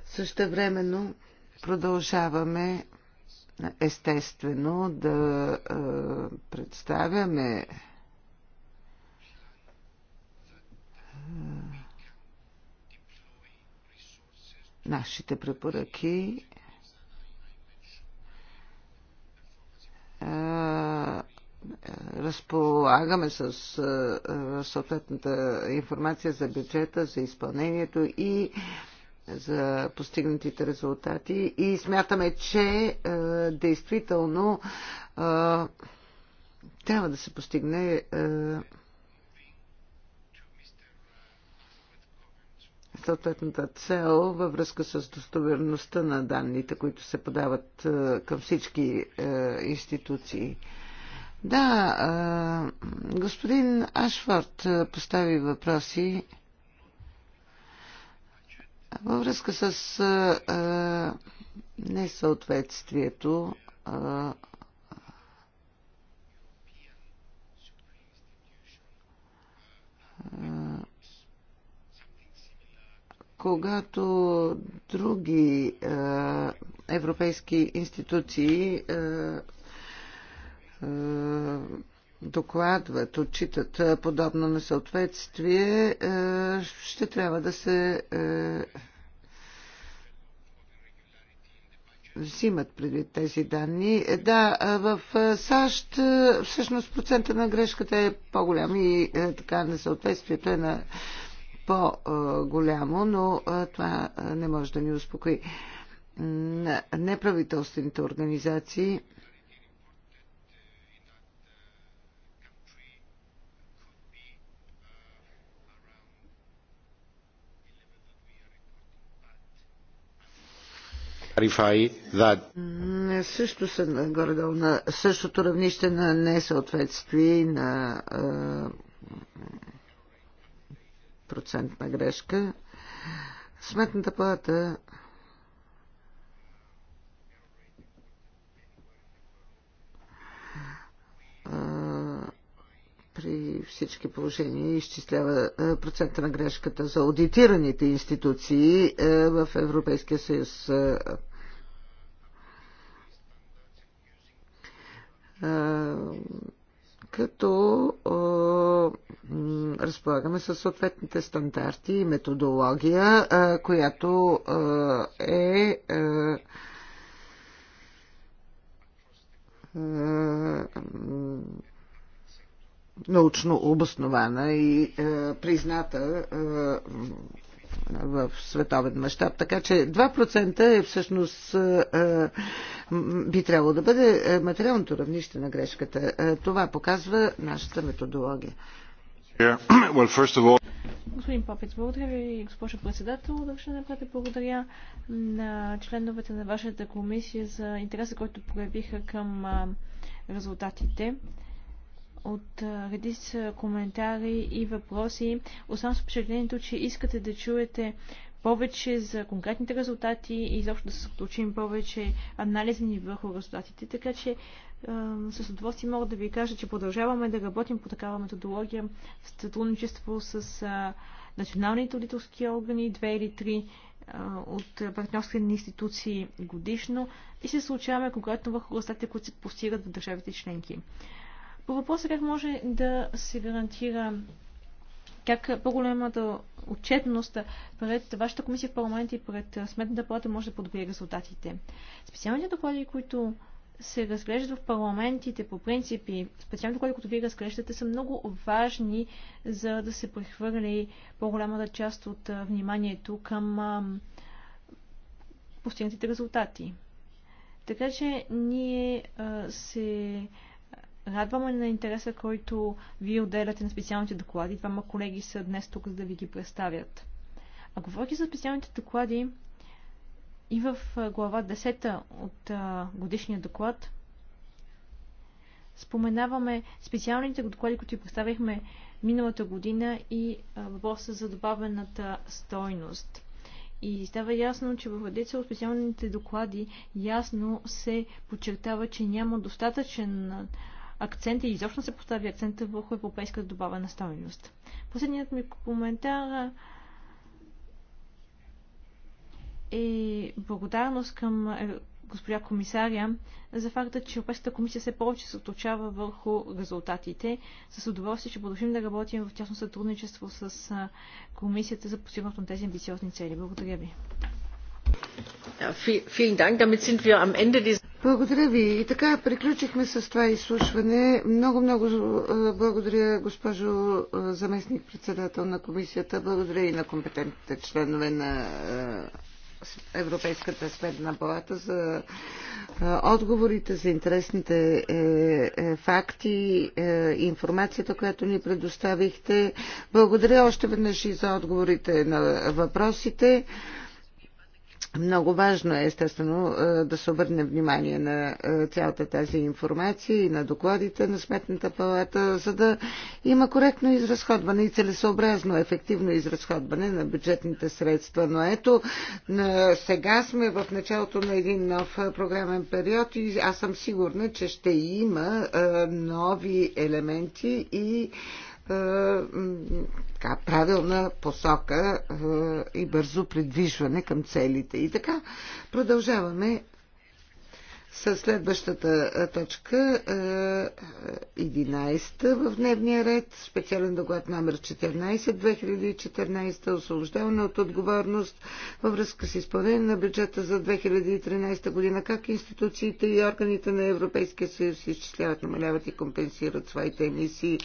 S1: Също времено продължаваме естествено да представяме нашите препоръки разполагаме с съответната информация за бюджета, за изпълнението и за постигнатите резултати и смятаме, че а, действително а, трябва да се постигне а, съответната цел във връзка с достоверността на данните, които се подават е, към всички е, институции. Да, е, господин Ашфорд постави въпроси във връзка с несъответствието когато други е, европейски институции е, е, докладват, отчитат е, подобно несъответствие, е, ще трябва да се е, взимат предвид тези данни. Е, да, е, в САЩ всъщност процента на грешката е по-голям и така несъответствието е на по-голямо, но това не може да ни успокои. Неправителствените организации също са горе-долу на същото равнище на несъответствие и на 5% грешка. Сметната палата при всички положения изчислява процента на грешката за аудитираните институции в Европейския съюз като разполагаме със съответните стандарти и методология, която е научно обоснована и призната в световен мащаб. Така че 2% е всъщност е, би трябвало да бъде материалното равнище на грешката. Е, това показва нашата методология.
S2: Господин Попец, благодаря ви, госпожо председател. Държа напред благодаря на членовете на вашата комисия за интереса, който проявиха към резултатите от редица коментари и въпроси. Оставам с впечатлението, че искате да чуете повече за конкретните резултати и изобщо да се случим повече анализи ни върху резултатите. Така че с удоволствие мога да ви кажа, че продължаваме да работим по такава методология в сътрудничество с националните аудиторски органи, две или три от партньорски институции годишно и се случаваме когато върху резултатите, които се постигат в държавите членки. По въпроса как може да се гарантира как по-голямата отчетност пред вашата комисия в парламента и пред сметната палата може да подобри резултатите. Специалните доклади, които се разглеждат в парламентите по принципи, специално доклади, които вие разглеждате, са много важни, за да се прехвърли по-голямата част от вниманието към постигнатите резултати. Така че ние а, се Радваме на интереса, който вие отделяте на специалните доклади. Двама колеги са днес тук, за да ви ги представят. А говоряки за специалните доклади, и в глава 10 от годишния доклад споменаваме специалните доклади, които ви представихме миналата година и въпроса за добавената стойност. И става ясно, че в редица от специалните доклади ясно се подчертава, че няма достатъчен акцента и изобщо се постави акцента върху европейската добавена стойност. Последният ми коментар е благодарност към е, госпожа комисаря за факта, че Европейската комисия все повече се оточава върху резултатите. С удоволствие ще продължим да работим в тясно сътрудничество с комисията за постигането на тези амбициозни цели. Благодаря ви.
S1: Благодаря ви. И така, приключихме с това изслушване. Много, много е, благодаря, госпожо е, заместник председател на комисията. Благодаря и на компетентните членове на е, Европейската сметна палата за отговорите, за интересните факти, информацията, която ни предоставихте. Благодаря още веднъж и за отговорите на въпросите. Много важно е, естествено, е, да се обърне внимание на е, цялата тази информация и на докладите на Сметната палата, за да има коректно изразходване и целесообразно, ефективно изразходване на бюджетните средства. Но ето, сега сме в началото на един нов е, програмен период и аз съм сигурна, че ще има нови елементи и е, така, правилна посока е, и бързо придвижване към целите. И така, продължаваме с следващата е, точка 11 в дневния ред, специален доклад номер 14-2014, освобождаване от отговорност във връзка с изпълнение на бюджета за 2013 година, как институциите и органите на Европейския съюз изчисляват, намаляват и компенсират своите емисии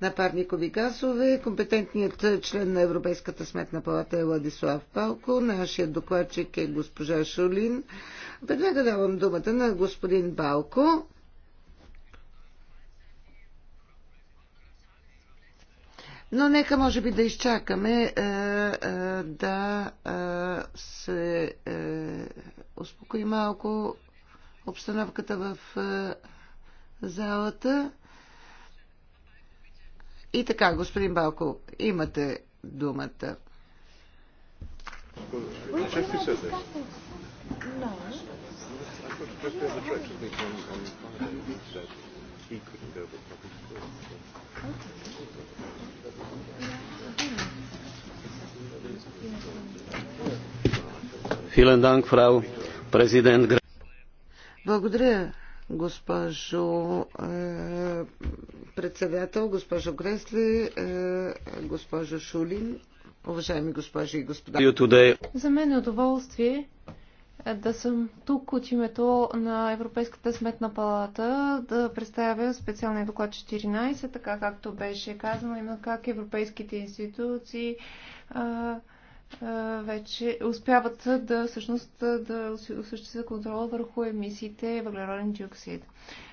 S1: на парникови газове. Компетентният член на Европейската сметна палата е Владислав Палко, Нашият докладчик е госпожа Шулин. Веднага давам думата на господин Балко. Но нека може би да изчакаме е, е, да е, се е, успокои малко обстановката в е, залата. И така, господин Балко, имате думата. Okay. Благодаря, госпожо е, председател, госпожо Гресле, е, госпожо Шулин, уважаеми госпожи и господа.
S3: За мен е удоволствие е, да съм тук от името на Европейската сметна палата да представя специалния доклад 14, така както беше казано, именно как европейските институции вече успяват да всъщност да осъществят контрола върху емисиите въглероден диоксид.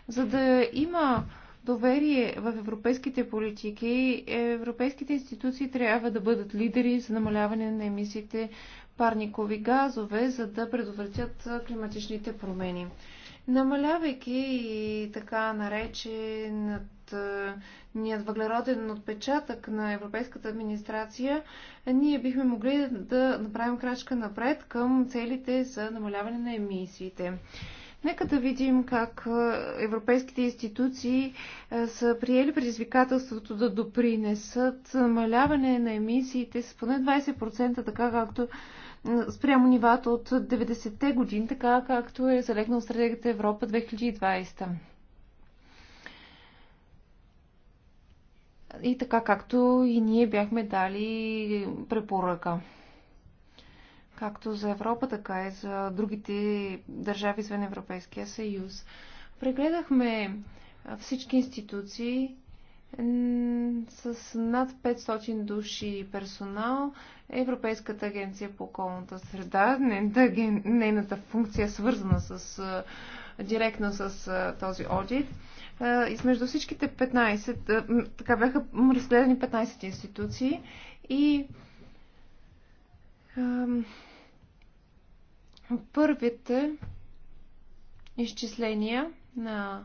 S3: За да има доверие в европейските политики, европейските институции трябва да бъдат лидери за намаляване на емисиите парникови газове, за да предотвратят климатичните промени. Намалявайки и така наречената ният въглероден отпечатък на европейската администрация, ние бихме могли да направим крачка напред към целите за намаляване на емисиите. Нека да видим как европейските институции са приели предизвикателството да допринесат намаляване на емисиите с поне 20%, така както спрямо нивата от 90-те години, така както е залегнал в стратегията Европа 2020. И така както и ние бяхме дали препоръка. Както за Европа, така и за другите държави извън Европейския съюз. Прегледахме всички институции с над 500 души персонал. Европейската агенция по околната среда, нейната функция е свързана с, директно с този одит. Е, измежду всичките 15, е, така бяха разгледани 15 институции и първите изчисления на,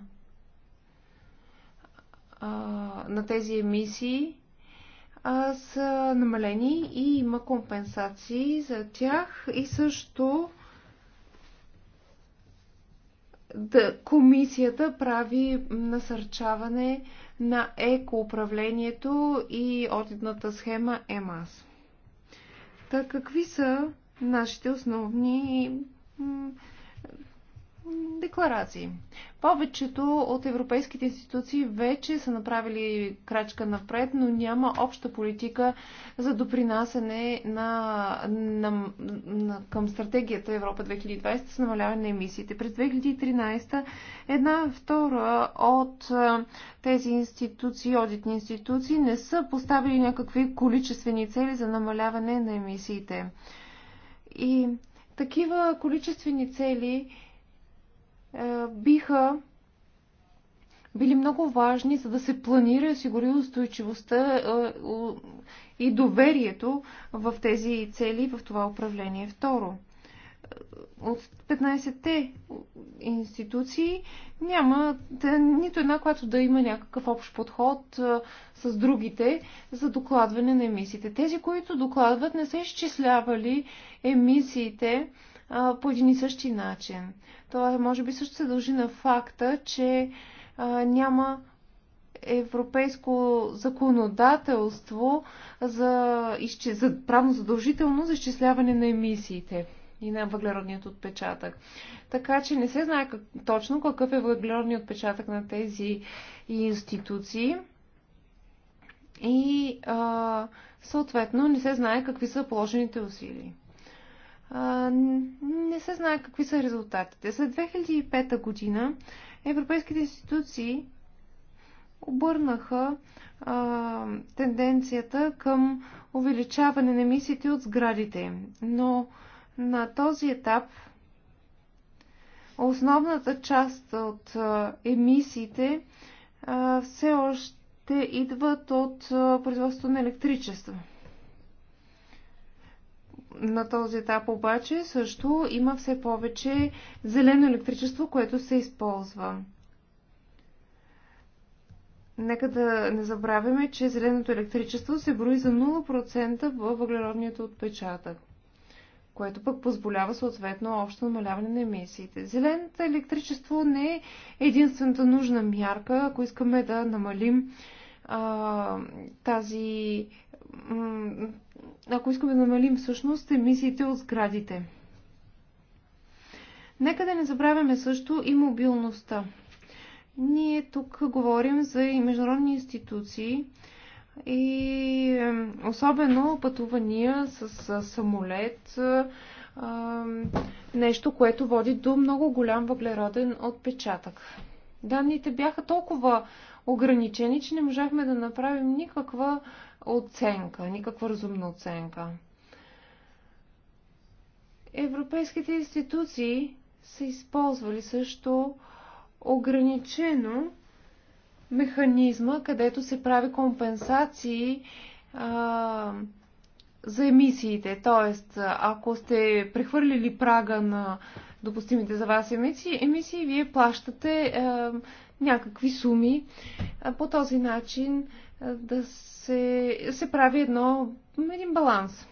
S3: на тези емисии са намалени и има компенсации за тях и също да, комисията прави насърчаване на екоуправлението и одитната схема ЕМАС. Та какви са нашите основни декларации. Повечето от европейските институции вече са направили крачка напред, но няма обща политика за допринасене на, на, на, към стратегията Европа 2020 с намаляване на емисиите. През 2013 една втора от тези институции, одитни институции, не са поставили някакви количествени цели за намаляване на емисиите. И такива количествени цели е, биха били много важни, за да се планира и осигури устойчивостта е, и доверието в тези цели в това управление. Второ, е, от 15-те институции няма нито една, която да има някакъв общ подход с другите за докладване на емисиите. Тези, които докладват, не са изчислявали емисиите а, по един и същи начин. Това е, може би също се дължи на факта, че а, няма европейско законодателство за, за правно задължително за изчисляване на емисиите и на въглеродният отпечатък. Така че не се знае как, точно какъв е въглеродният отпечатък на тези институции. И а, съответно не се знае какви са положените усилия не се знае какви са резултатите. За 2005 година европейските институции обърнаха а, тенденцията към увеличаване на емисиите от сградите. Но на този етап основната част от а, емисиите а, все още идват от а, производството на електричество на този етап обаче също има все повече зелено електричество, което се използва. Нека да не забравяме, че зеленото електричество се брои за 0% във въглеродният отпечатък, което пък позволява съответно общо намаляване на емисиите. Зеленото електричество не е единствената нужна мярка, ако искаме да намалим а, тази ако искаме да намалим всъщност емисиите от сградите. Нека да не забравяме също и мобилността. Ние тук говорим за и международни институции и особено пътувания с самолет, нещо, което води до много голям въглероден отпечатък. Данните бяха толкова ограничени, че не можахме да направим никаква оценка, никаква разумна оценка. Европейските институции са използвали също ограничено механизма, където се прави компенсации а, за емисиите. Тоест, ако сте прехвърлили прага на допустимите за вас емисии, емисии вие плащате а, някакви суми. А, по този начин да се, се прави едно, един баланс.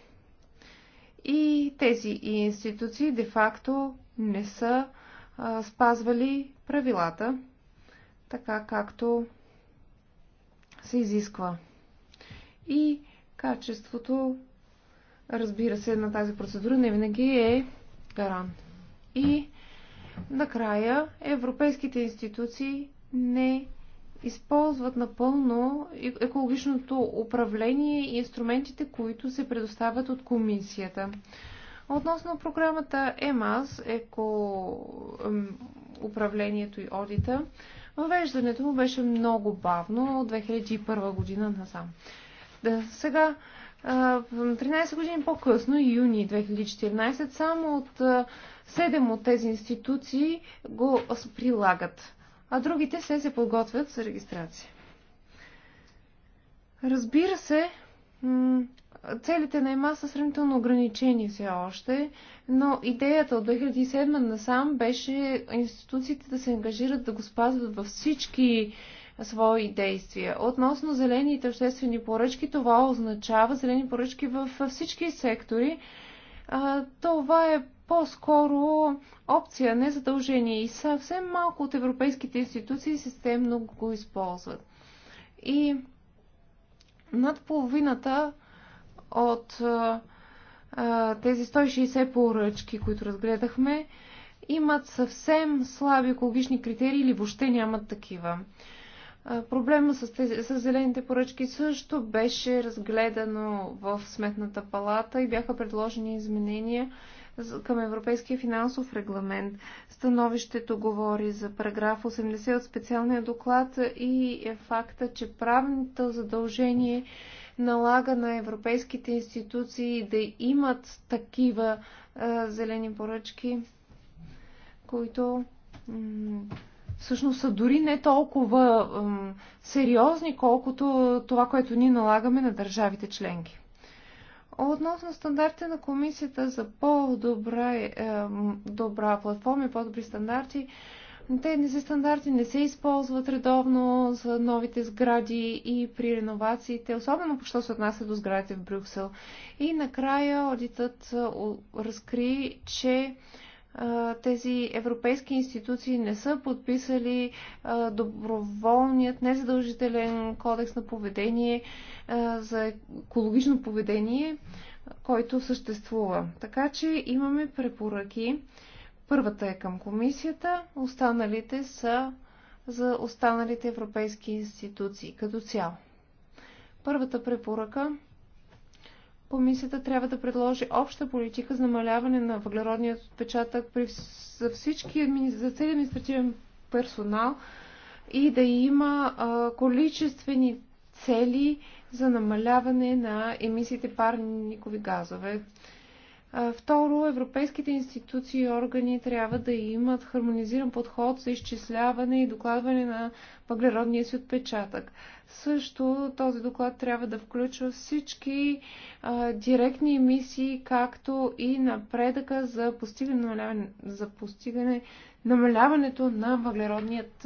S3: И тези институции де-факто не са а, спазвали правилата, така както се изисква. И качеството, разбира се, на тази процедура не винаги е гарант. И накрая европейските институции не използват напълно е-, екологичното управление и инструментите, които се предоставят от комисията. Относно програмата ЕМАС, еко управлението и одита, въвеждането му беше много бавно от 2001 година насам. Да, сега 13 години по-късно, юни 2014, само от 7 от тези институции го прилагат а другите се се подготвят за регистрация. Разбира се, целите на ЕМА са сравнително ограничени все още, но идеята от 2007 насам беше институциите да се ангажират да го спазват във всички свои действия. Относно зелените обществени поръчки, това означава зелени поръчки във всички сектори. Това е по-скоро опция, не задължение. И съвсем малко от европейските институции системно го използват. И над половината от а, тези 160 поръчки, които разгледахме, имат съвсем слаби екологични критерии или въобще нямат такива. Проблема с, тези, с зелените поръчки също беше разгледано в Сметната палата и бяха предложени изменения към Европейския финансов регламент. Становището говори за параграф 80 от специалния доклад и е факта, че правното задължение налага на европейските институции да имат такива а, зелени поръчки, които всъщност са дори не толкова сериозни, колкото това, което ние налагаме на държавите членки. Относно стандарти на комисията за по-добра е, добра платформа и по-добри стандарти, те не са стандарти, не се използват редовно за новите сгради и при реновациите, особено що се отнася до сградите в Брюксел. И накрая одитът е, разкри, че тези европейски институции не са подписали доброволният, незадължителен кодекс на поведение за екологично поведение, който съществува. Така че имаме препоръки. Първата е към комисията, останалите са за останалите европейски институции като цяло. Първата препоръка Комисията трябва да предложи обща политика за намаляване на въглеродния отпечатък при, за всички за цели административен персонал и да има а, количествени цели за намаляване на емисиите парникови газове. Второ, европейските институции и органи трябва да имат хармонизиран подход за изчисляване и докладване на въглеродния си отпечатък. Също този доклад трябва да включва всички а, директни емисии, както и напредъка за постигане, за постигане намаляването на въглеродният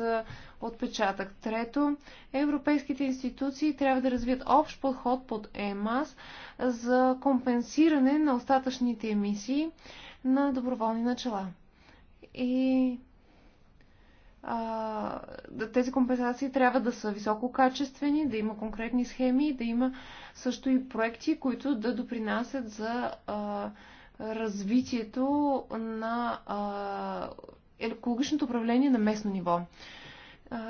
S3: отпечатък. Трето, европейските институции трябва да развият общ подход под ЕМАС за компенсиране на остатъчните емисии на доброволни начала. И а, тези компенсации трябва да са висококачествени, да има конкретни схеми, да има също и проекти, които да допринасят за а, развитието на а, екологичното управление на местно ниво.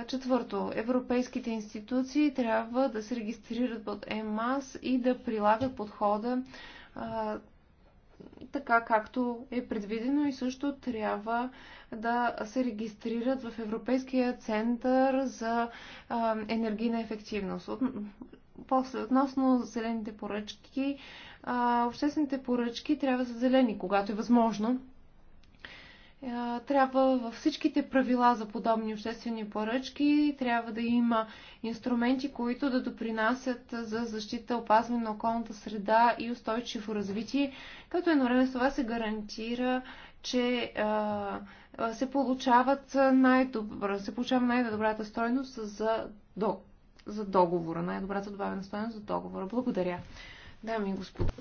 S3: Четвърто, европейските институции трябва да се регистрират под ЕМАС и да прилагат подхода а, така както е предвидено и също трябва да се регистрират в Европейския център за а, енергийна ефективност. От, после, относно зелените поръчки, а, обществените поръчки трябва да са зелени, когато е възможно е, трябва във всичките правила за подобни обществени поръчки трябва да има инструменти, които да допринасят за защита, опазване на околната среда и устойчиво развитие, като едновременно с това се гарантира, че а, се, получават най-добра, се получава най-добрата стойност за, до, за договора, най-добрата добавена стойност за договора. Благодаря. Дами и господа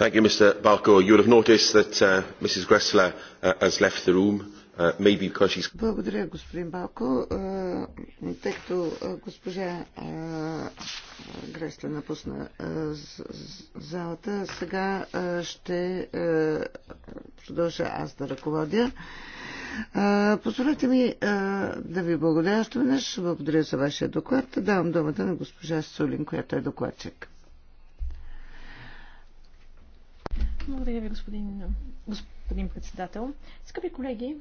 S1: mr balco you will have noticed that uh, mrs grle uh, has left the room uh, maybe because she is. благодаря господин балко е, тъй като е, госпожа е, гресле напусна залата сега ще продължа аз да ръководя. Позволете ми да ви благодаря още веднъж. Благодаря за вашия доклад. Давам думата на госпожа Сулин, която е докладчик.
S2: Благодаря ви, господин, господин председател. Скъпи колеги,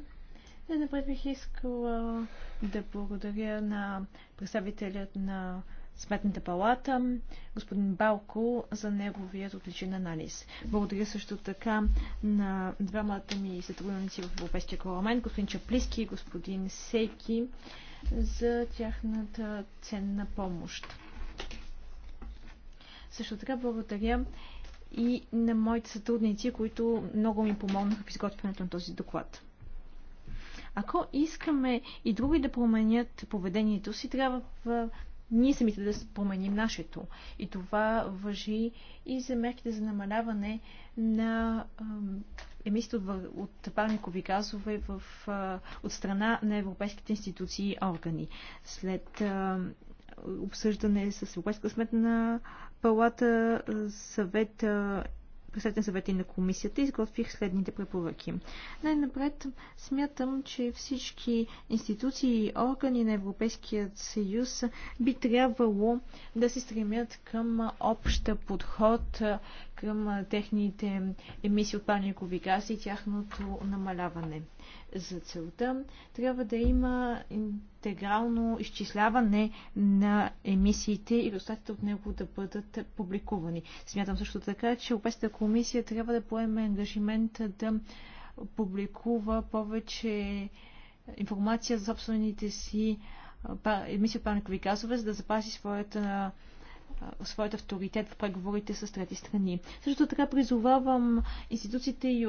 S2: не напред бих искала да благодаря на представителят на Сметната палата, господин Балко, за неговият отличен анализ. Благодаря също така на двамата ми сътрудници в Европейския парламент, господин Чаплиски и господин Сейки, за тяхната ценна помощ. Също така благодаря и на моите сътрудници, които много ми помогнаха в изготвянето на този доклад. Ако искаме и други да променят поведението си, трябва в... ние самите да променим нашето. И това въжи и за мерките за намаляване на емисията от, от парникови газове в, от страна на европейските институции и органи. След обсъждане с Европейска сметна палата, съвета Председателен съвет и на комисията изготвих следните препоръки. Най-напред смятам, че всички институции и органи на Европейския съюз би трябвало да се стремят към обща подход към техните емисии от парникови гази и тяхното намаляване. За целта трябва да има интегрално изчисляване на емисиите и резултатите от него да бъдат публикувани. Смятам също така, че Европейската комисия трябва да поеме ангажимент да публикува повече информация за собствените си емисии от парникови газове, за да запази своята своят авторитет в преговорите с трети страни. Също така призовавам институциите и,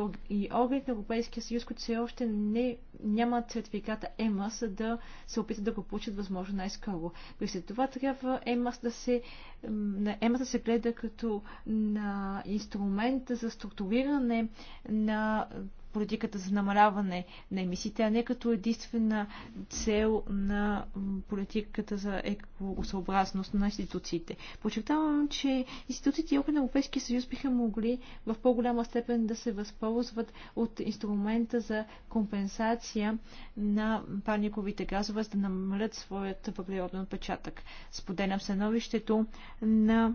S2: органите на Европейския съюз, които все още не, нямат сертификата ЕМАС, да се опитат да го получат възможно най-скоро. При след това трябва ЕМАС да се, на ЕМАС да се гледа като на инструмент за структуриране на политиката за намаляване на емисиите, а не като единствена цел на политиката за екосъобразност на институциите. Подчертавам, че институциите и на Европейския съюз биха могли в по-голяма степен да се възползват от инструмента за компенсация на парниковите газове, за да намалят своят въглероден отпечатък. Споделям становището на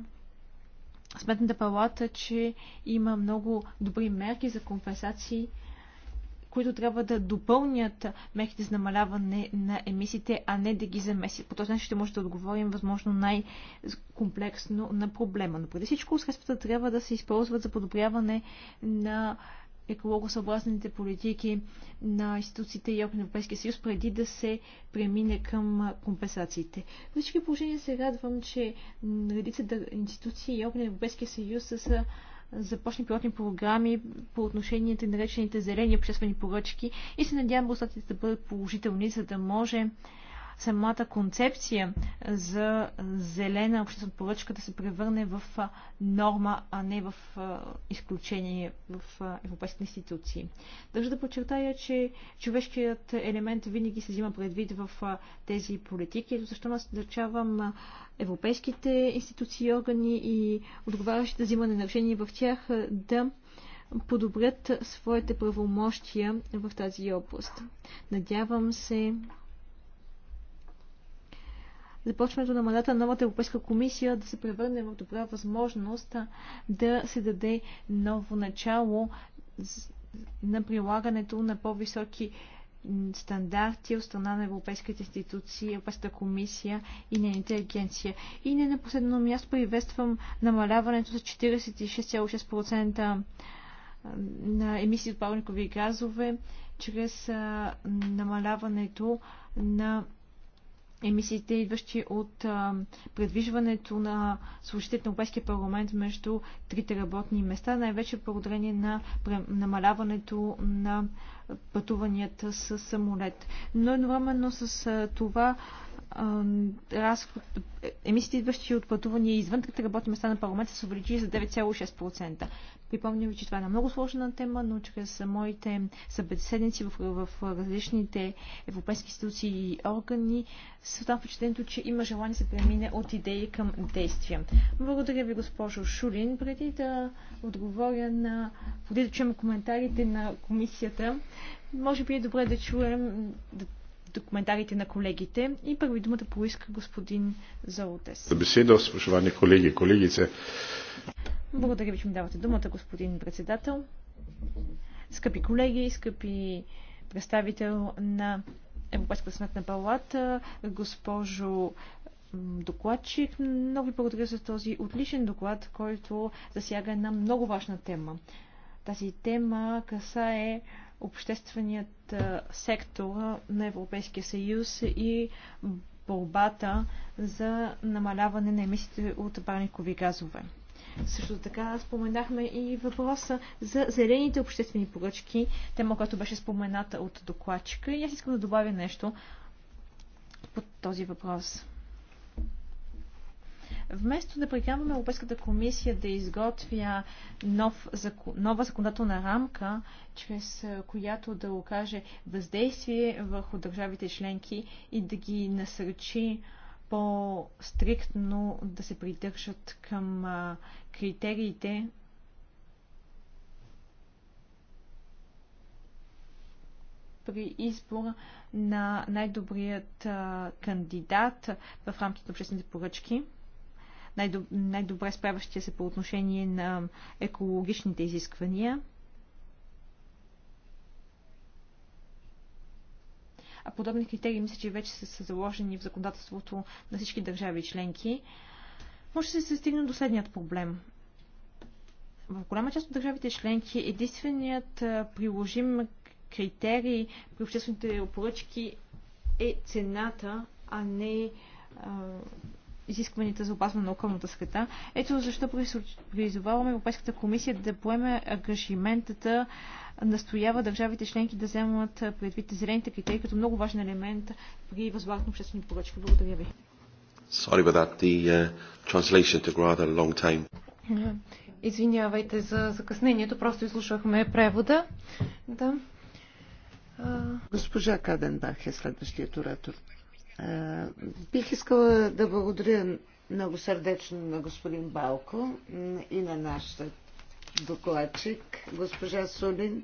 S2: Сметната палата, че има много добри мерки за компенсации които трябва да допълнят мерките за намаляване на емисиите, а не да ги замесят. По този начин ще може да отговорим възможно най-комплексно на проблема. Но преди всичко средствата трябва да се използват за подобряване на екологосъобразните политики на институциите и Европейския Европейския съюз, преди да се премине към компенсациите. всички положения се радвам, че редица институции и Европейския Европейския съюз са започне пилотни програми по отношение на наречените зелени обществени поръчки и се надявам резултатите да бъдат положителни, за да може самата концепция за зелена обществена поръчка да се превърне в норма, а не в изключение в европейските институции. Държа да подчертая, че човешкият елемент винаги се взима предвид в тези политики. Ето защо насърчавам европейските институции органи и отговарящите взимане на решение в тях да подобрят своите правомощия в тази област. Надявам се започването на мандата на новата Европейска комисия да се превърне в добра възможност да се даде ново начало на прилагането на по-високи стандарти от страна на европейските институции, Европейската комисия и нейните агенция. И не на последно място приветствам намаляването за 46,6% на емисии от парникови газове чрез намаляването на емисиите, идващи от предвижването на служителите на Европейския парламент между трите работни места, най-вече благодарение на намаляването на пътуванията с самолет. Но едновременно с това разход, емисиите, идващи от пътувания извън трите работни места на парламента, се увеличи за 9,6%. Припомням ви, че това е една много сложна тема, но чрез моите събеседници в, в различните европейски институции и органи се оставам впечатлението, че има желание да се премине от идеи към действия. Благодаря ви, госпожо Шулин. Преди да отговоря на... Преди да чуем коментарите на комисията, може би е добре да чуем, да коментарите на колегите. И първи думата поиска господин Золотес. За
S1: беседа, спрашувани колеги, колегице.
S2: Благодаря ви, че ми давате думата, господин председател. Скъпи колеги, скъпи представител на Европейската сметна палата, госпожо докладчик. Много ви благодаря за този отличен доклад, който засяга една много важна тема. Тази тема касае е общественият сектор на Европейския съюз и борбата за намаляване на емисиите от парникови газове. Също така споменахме и въпроса за зелените обществени поръчки, тема, която беше спомената от докладчика. И аз искам да добавя нещо под този въпрос. Вместо да приканваме Европейската комисия да изготвя нов, нова законодателна рамка, чрез която да окаже въздействие върху държавите членки и да ги насърчи по-стриктно да се придържат към критериите, при избор на най-добрият кандидат в рамките на обществените поръчки най-добре справящия се по отношение на екологичните изисквания. А подобни критерии мисля, че вече са заложени в законодателството на всички държави и членки. Може да се стигне до следният проблем в голяма част от държавите членки единственият приложим критерий при обществените поръчки е цената, а не изискванията за опазване на околната среда. Ето защо призоваваме Европейската комисия да поеме ангажиментата настоява държавите членки да вземат предвид зелените критерии като много важен елемент при възлагане на обществени поръчки. Благодаря ви. Sorry about that. The uh, translation took rather a long time.
S3: Извинявайте за закъснението, просто изслушахме превода.
S1: Да. Госпожа Каденбах е следващият оратор. Бих искала да благодаря много сърдечно на господин Балко и на нашата докладчик, госпожа Сулин.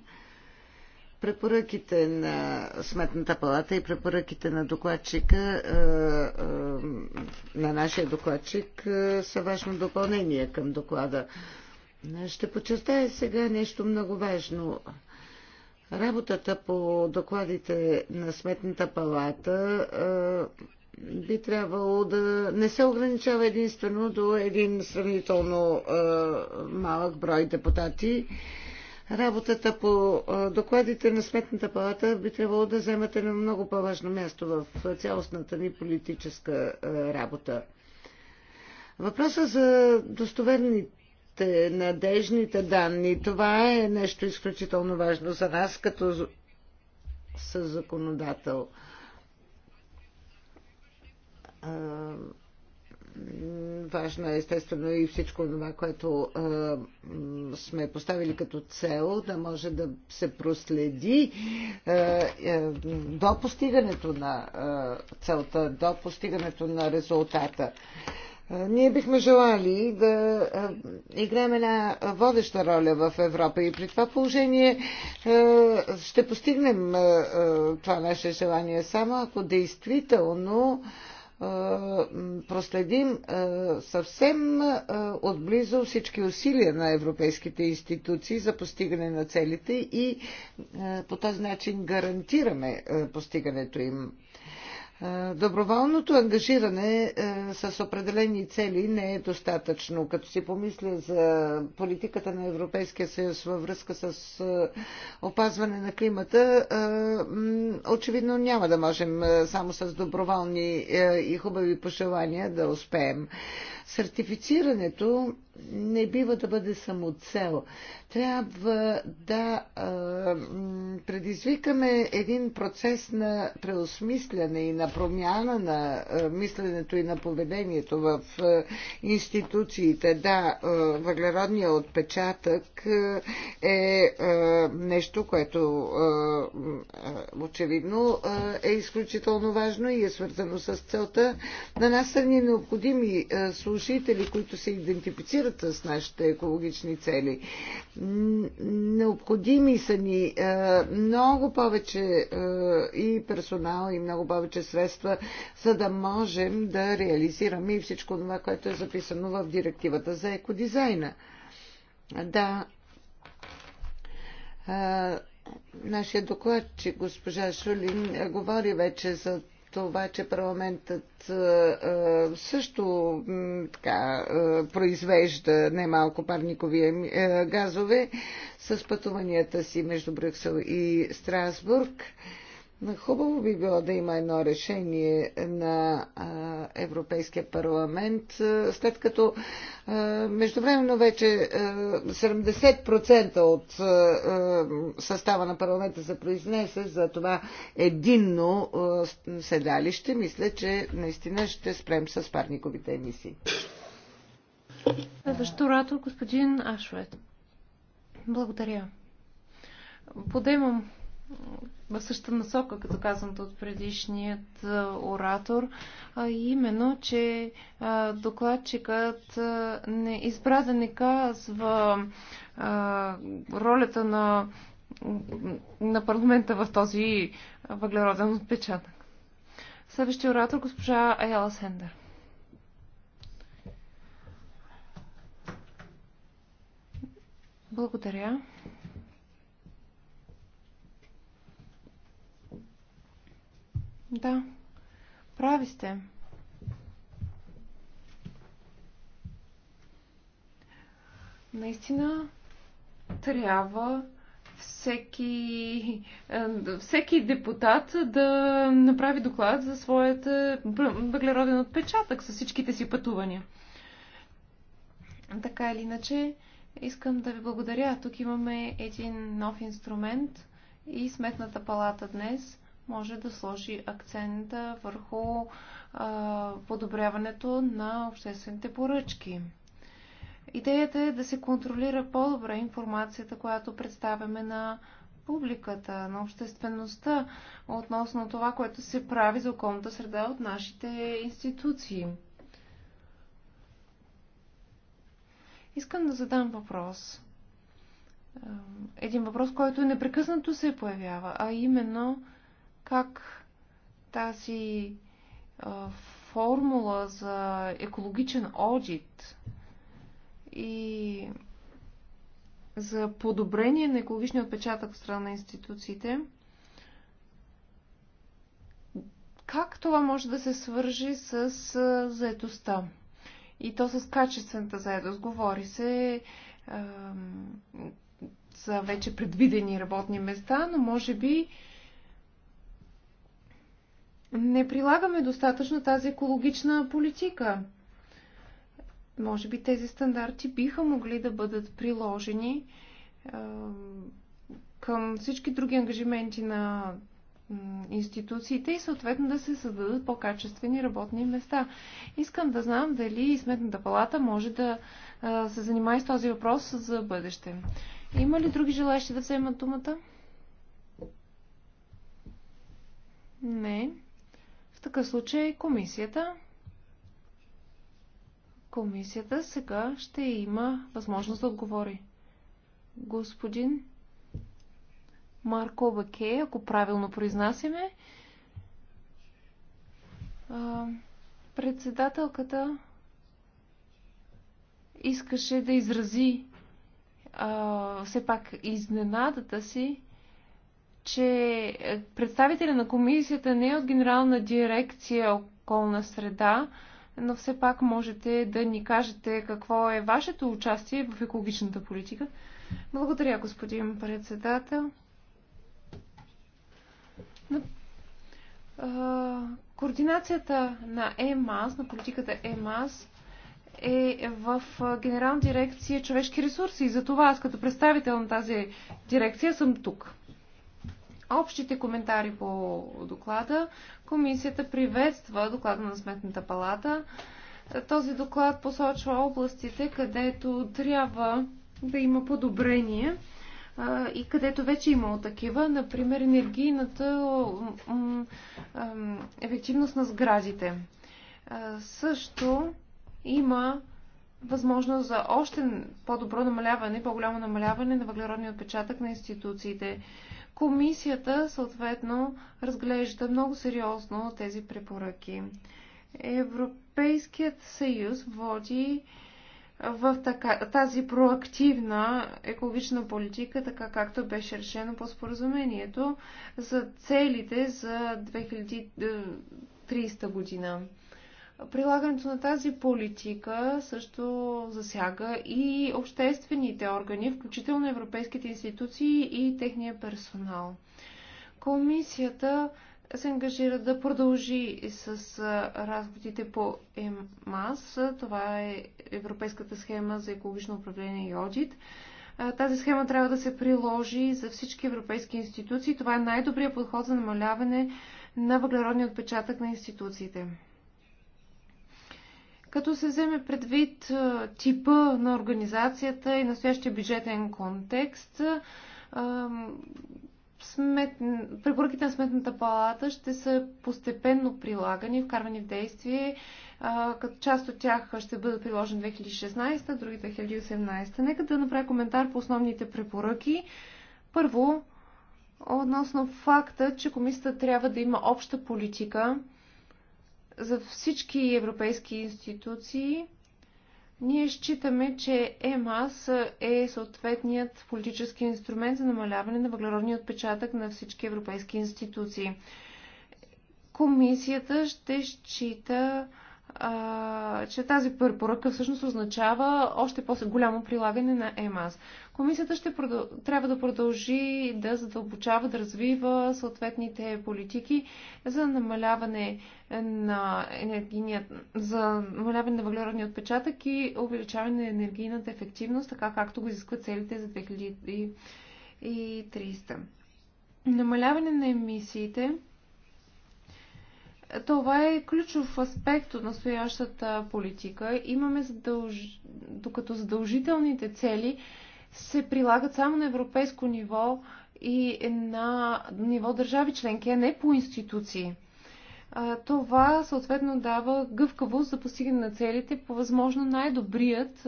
S1: Препоръките на Сметната палата и препоръките на докладчика, на нашия докладчик, са важно допълнение към доклада. Ще подчертая сега нещо много важно – Работата по докладите на Сметната палата е, би трябвало да не се ограничава единствено до един сравнително е, малък брой депутати. Работата по е, докладите на Сметната палата би трябвало да вземете на много по-важно място в цялостната ни политическа работа. Въпросът за достоверните е надежните данни. Това е нещо изключително важно за нас като със законодател. Важно е естествено и всичко това, което е, сме поставили като цел, да може да се проследи е, е, до постигането на е, целта, до постигането на резултата. Е, ние бихме желали да играем една водеща роля в Европа и при това положение ще постигнем това наше желание само ако действително проследим съвсем отблизо всички усилия на европейските институции за постигане на целите и по този начин гарантираме постигането им. Доброволното ангажиране с определени цели не е достатъчно. Като си помисля за политиката на Европейския съюз във връзка с опазване на климата, очевидно няма да можем само с доброволни и хубави пожелания да успеем. Сертифицирането не бива да бъде само цел. Трябва да а, предизвикаме един процес на преосмисляне и на промяна на а, мисленето и на поведението в а, институциите. Да, а, въглеродния отпечатък а, е а, нещо, което а, очевидно а, е изключително важно и е свързано с целта. На нас са ни необходими а, служители, които се идентифицират конфронтират с нашите екологични цели. Необходими са ни много повече и персонал, и много повече средства, за да можем да реализираме и всичко това, което е записано в директивата за екодизайна. Да. Нашия докладчик, госпожа Шулин, говори вече за факта обаче парламентът е, е, също така е, произвежда немалко парникови газове с пътуванията си между Брюксел и Страсбург. Хубаво би било да има едно решение на Европейския парламент, след като междувременно вече 70% от състава на парламента се произнесе за това единно седалище. Мисля, че наистина ще спрем с парниковите емисии.
S3: Следващо рато, господин Ашвет. Благодаря. Подемам в същата насока, като казаното от предишният оратор, а именно, че докладчикът не избра да не казва ролята на, на парламента в този въглероден отпечатък. Следващия оратор, госпожа Айала Сендер. Благодаря. Да, прави сте. Наистина трябва всеки, е, всеки депутат да направи доклад за своят въглероден отпечатък с всичките си пътувания. Така или иначе, искам да ви благодаря. Тук имаме един нов инструмент и Сметната палата днес може да сложи акцента върху а, подобряването на обществените поръчки. Идеята е да се контролира по-добре информацията, която представяме на публиката, на обществеността, относно това, което се прави за околната среда от нашите институции. Искам да задам въпрос. Един въпрос, който непрекъснато се появява, а именно как тази а, формула за екологичен одит и за подобрение на екологичния отпечатък в страна на институциите, как това може да се свържи с заедостта? И то с качествената заедост. Говори се за вече предвидени работни места, но може би не прилагаме достатъчно тази екологична политика. Може би тези стандарти биха могли да бъдат приложени е, към всички други ангажименти на институциите и съответно да се създадат по-качествени работни места. Искам да знам дали Сметната палата може да е, се занимае с този въпрос за бъдеще. Има ли други желаящи да вземат думата? Не такъв случай комисията комисията сега ще има възможност да отговори. Господин Марко Баке, ако правилно произнасяме, председателката искаше да изрази а, все пак изненадата си че е, представителя на комисията не е от Генерална дирекция околна среда, но все пак можете да ни кажете какво е вашето участие в екологичната политика. Благодаря, господин председател. Координацията на ЕМАС, на политиката ЕМАС, е в Генерална дирекция човешки ресурси и за това аз като представител на тази дирекция съм тук общите коментари по доклада. Комисията приветства доклада на Сметната палата. Този доклад посочва областите, където трябва да има подобрение и където вече е имало такива, например енергийната ефективност на сградите. Също има възможност за още по-добро намаляване, по-голямо намаляване на въглеродния отпечатък на институциите. Комисията съответно разглежда много сериозно тези препоръки. Европейският съюз води в така, тази проактивна екологична политика, така както беше решено по споразумението за целите за 2030 е, година. Прилагането на тази политика също засяга и обществените органи, включително европейските институции и техния персонал. Комисията се ангажира да продължи с разходите по ЕМАС. Това е Европейската схема за екологично управление и одит. Тази схема трябва да се приложи за всички европейски институции. Това е най-добрият подход за намаляване на въглеродния отпечатък на институциите като се вземе предвид типа на организацията и настоящия бюджетен контекст, смет... препоръките на Сметната палата ще са постепенно прилагани, вкарвани в действие, като част от тях ще бъдат приложени 2016, други 2018. Нека да направя коментар по основните препоръки. Първо, относно факта, че комисията трябва да има обща политика за всички европейски институции, ние считаме, че ЕМАС е съответният политически инструмент за намаляване на въглеродния отпечатък на всички европейски институции. Комисията ще счита, а, че тази препоръка всъщност означава още по-голямо прилагане на ЕМАС. Комисията ще продъл... трябва да продължи да задълбочава, да развива съответните политики за намаляване на енергийния, за намаляване на въглеродния отпечатък и увеличаване на енергийната ефективност, така както го изискват целите за 2300. Намаляване на емисиите това е ключов аспект от настоящата политика. Имаме задълж... докато задължителните цели се прилагат само на европейско ниво и на ниво държави членки, а не по институции. Това съответно дава гъвкавост за постигане на целите по възможно най-добрият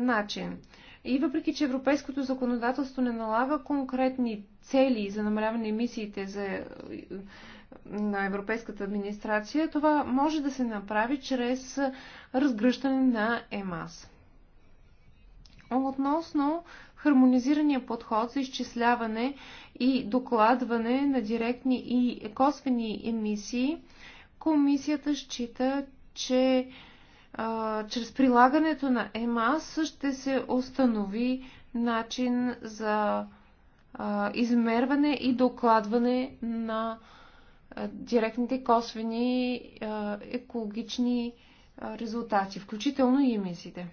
S3: начин. И въпреки, че европейското законодателство не налага конкретни цели за намаляване на емисиите за, на европейската администрация, това може да се направи чрез разгръщане на ЕМАС относно хармонизирания подход за изчисляване и докладване на директни и косвени емисии, комисията счита, че а, чрез прилагането на ЕМАС ще се установи начин за а, измерване и докладване на а, директните косвени а, екологични а, резултати, включително и емисиите.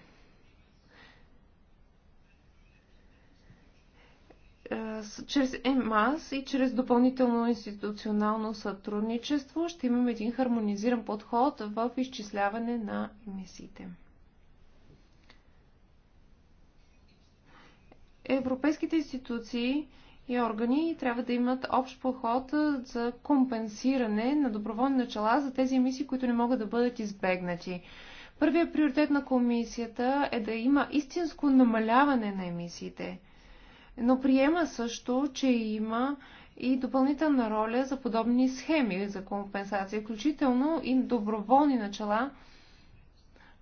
S3: чрез ЕМАС и чрез допълнително институционално сътрудничество ще имаме един хармонизиран подход в изчисляване на емисиите. Европейските институции и органи трябва да имат общ подход за компенсиране на доброволни начала за тези емисии, които не могат да бъдат избегнати. Първият приоритет на комисията е да има истинско намаляване на емисиите – но приема също, че има и допълнителна роля за подобни схеми за компенсация, включително и доброволни начала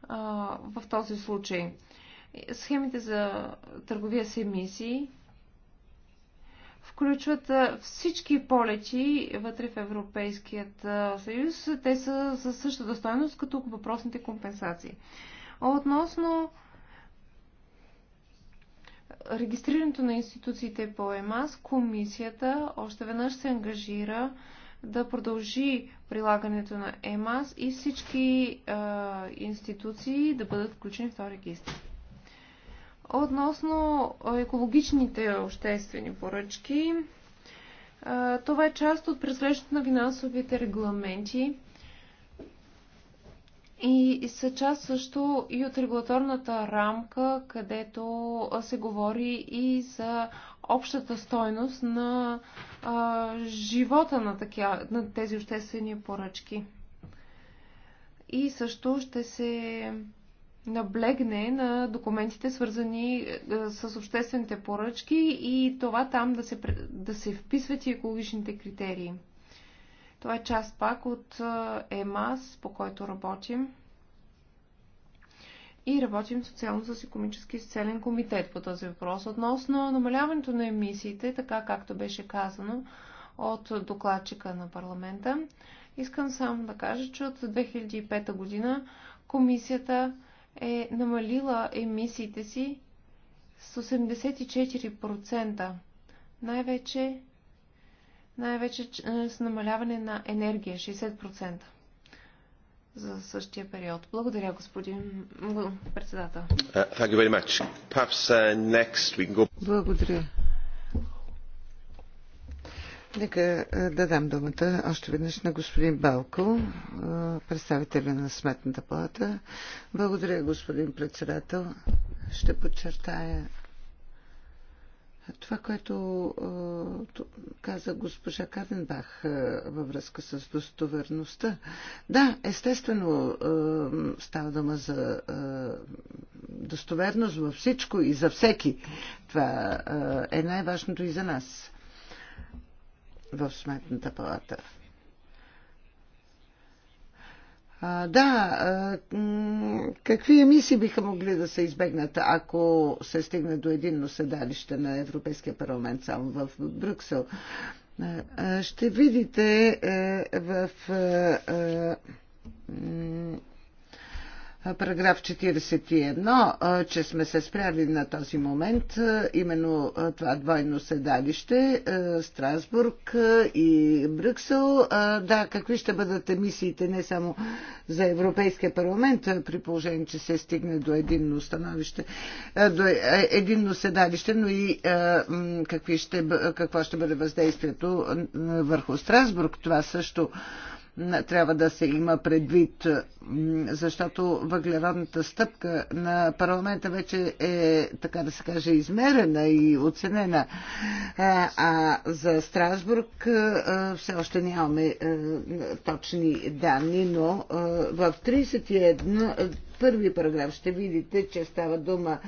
S3: а, в този случай. Схемите за търговия с емисии включват всички полети вътре в Европейският съюз. Те са със същата достойност като въпросните компенсации. Относно регистрирането на институциите по ЕМАС, комисията още веднъж се ангажира да продължи прилагането на ЕМАС и всички е, институции да бъдат включени в този регистр. Относно екологичните обществени поръчки, е, това е част от преслеждането на финансовите регламенти и са част също и от регулаторната рамка, където се говори и за общата стойност на а, живота на, такия, на тези обществени поръчки. И също ще се наблегне на документите, свързани с обществените поръчки и това там да се, да се вписват и екологичните критерии. Това е част пак от ЕМАС, по който работим. И работим социално с економически изцелен комитет по този въпрос. Относно намаляването на емисиите, така както беше казано от докладчика на парламента, искам само да кажа, че от 2005 година комисията е намалила емисиите си с 84%. Най-вече най-вече е, с намаляване на енергия 60% за същия период. Благодаря, господин
S1: председател.
S2: Uh, uh,
S1: Благодаря. Нека е, да дам думата още веднъж на господин Балко, е, представителя на Сметната палата. Благодаря, господин председател. Ще подчертая това, което каза госпожа Каденбах във връзка с достоверността. Да, естествено става дума за достоверност във всичко и за всеки. Това е най-важното и за нас в Сметната палата. А, да, а, какви емисии биха могли да се избегнат, ако се стигне до единно седалище на Европейския парламент само в Брюксел? А, ще видите а, е, в. А, е, е, параграф 41, че сме се спряли на този момент, именно това двойно седалище, Страсбург и Брюксел. Да, какви ще бъдат емисиите не само за Европейския парламент, при положение, че се стигне до единно становище, до е, единно седалище, но и какви ще, какво ще бъде въздействието върху Страсбург. Това също трябва да се има предвид, защото въглеродната стъпка на парламента вече е, така да се каже, измерена и оценена. А за Страсбург все още нямаме точни данни, но в 31 първи параграф ще видите, че става дума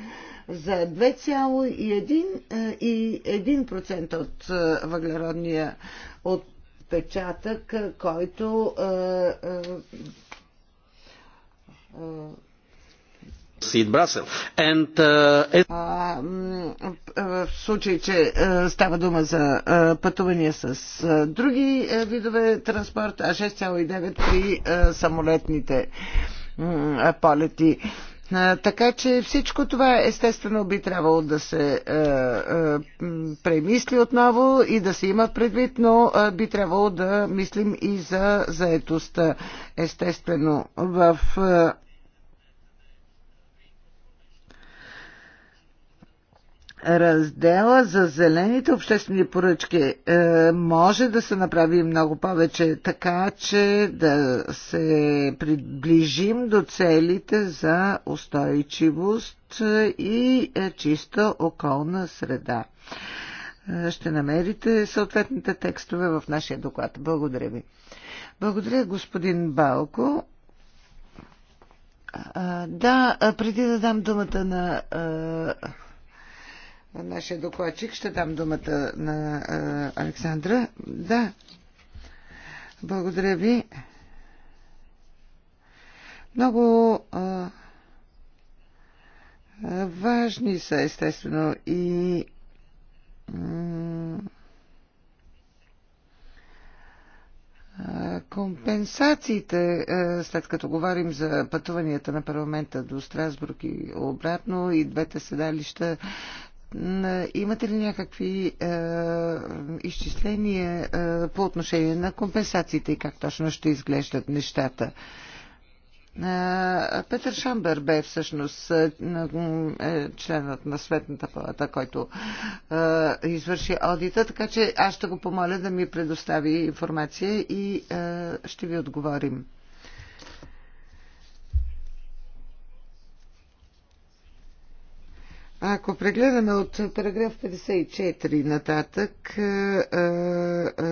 S1: за 2,1% от въглеродния от отпечатък, който в случай, че става дума за пътувания с други видове транспорт, а 6,9 при самолетните полети. Така че всичко това естествено би трябвало да се а, е, а, е, премисли отново и да се има предвид, но а, е, би трябвало да мислим и за заетостта. Естествено, в А, раздела за зелените обществени поръчки е, може да се направи много повече, така че да се приближим до целите за устойчивост е, и е, чиста околна среда. Ще намерите съответните текстове в нашия доклад. Благодаря ви. Благодаря, господин Балко. Да, преди да дам думата на нашия докладчик. Ще дам думата на а, Александра. Да. Благодаря ви. Много а, важни са, естествено, и компенсациите, след като говорим за пътуванията на парламента до Страсбург и обратно, и двете седалища Имате ли някакви е, изчисления е, по отношение на компенсациите и как точно ще изглеждат нещата? Е, Петър Шамбер бе всъщност е, е членът на Светната палата, който е, извърши одита, така че аз ще го помоля да ми предостави информация и ще ви отговорим. Ако прегледаме от параграф 54 нататък е, е,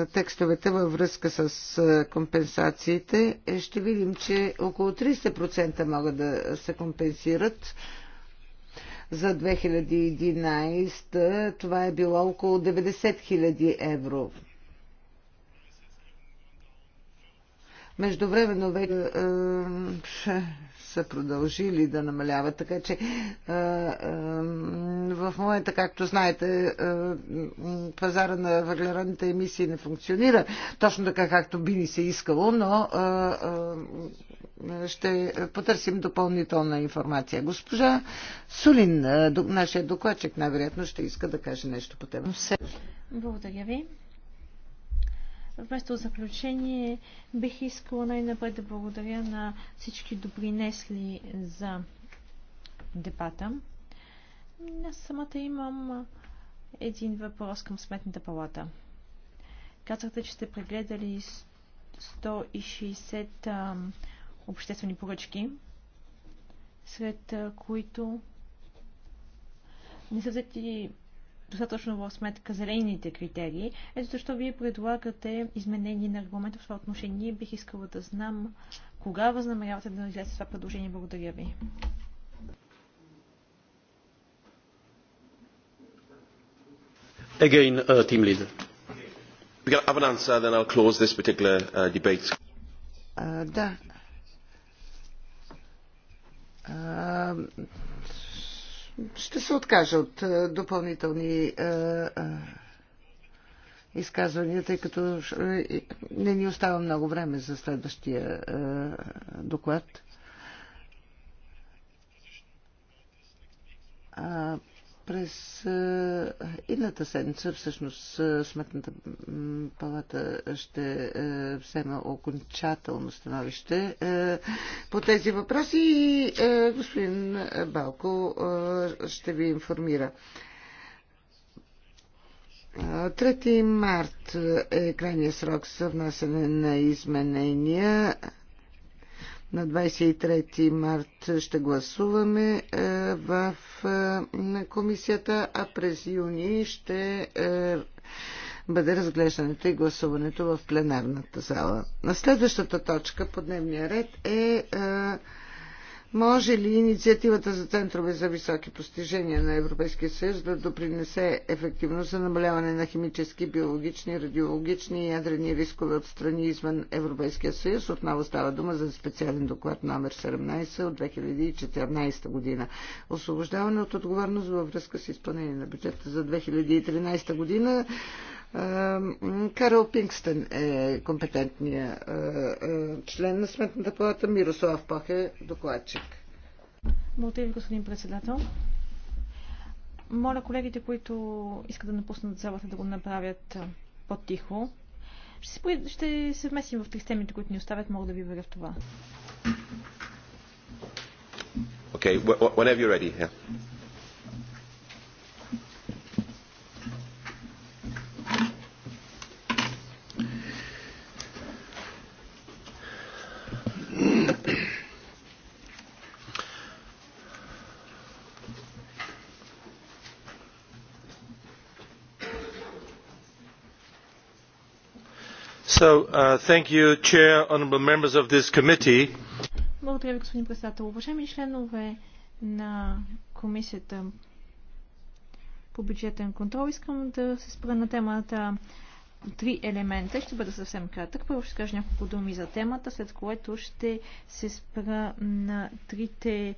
S1: е, текстовете във връзка с компенсациите, ще видим, че около 30% могат да се компенсират. За 2011 това е било около 90 000 евро. Междувременно вече са продължили да намаляват. Така че в момента, както знаете, пазара на въглеродните емисии не функционира точно така, както би ни се искало, но ще потърсим допълнителна информация. Госпожа Сулин, нашия докладчик, най-вероятно ще иска да каже нещо по темата.
S2: Благодаря ви. Вместо заключение бих искала най-напред да благодаря на всички допринесли за дебата. Аз самата имам един въпрос към Сметната палата. Казахте, че сте прегледали 160 обществени поръчки, сред които не са взети достатъчно в сметка зелените критерии. Ето защо вие предлагате изменение на регламента в това отношение. Бих искала да знам кога възнамерявате да излезете това предложение. Благодаря ви. Again, uh, team leader. We can have an answer, then I'll close this particular uh, debate.
S1: Uh, да. Uh, ще се откажа от е, допълнителни е, е, изказвания, тъй като не ни остава много време за следващия доклад. През едната седмица всъщност Сметната палата ще взема окончателно становище по тези въпроси и господин Балко ще ви информира. 3 март е крайния срок за внасяне на изменения. На 23 март ще гласуваме е, в е, комисията, а през юни ще е, бъде разглеждането и гласуването в пленарната зала. На следващата точка по дневния ред е може ли инициативата за центрове за високи постижения на Европейския съюз да допринесе ефективно за намаляване на химически, биологични, радиологични и ядрени рискове от страни извън Европейския съюз? Отново става дума за специален доклад номер 17 от 2014 година. Освобождаване от отговорност във връзка с изпълнение на бюджета за 2013 година. Карл Пингстън е компетентният член на Сметната палата. Мирослав Пах е докладчик.
S2: Благодаря ви, господин председател. Моля колегите, които искат да напуснат залата, да го направят по-тихо. Ще, се вместим в текстемите, които ни оставят. Мога да ви веря в това. Okay, whenever you're ready. Yeah.
S1: Uh,
S2: Благодаря ви, господин председател. Уважаеми членове на комисията по бюджетен контрол, искам да се спра на темата три елемента. Ще бъда съвсем кратък. Първо ще кажа няколко думи за темата, след което ще се спра на трите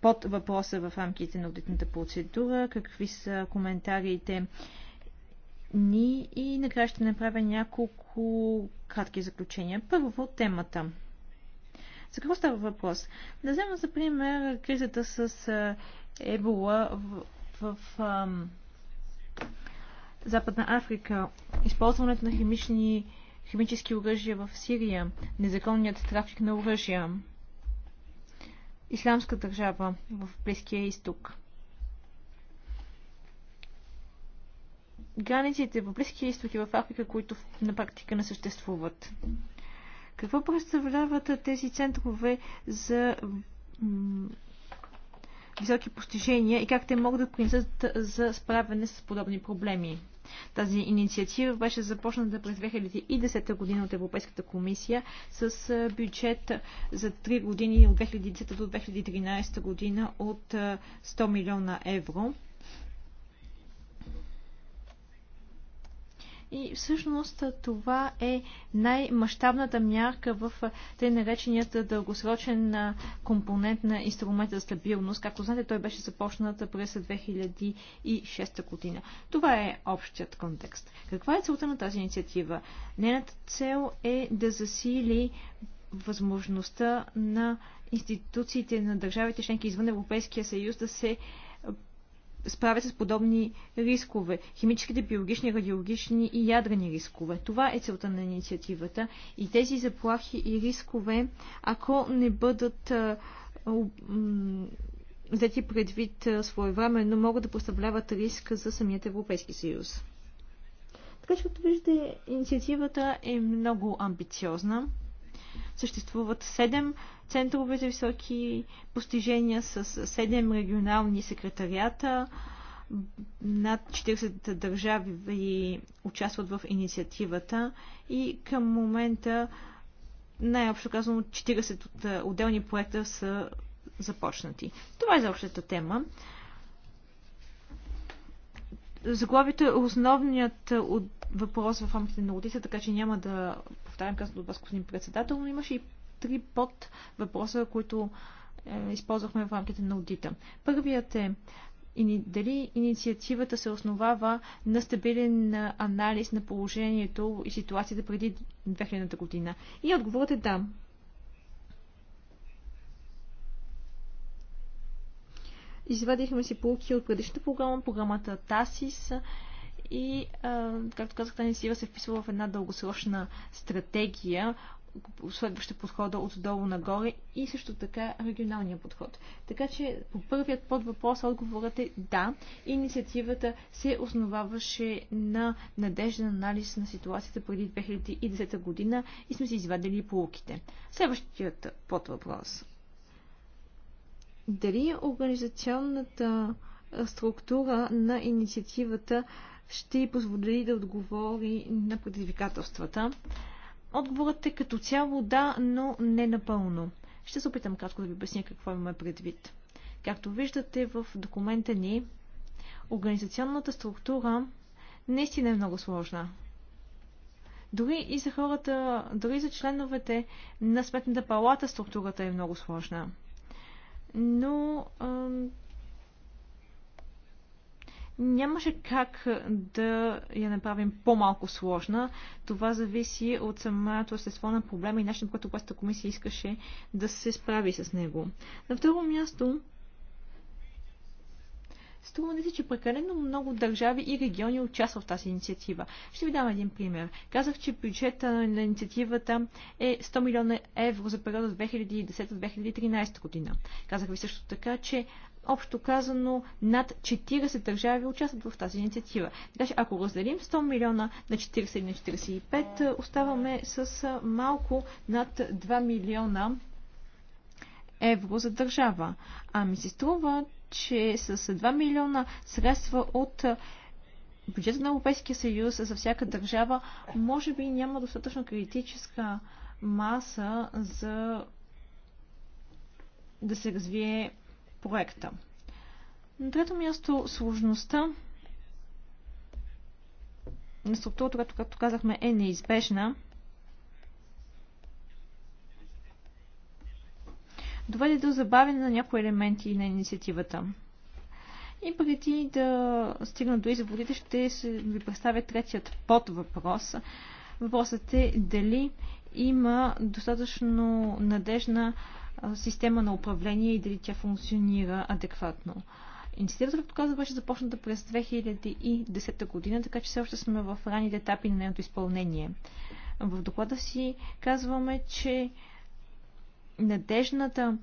S2: под въпроса в рамките на аудитната процедура, какви са коментарите ни и накрая ще направя няколко кратки заключения. Първо темата. За какво става въпрос? Да взема за пример кризата с Ебола в, в, в ам, Западна Африка, използването на химични, химически оръжия в Сирия, незаконният трафик на оръжия, Исламска държава в Близкия изток. границите по Близкия изток и в Африка, които на практика не съществуват. Какво представляват тези центрове за високи постижения и как те могат да принесат за справяне с подобни проблеми? Тази инициатива беше започната през 2010 година от Европейската комисия с бюджет за 3 години от 2010 до 2013 година от 100 милиона евро. И всъщност това е най-мащабната мярка в тъй нареченият дългосрочен компонент на инструмента за стабилност. Както знаете, той беше започнат през 2006 година. Това е общият контекст. Каква е целта на тази инициатива? Нейната цел е да засили възможността на институциите на държавите членки извън Европейския съюз да се справят с подобни рискове. Химическите, биологични, радиологични и ядрени рискове. Това е целта на инициативата. И тези заплахи и рискове, ако не бъдат взети предвид своевременно, могат да представляват риск за самият Европейски съюз. Така че, като виждате, инициативата е много амбициозна. Съществуват седем центрове за високи постижения с 7 регионални секретарията. Над 40 държави участват в инициативата и към момента най-общо казано 40 от е, отделни проекта са започнати. Това е за общата тема. Заглавието е основният е, от въпрос в рамките на аудита, така че няма да повтарям казано от вас, господин председател, но имаше и три под въпроса, които е, използвахме в рамките на аудита. Първият е дали инициативата се основава на стабилен анализ на положението и ситуацията преди 2000 година. И отговорът е да. Извадихме си полуки от предишната програма, програмата ТАСИС и, както казах, тази сива се вписва в една дългосрочна стратегия следваща подхода отдолу нагоре и също така регионалния подход. Така че по първият под въпрос отговорът е да, инициативата се основаваше на надежден анализ на ситуацията преди 2010 година и сме си извадили полуките. Следващият под въпрос. Дали организационната структура на инициативата ще й позволи да отговори на предизвикателствата? Отговорът е като цяло да, но не напълно. Ще се опитам кратко да ви обясня какво имаме предвид. Както виждате в документа ни, организационната структура наистина е много сложна. Дори и за хората, дори за членовете на сметната палата структурата е много сложна. Но нямаше как да я направим по-малко сложна. Това зависи от самото естество на проблема и начин, който областната комисия искаше да се справи с него. На второ място, Струва ми се, че прекалено много държави и региони участват в тази инициатива. Ще ви дам един пример. Казах, че бюджета на инициативата е 100 милиона евро за периода 2010-2013 година. Казах ви също така, че Общо казано, над 40 държави участват в тази инициатива. Така че ако разделим 100 милиона на 40 и на 45, е, оставаме с е, малко над 2 милиона евро за държава. А ми се струва, че с 2 милиона средства от е, бюджета на Европейския съюз за всяка държава, може би няма достатъчно критическа маса за да се развие проекта. На трето място сложността на структурата, която, както казахме, е неизбежна. доведе до забавяне на някои елементи на инициативата. И преди да стигна до изводите, ще ви представя третият под въпрос. Въпросът е дали има достатъчно надежна система на управление и дали тя функционира адекватно. Инцидентът, както казах, беше започната през 2010 година, така че все още сме в ранните етапи на нейното изпълнение. В доклада си казваме, че надежната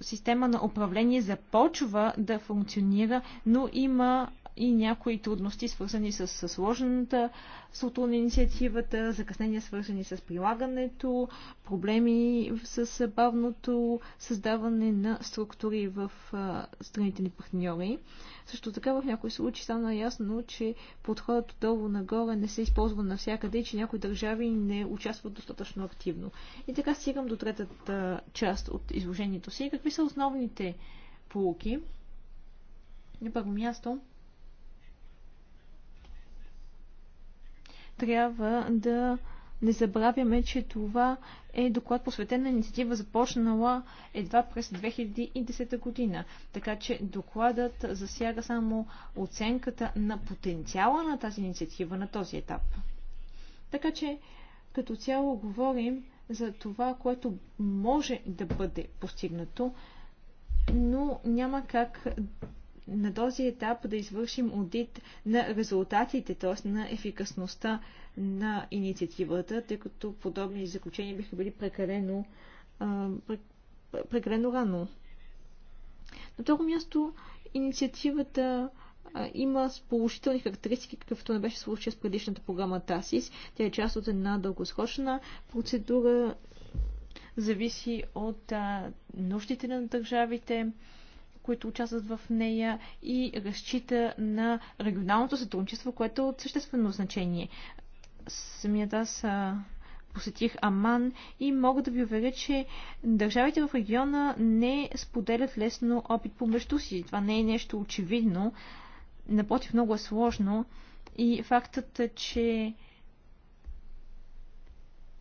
S2: система на управление започва да функционира, но има и някои трудности, свързани с, сложената структура на инициативата, закъснения, свързани с прилагането, проблеми с бавното създаване на структури в страните ни партньори. Също така в някои случаи стана ясно, че подходът отдолу нагоре не се използва навсякъде и че някои държави не участват достатъчно активно. И така стигам до третата част от изложението си. Какви са основните полуки? На първо място, трябва да не забравяме, че това е доклад посветен на инициатива, започнала едва през 2010 година. Така че докладът засяга само оценката на потенциала на тази инициатива на този етап. Така че като цяло говорим за това, което може да бъде постигнато, но няма как на този етап да извършим аудит на резултатите, т.е. на ефикасността на инициативата, тъй като подобни заключения биха били прекалено, прекалено рано. На второ място, инициативата има положителни характеристики, какъвто не беше случая с предишната програма ТАСИС. Тя е част от една дългосрочна процедура, зависи от а, нуждите на държавите, които участват в нея и разчита на регионалното сътрудничество, което е от съществено значение. Самият аз посетих Аман и мога да ви уверя, че държавите в региона не споделят лесно опит помежду си. Това не е нещо очевидно. Напротив, много е сложно. И фактът, че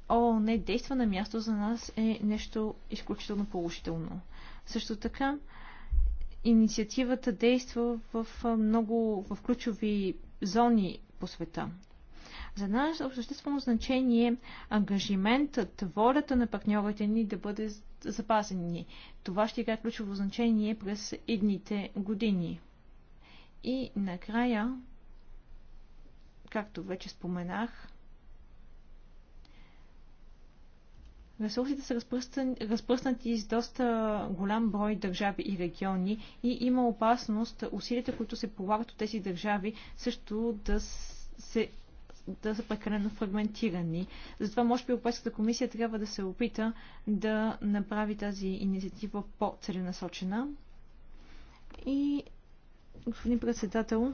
S2: О, не действа на място за нас е нещо изключително положително. Също така, инициативата действа в много в ключови зони по света. За нас обществено значение е ангажиментът, волята на партньорите ни да бъде запазени. Това ще играе ключово значение през едните години. И накрая, както вече споменах, Ресурсите са разпръснати из доста голям брой държави и региони и има опасност усилията, които се полагат от тези държави, също да се да са прекалено фрагментирани. Затова, може би, Европейската комисия трябва да се опита да направи тази инициатива по-целенасочена. И, господин председател,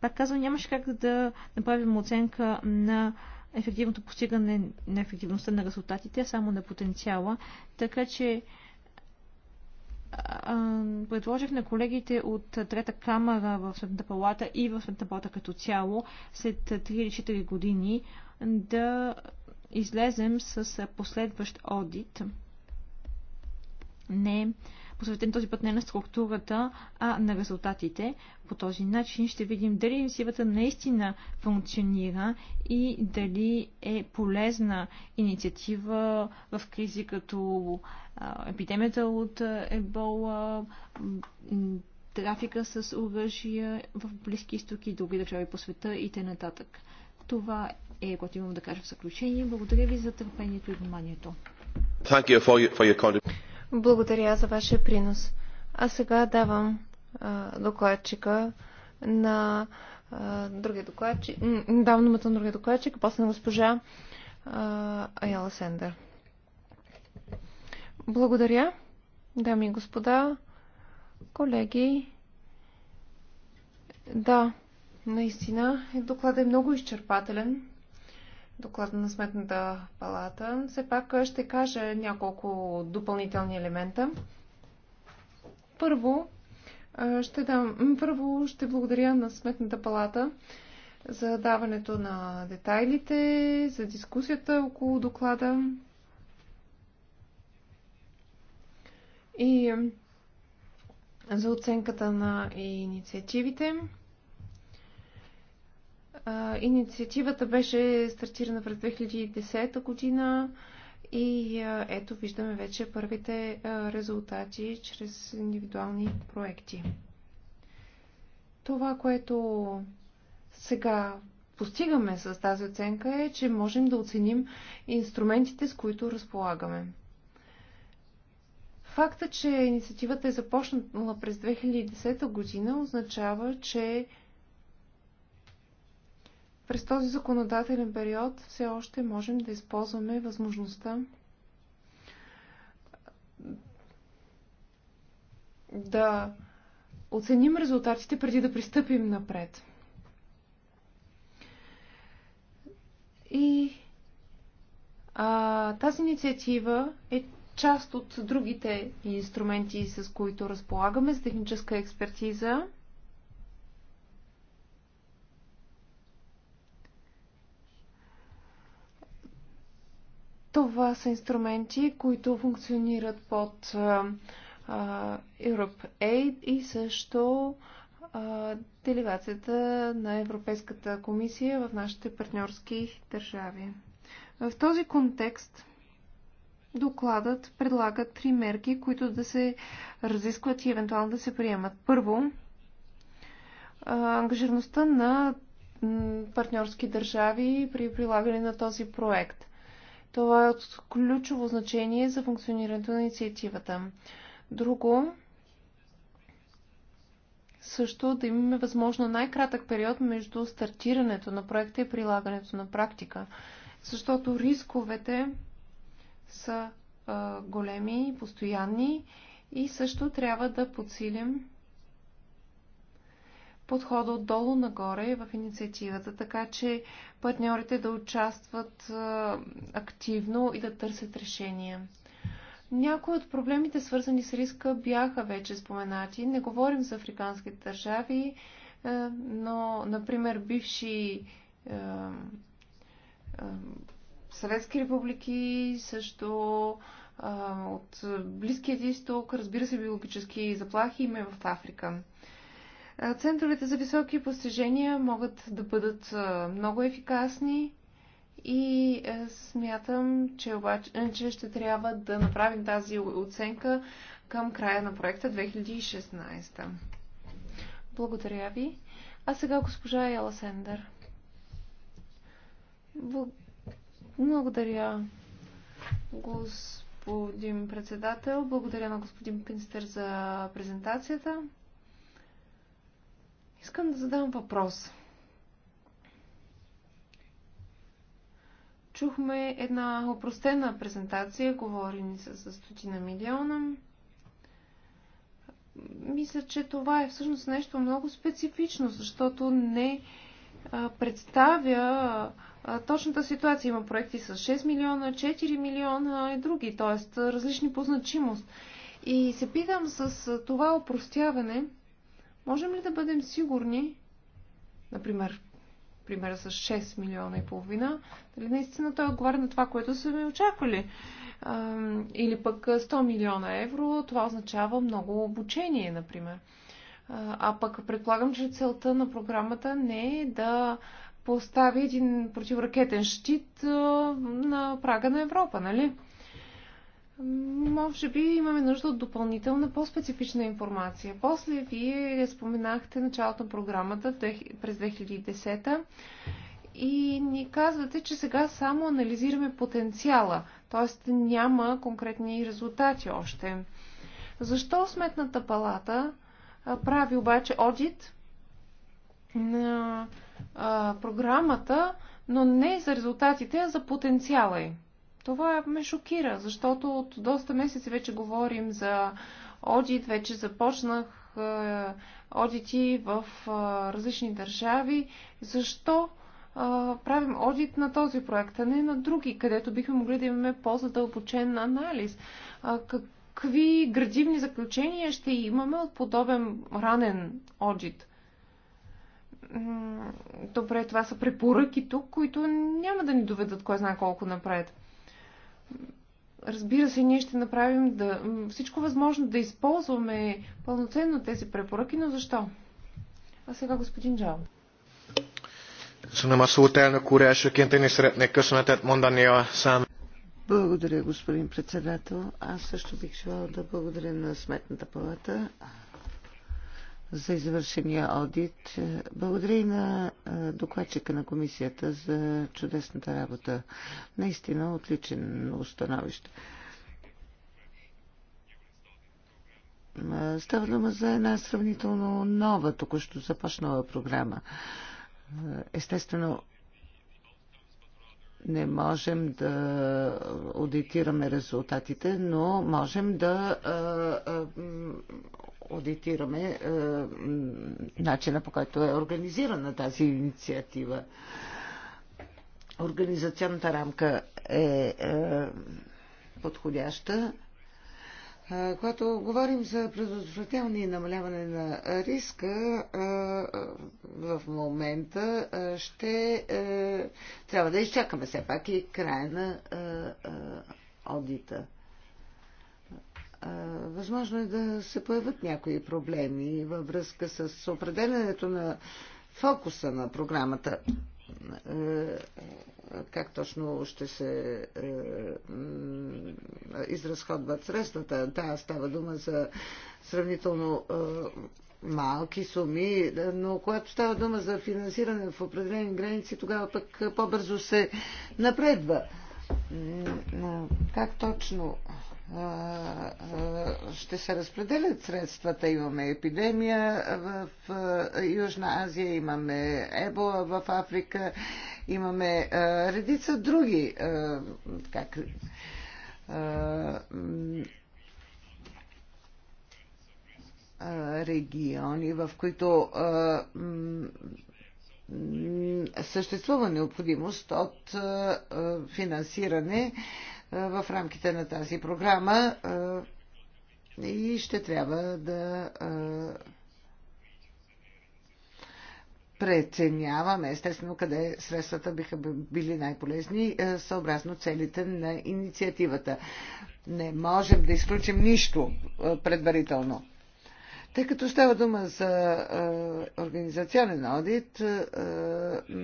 S2: пак казвам, нямаше как да направим оценка на ефективното постигане на ефективността на резултатите, а само на потенциала. Така че предложих на колегите от Трета камера в Светната палата и в Светната палата като цяло след 3 или 4 години да излезем с последващ одит. Не посветен този път не на структурата, а на резултатите. По този начин ще видим дали инициативата наистина функционира и дали е полезна инициатива в кризи като епидемията от ебола, трафика с оръжия в Близки изтоки и други държави по света и т.н. Това е което имам да кажа в заключение. Благодаря ви
S3: за търпението и вниманието. Благодаря за вашия принос. А сега давам а, докладчика на а, другия докладчик. Давам думата на другия докладчик, после на госпожа а, Аяла Сендер. Благодаря, дами и господа, колеги. Да, наистина, докладът е много изчерпателен доклада на Сметната палата. Все пак ще кажа няколко допълнителни елемента. Първо, ще дам, първо ще благодаря на Сметната палата за даването на детайлите, за дискусията около доклада. И за оценката на инициативите. А, инициативата беше стартирана през 2010 година и а, ето виждаме вече първите а, резултати чрез индивидуални проекти. Това, което сега постигаме с тази оценка е, че можем да оценим инструментите, с които разполагаме. Факта, че инициативата е започнала през 2010 година, означава, че през този законодателен период все още можем да използваме възможността да оценим резултатите преди да пристъпим напред. И а, тази инициатива е част от другите инструменти, с които разполагаме с техническа експертиза Това са инструменти, които функционират под Europe Aid и също делегацията на Европейската комисия в нашите партньорски държави. В този контекст докладът предлага три мерки, които да се разискват и евентуално да се приемат. Първо, ангажираността на партньорски държави при прилагане на този проект. Това е от ключово значение за функционирането на инициативата. Друго, също да имаме възможно най-кратък период между стартирането на проекта и прилагането на практика, защото рисковете са а, големи, постоянни и също трябва да подсилим подхода отдолу нагоре в инициативата, така че партньорите да участват активно и да търсят решения. Някои от проблемите, свързани с риска, бяха вече споменати. Не говорим за африканските държави, е, но, например, бивши е, е, съветски републики, също от Близкият изток, разбира се, биологически заплахи има и в Африка. Центровете за високи постижения могат да бъдат много ефикасни и смятам, че, обаче, че ще трябва да направим тази оценка към края на проекта 2016. Благодаря ви. А сега госпожа Ела Сендър. Благодаря, господин председател. Благодаря на господин Пинстер за презентацията. Искам да задам въпрос. Чухме една опростена презентация, говорим с, с стотина милиона. Мисля, че това е всъщност нещо много специфично, защото не а, представя а, точната ситуация. Има проекти с 6 милиона, 4 милиона и други, т.е. различни по значимост. И се питам с това опростяване, Можем ли да бъдем сигурни, например, примера с 6 милиона и половина, дали наистина той отговаря на това, което са ми очаквали? Или пък 100 милиона евро, това означава много обучение, например. А пък предполагам, че целта на програмата не е да постави един противоракетен щит на прага на Европа, нали? Може би имаме нужда от допълнителна, по-специфична информация. После вие споменахте началото на програмата през 2010 и ни казвате, че сега само анализираме потенциала, т.е. няма конкретни резултати още. Защо Сметната палата прави обаче одит на програмата, но не за резултатите, а за потенциала й? Е? Това ме шокира, защото от доста месеци вече говорим за одит, вече започнах е, одити в е, различни държави. Защо е, правим одит на този проект, а не на други, където бихме могли да имаме по-задълбочен анализ? Какви градивни заключения ще имаме от подобен ранен одит? Добре, това са препоръки тук, които няма да ни доведат кой знае колко напред. Разбира се, ние ще направим да, всичко възможно да използваме пълноценно тези препоръки, но защо? А сега господин Джал.
S1: Благодаря, господин председател. Аз също бих желал да благодаря на Сметната палата за извършения одит. Благодаря и на докладчика на комисията за чудесната работа. Наистина отличен установище. Става дума за една сравнително нова, току-що започнала програма. Естествено, не можем да аудитираме резултатите, но можем да аудитираме е, начина по който е организирана тази инициатива. Организационната рамка е, е подходяща. Е, когато говорим за предотвратяване и намаляване на риска, е, в момента е, ще е, трябва да изчакаме все пак и края на е, аудита възможно е да се появят някои проблеми във връзка с определенето на фокуса на програмата. Е, как точно ще се е, изразходват средствата? Да, става дума за сравнително е, малки суми, но когато става дума за финансиране в определени граници, тогава пък по-бързо се напредва. Как точно ще се разпределят средствата. Имаме епидемия в Южна Азия, имаме ебола в Африка, имаме редица други как, региони, в които съществува необходимост от финансиране е, в рамките на тази програма е, и ще трябва да е, преценяваме, естествено, къде средствата биха били най-полезни, съобразно целите на инициативата. Не можем да изключим нищо предварително. Тъй като става дума за а, организационен аудит, а,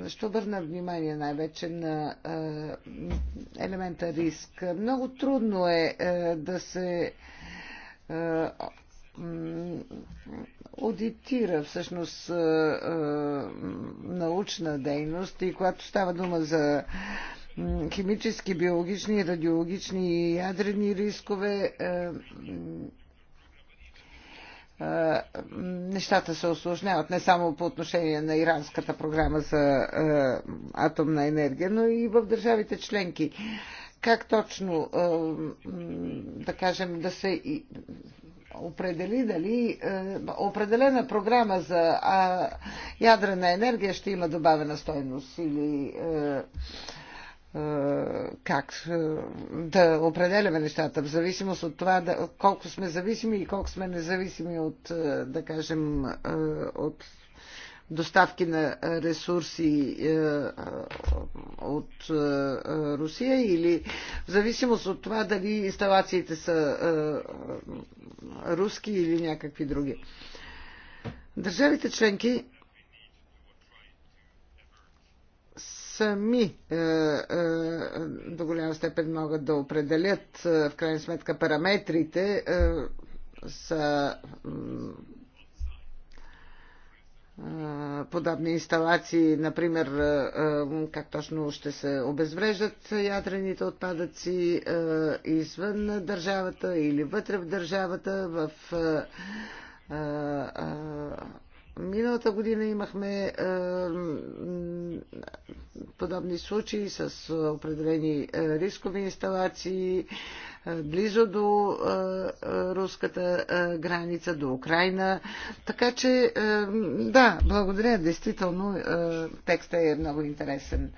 S1: ще обърна внимание най-вече на а, елемента риск. Много трудно е а, да се аудитира всъщност а, а, научна дейност и когато става дума за химически, биологични, радиологични и ядрени рискове, а, нещата се осложняват не само по отношение на иранската програма за атомна енергия, но и в държавите членки. Как точно, да кажем, да се определи дали определена програма за ядрена енергия ще има добавена стойност или е, как е, да определяме нещата, в зависимост от това да, колко сме зависими и колко сме независими от, е, да кажем, от доставки на ресурси от Русия или в зависимост от това дали инсталациите са руски или някакви други. Държавите членки сами е, е, до голяма степен могат да определят е, в крайна сметка параметрите са подобни инсталации, например, как точно ще се обезвреждат ядрените отпадъци извън държавата или вътре в държавата, в Миналата година имахме е, подобни случаи с е, определени е, рискови инсталации е, близо до е, руската е, граница, до Украина. Така че, е, да, благодаря. Действително, е, текста е много интересен.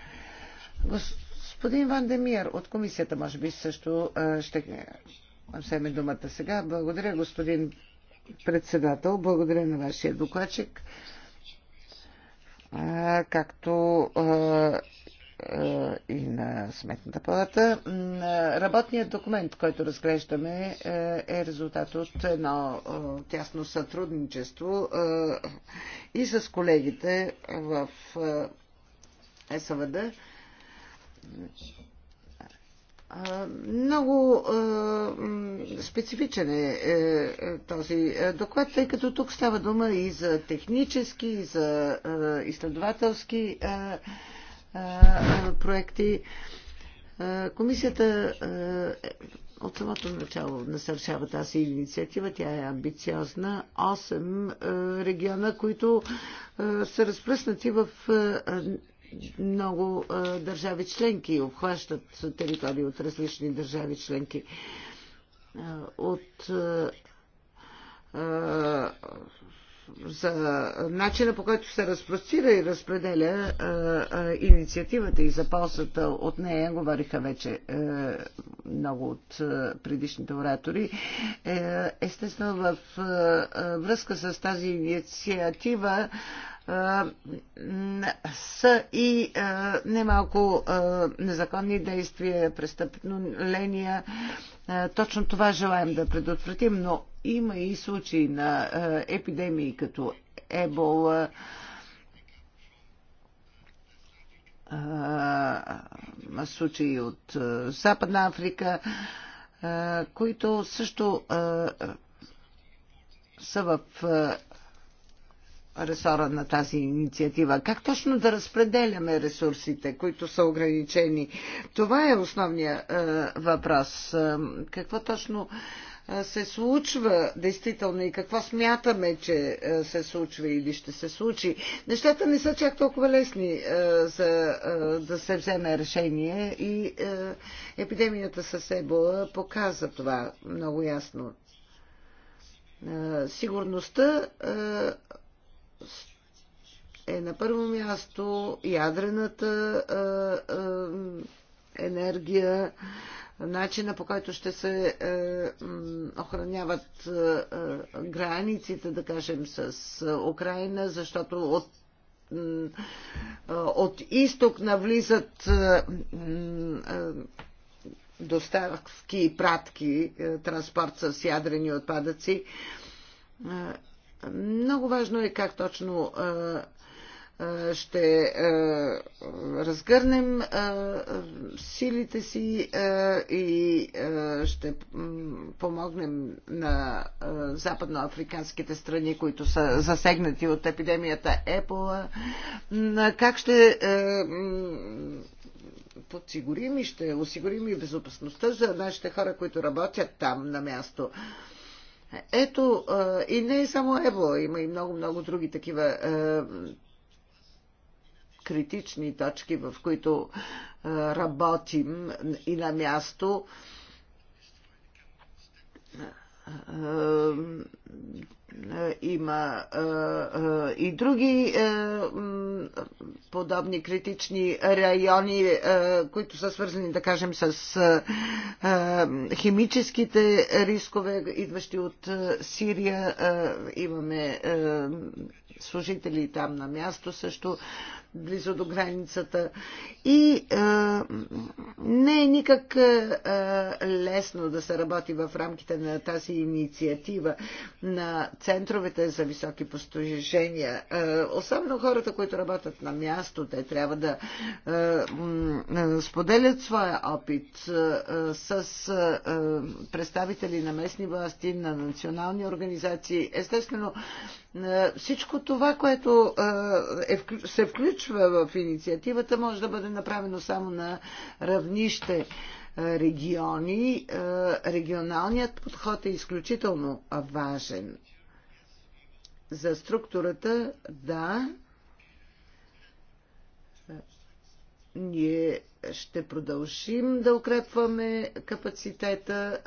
S1: Господин Ван Демиер от комисията, може би, също е, ще вземе думата сега. Благодаря, господин председател. Благодаря на вашия докладчик. Както и на Сметната палата. Работният документ, който разглеждаме, е резултат от едно тясно сътрудничество и с колегите в СВД. Много специфичен е, е, е този е, доклад, тъй като тук става дума и за технически, и за изследователски проекти. Комисията от самото начало насърчава тази инициатива. Тя е амбициозна. Осем региона, които са разпръснати в много държави членки, обхващат територии от различни държави членки. От за начина по който се разпростира и разпределя а, а, инициативата и за ползата от нея говориха вече а, много от а, предишните оратори. Е, естествено, в а, връзка с тази инициатива са и немалко незаконни действия, престъпления. Точно това желаем да предотвратим, но има и случаи на епидемии като ебола, случаи от Западна Африка, които също са в ресора на тази инициатива. Как точно да разпределяме ресурсите, които са ограничени? Това е основният е, въпрос. Е, какво точно е, се случва действително и какво смятаме, че е, се случва или ще се случи. Нещата не са чак толкова лесни за да се вземе решение и епидемията със себе показа това много ясно. Сигурността е на първо място ядрената енергия, начина по който ще се охраняват границите, да кажем, с Украина, защото от от изток навлизат доставки и пратки, транспорт с ядрени отпадъци. Много важно е как точно ще разгърнем силите си и ще помогнем на западноафриканските страни, които са засегнати от епидемията Епола. Как ще подсигурим и ще осигурим и безопасността за нашите хора, които работят там на място. Ето, и не е само Ебола, има и много-много други такива е, критични точки, в които е, работим и на място. Е, е, е, има е, и други подобни критични райони, които са свързани, да кажем, с химическите рискове, идващи от Сирия. Имаме служители там на място също близо до границата. И а, не е никак а, лесно да се работи в рамките на тази инициатива на центровете за високи постижения. особено хората, които работят на място, те трябва да а, споделят своя опит а, с а, представители на местни власти, на национални организации. Естествено, всичко това, което е, се включва в инициативата, може да бъде направено само на равнище региони. Регионалният подход е изключително важен. За структурата, да, ние ще продължим да укрепваме капацитета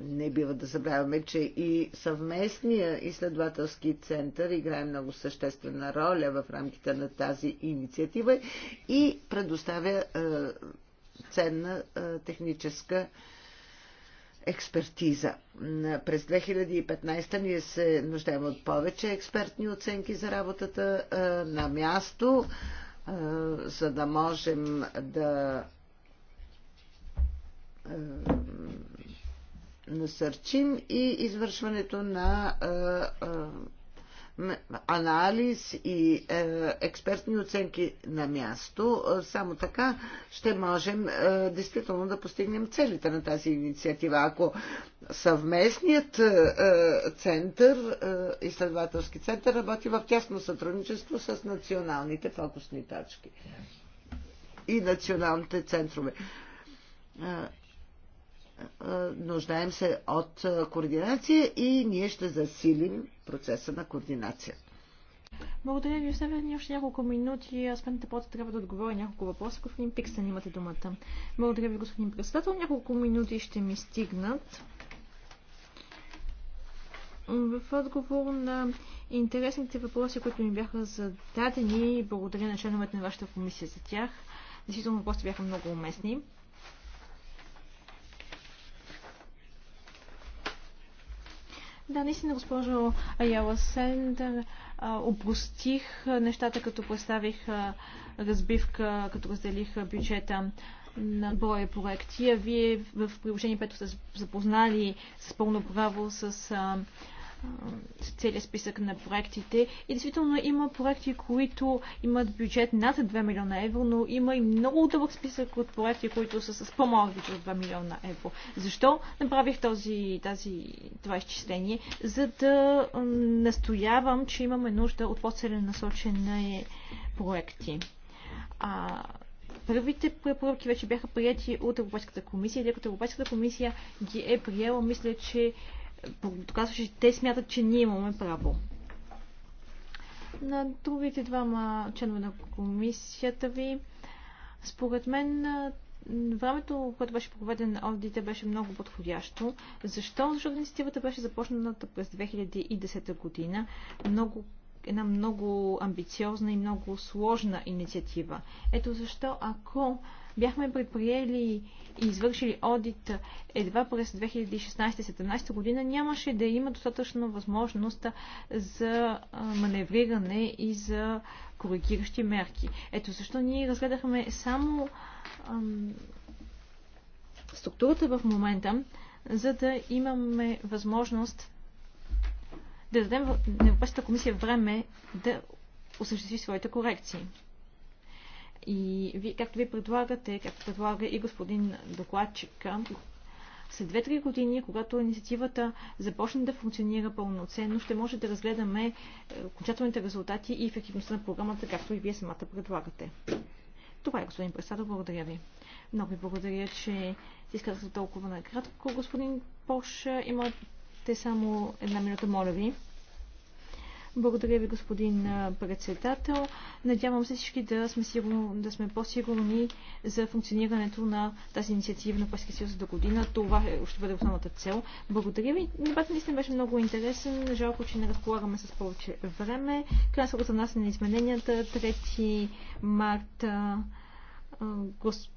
S1: не бива да забравяме, че и съвместния изследователски център играе много съществена роля в рамките на тази инициатива и предоставя е, ценна е, техническа експертиза. През 2015 ние се нуждаем от повече експертни оценки за работата е, на място, за да можем да насърчим и извършването на е, е, анализ и е, експертни оценки на място. Само така ще можем действително да постигнем целите на тази инициатива. Ако съвместният център, изследователски център, работи в тясно сътрудничество с националните фокусни точки и националните центрове нуждаем се от координация и ние ще засилим процеса на координация.
S2: Благодаря ви. Оставя ни още няколко минути. Аз пенте трябва да отговоря няколко въпроса. Господин Пиксен, имате думата. Благодаря ви, господин председател. Няколко минути ще ми стигнат. В отговор на интересните въпроси, които ми бяха зададени, благодаря на членовете на вашата комисия за тях. Действително въпросите бяха много уместни. Да, наистина, госпожо Аяла да, опростих нещата, като представих разбивка, като разделих бюджета на броя проекти. А вие в приложение 5 сте запознали с пълно право с целият списък на проектите. И действително има проекти, които имат бюджет над 2 милиона евро, но има и много дълъг списък от проекти, които са с по-малък бюджет от 2 милиона евро. Защо направих този, тази, това изчисление? За да настоявам, че имаме нужда от по-целенасочени проекти. А, първите препоръки вече бяха прияти от Европейската комисия, тъй като Европейската комисия ги е приела, мисля, че че те смятат, че ние имаме право. На другите двама членове на комисията ви, според мен времето, което беше проведен аудита, беше много подходящо. Защо? Защото инициативата беше започната през 2010 година. Много една много амбициозна и много сложна инициатива. Ето защо, ако бяхме предприели и извършили одит едва през 2016-2017 година, нямаше да има достатъчно възможност за маневриране и за коригиращи мерки. Ето защо ние разгледахме само ам, структурата в момента, за да имаме възможност да дадем на Европейската комисия време да осъществи своите корекции. И ви, както ви предлагате, както предлага и господин докладчик, след 2-3 години, когато инициативата започне да функционира пълноценно, ще може да разгледаме е, окончателните резултати и ефективността на програмата, както и вие самата предлагате. Това е, господин председател. Благодаря ви. Много ви благодаря, че изказахте толкова накратко. Господин Пош има те само една минута, моля ви. Благодаря ви, господин председател. Надявам се всички да сме, сигурно, да сме по-сигурни за функционирането на тази инициатива на Пърския съюз до година. Това е, ще бъде основната цел. Благодаря ви. Дебатът наистина беше много интересен. Жалко, че не разполагаме с повече време. Крайна срок за нас на измененията. 3 е марта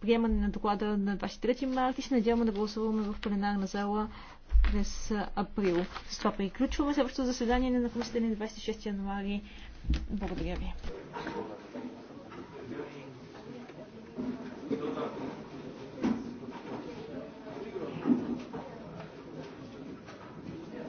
S2: приемане на доклада на 23 марта и се надяваме да гласуваме в пленарна зала през април. С това приключваме следващото заседание на комисията на 26 януари. Благодаря ви.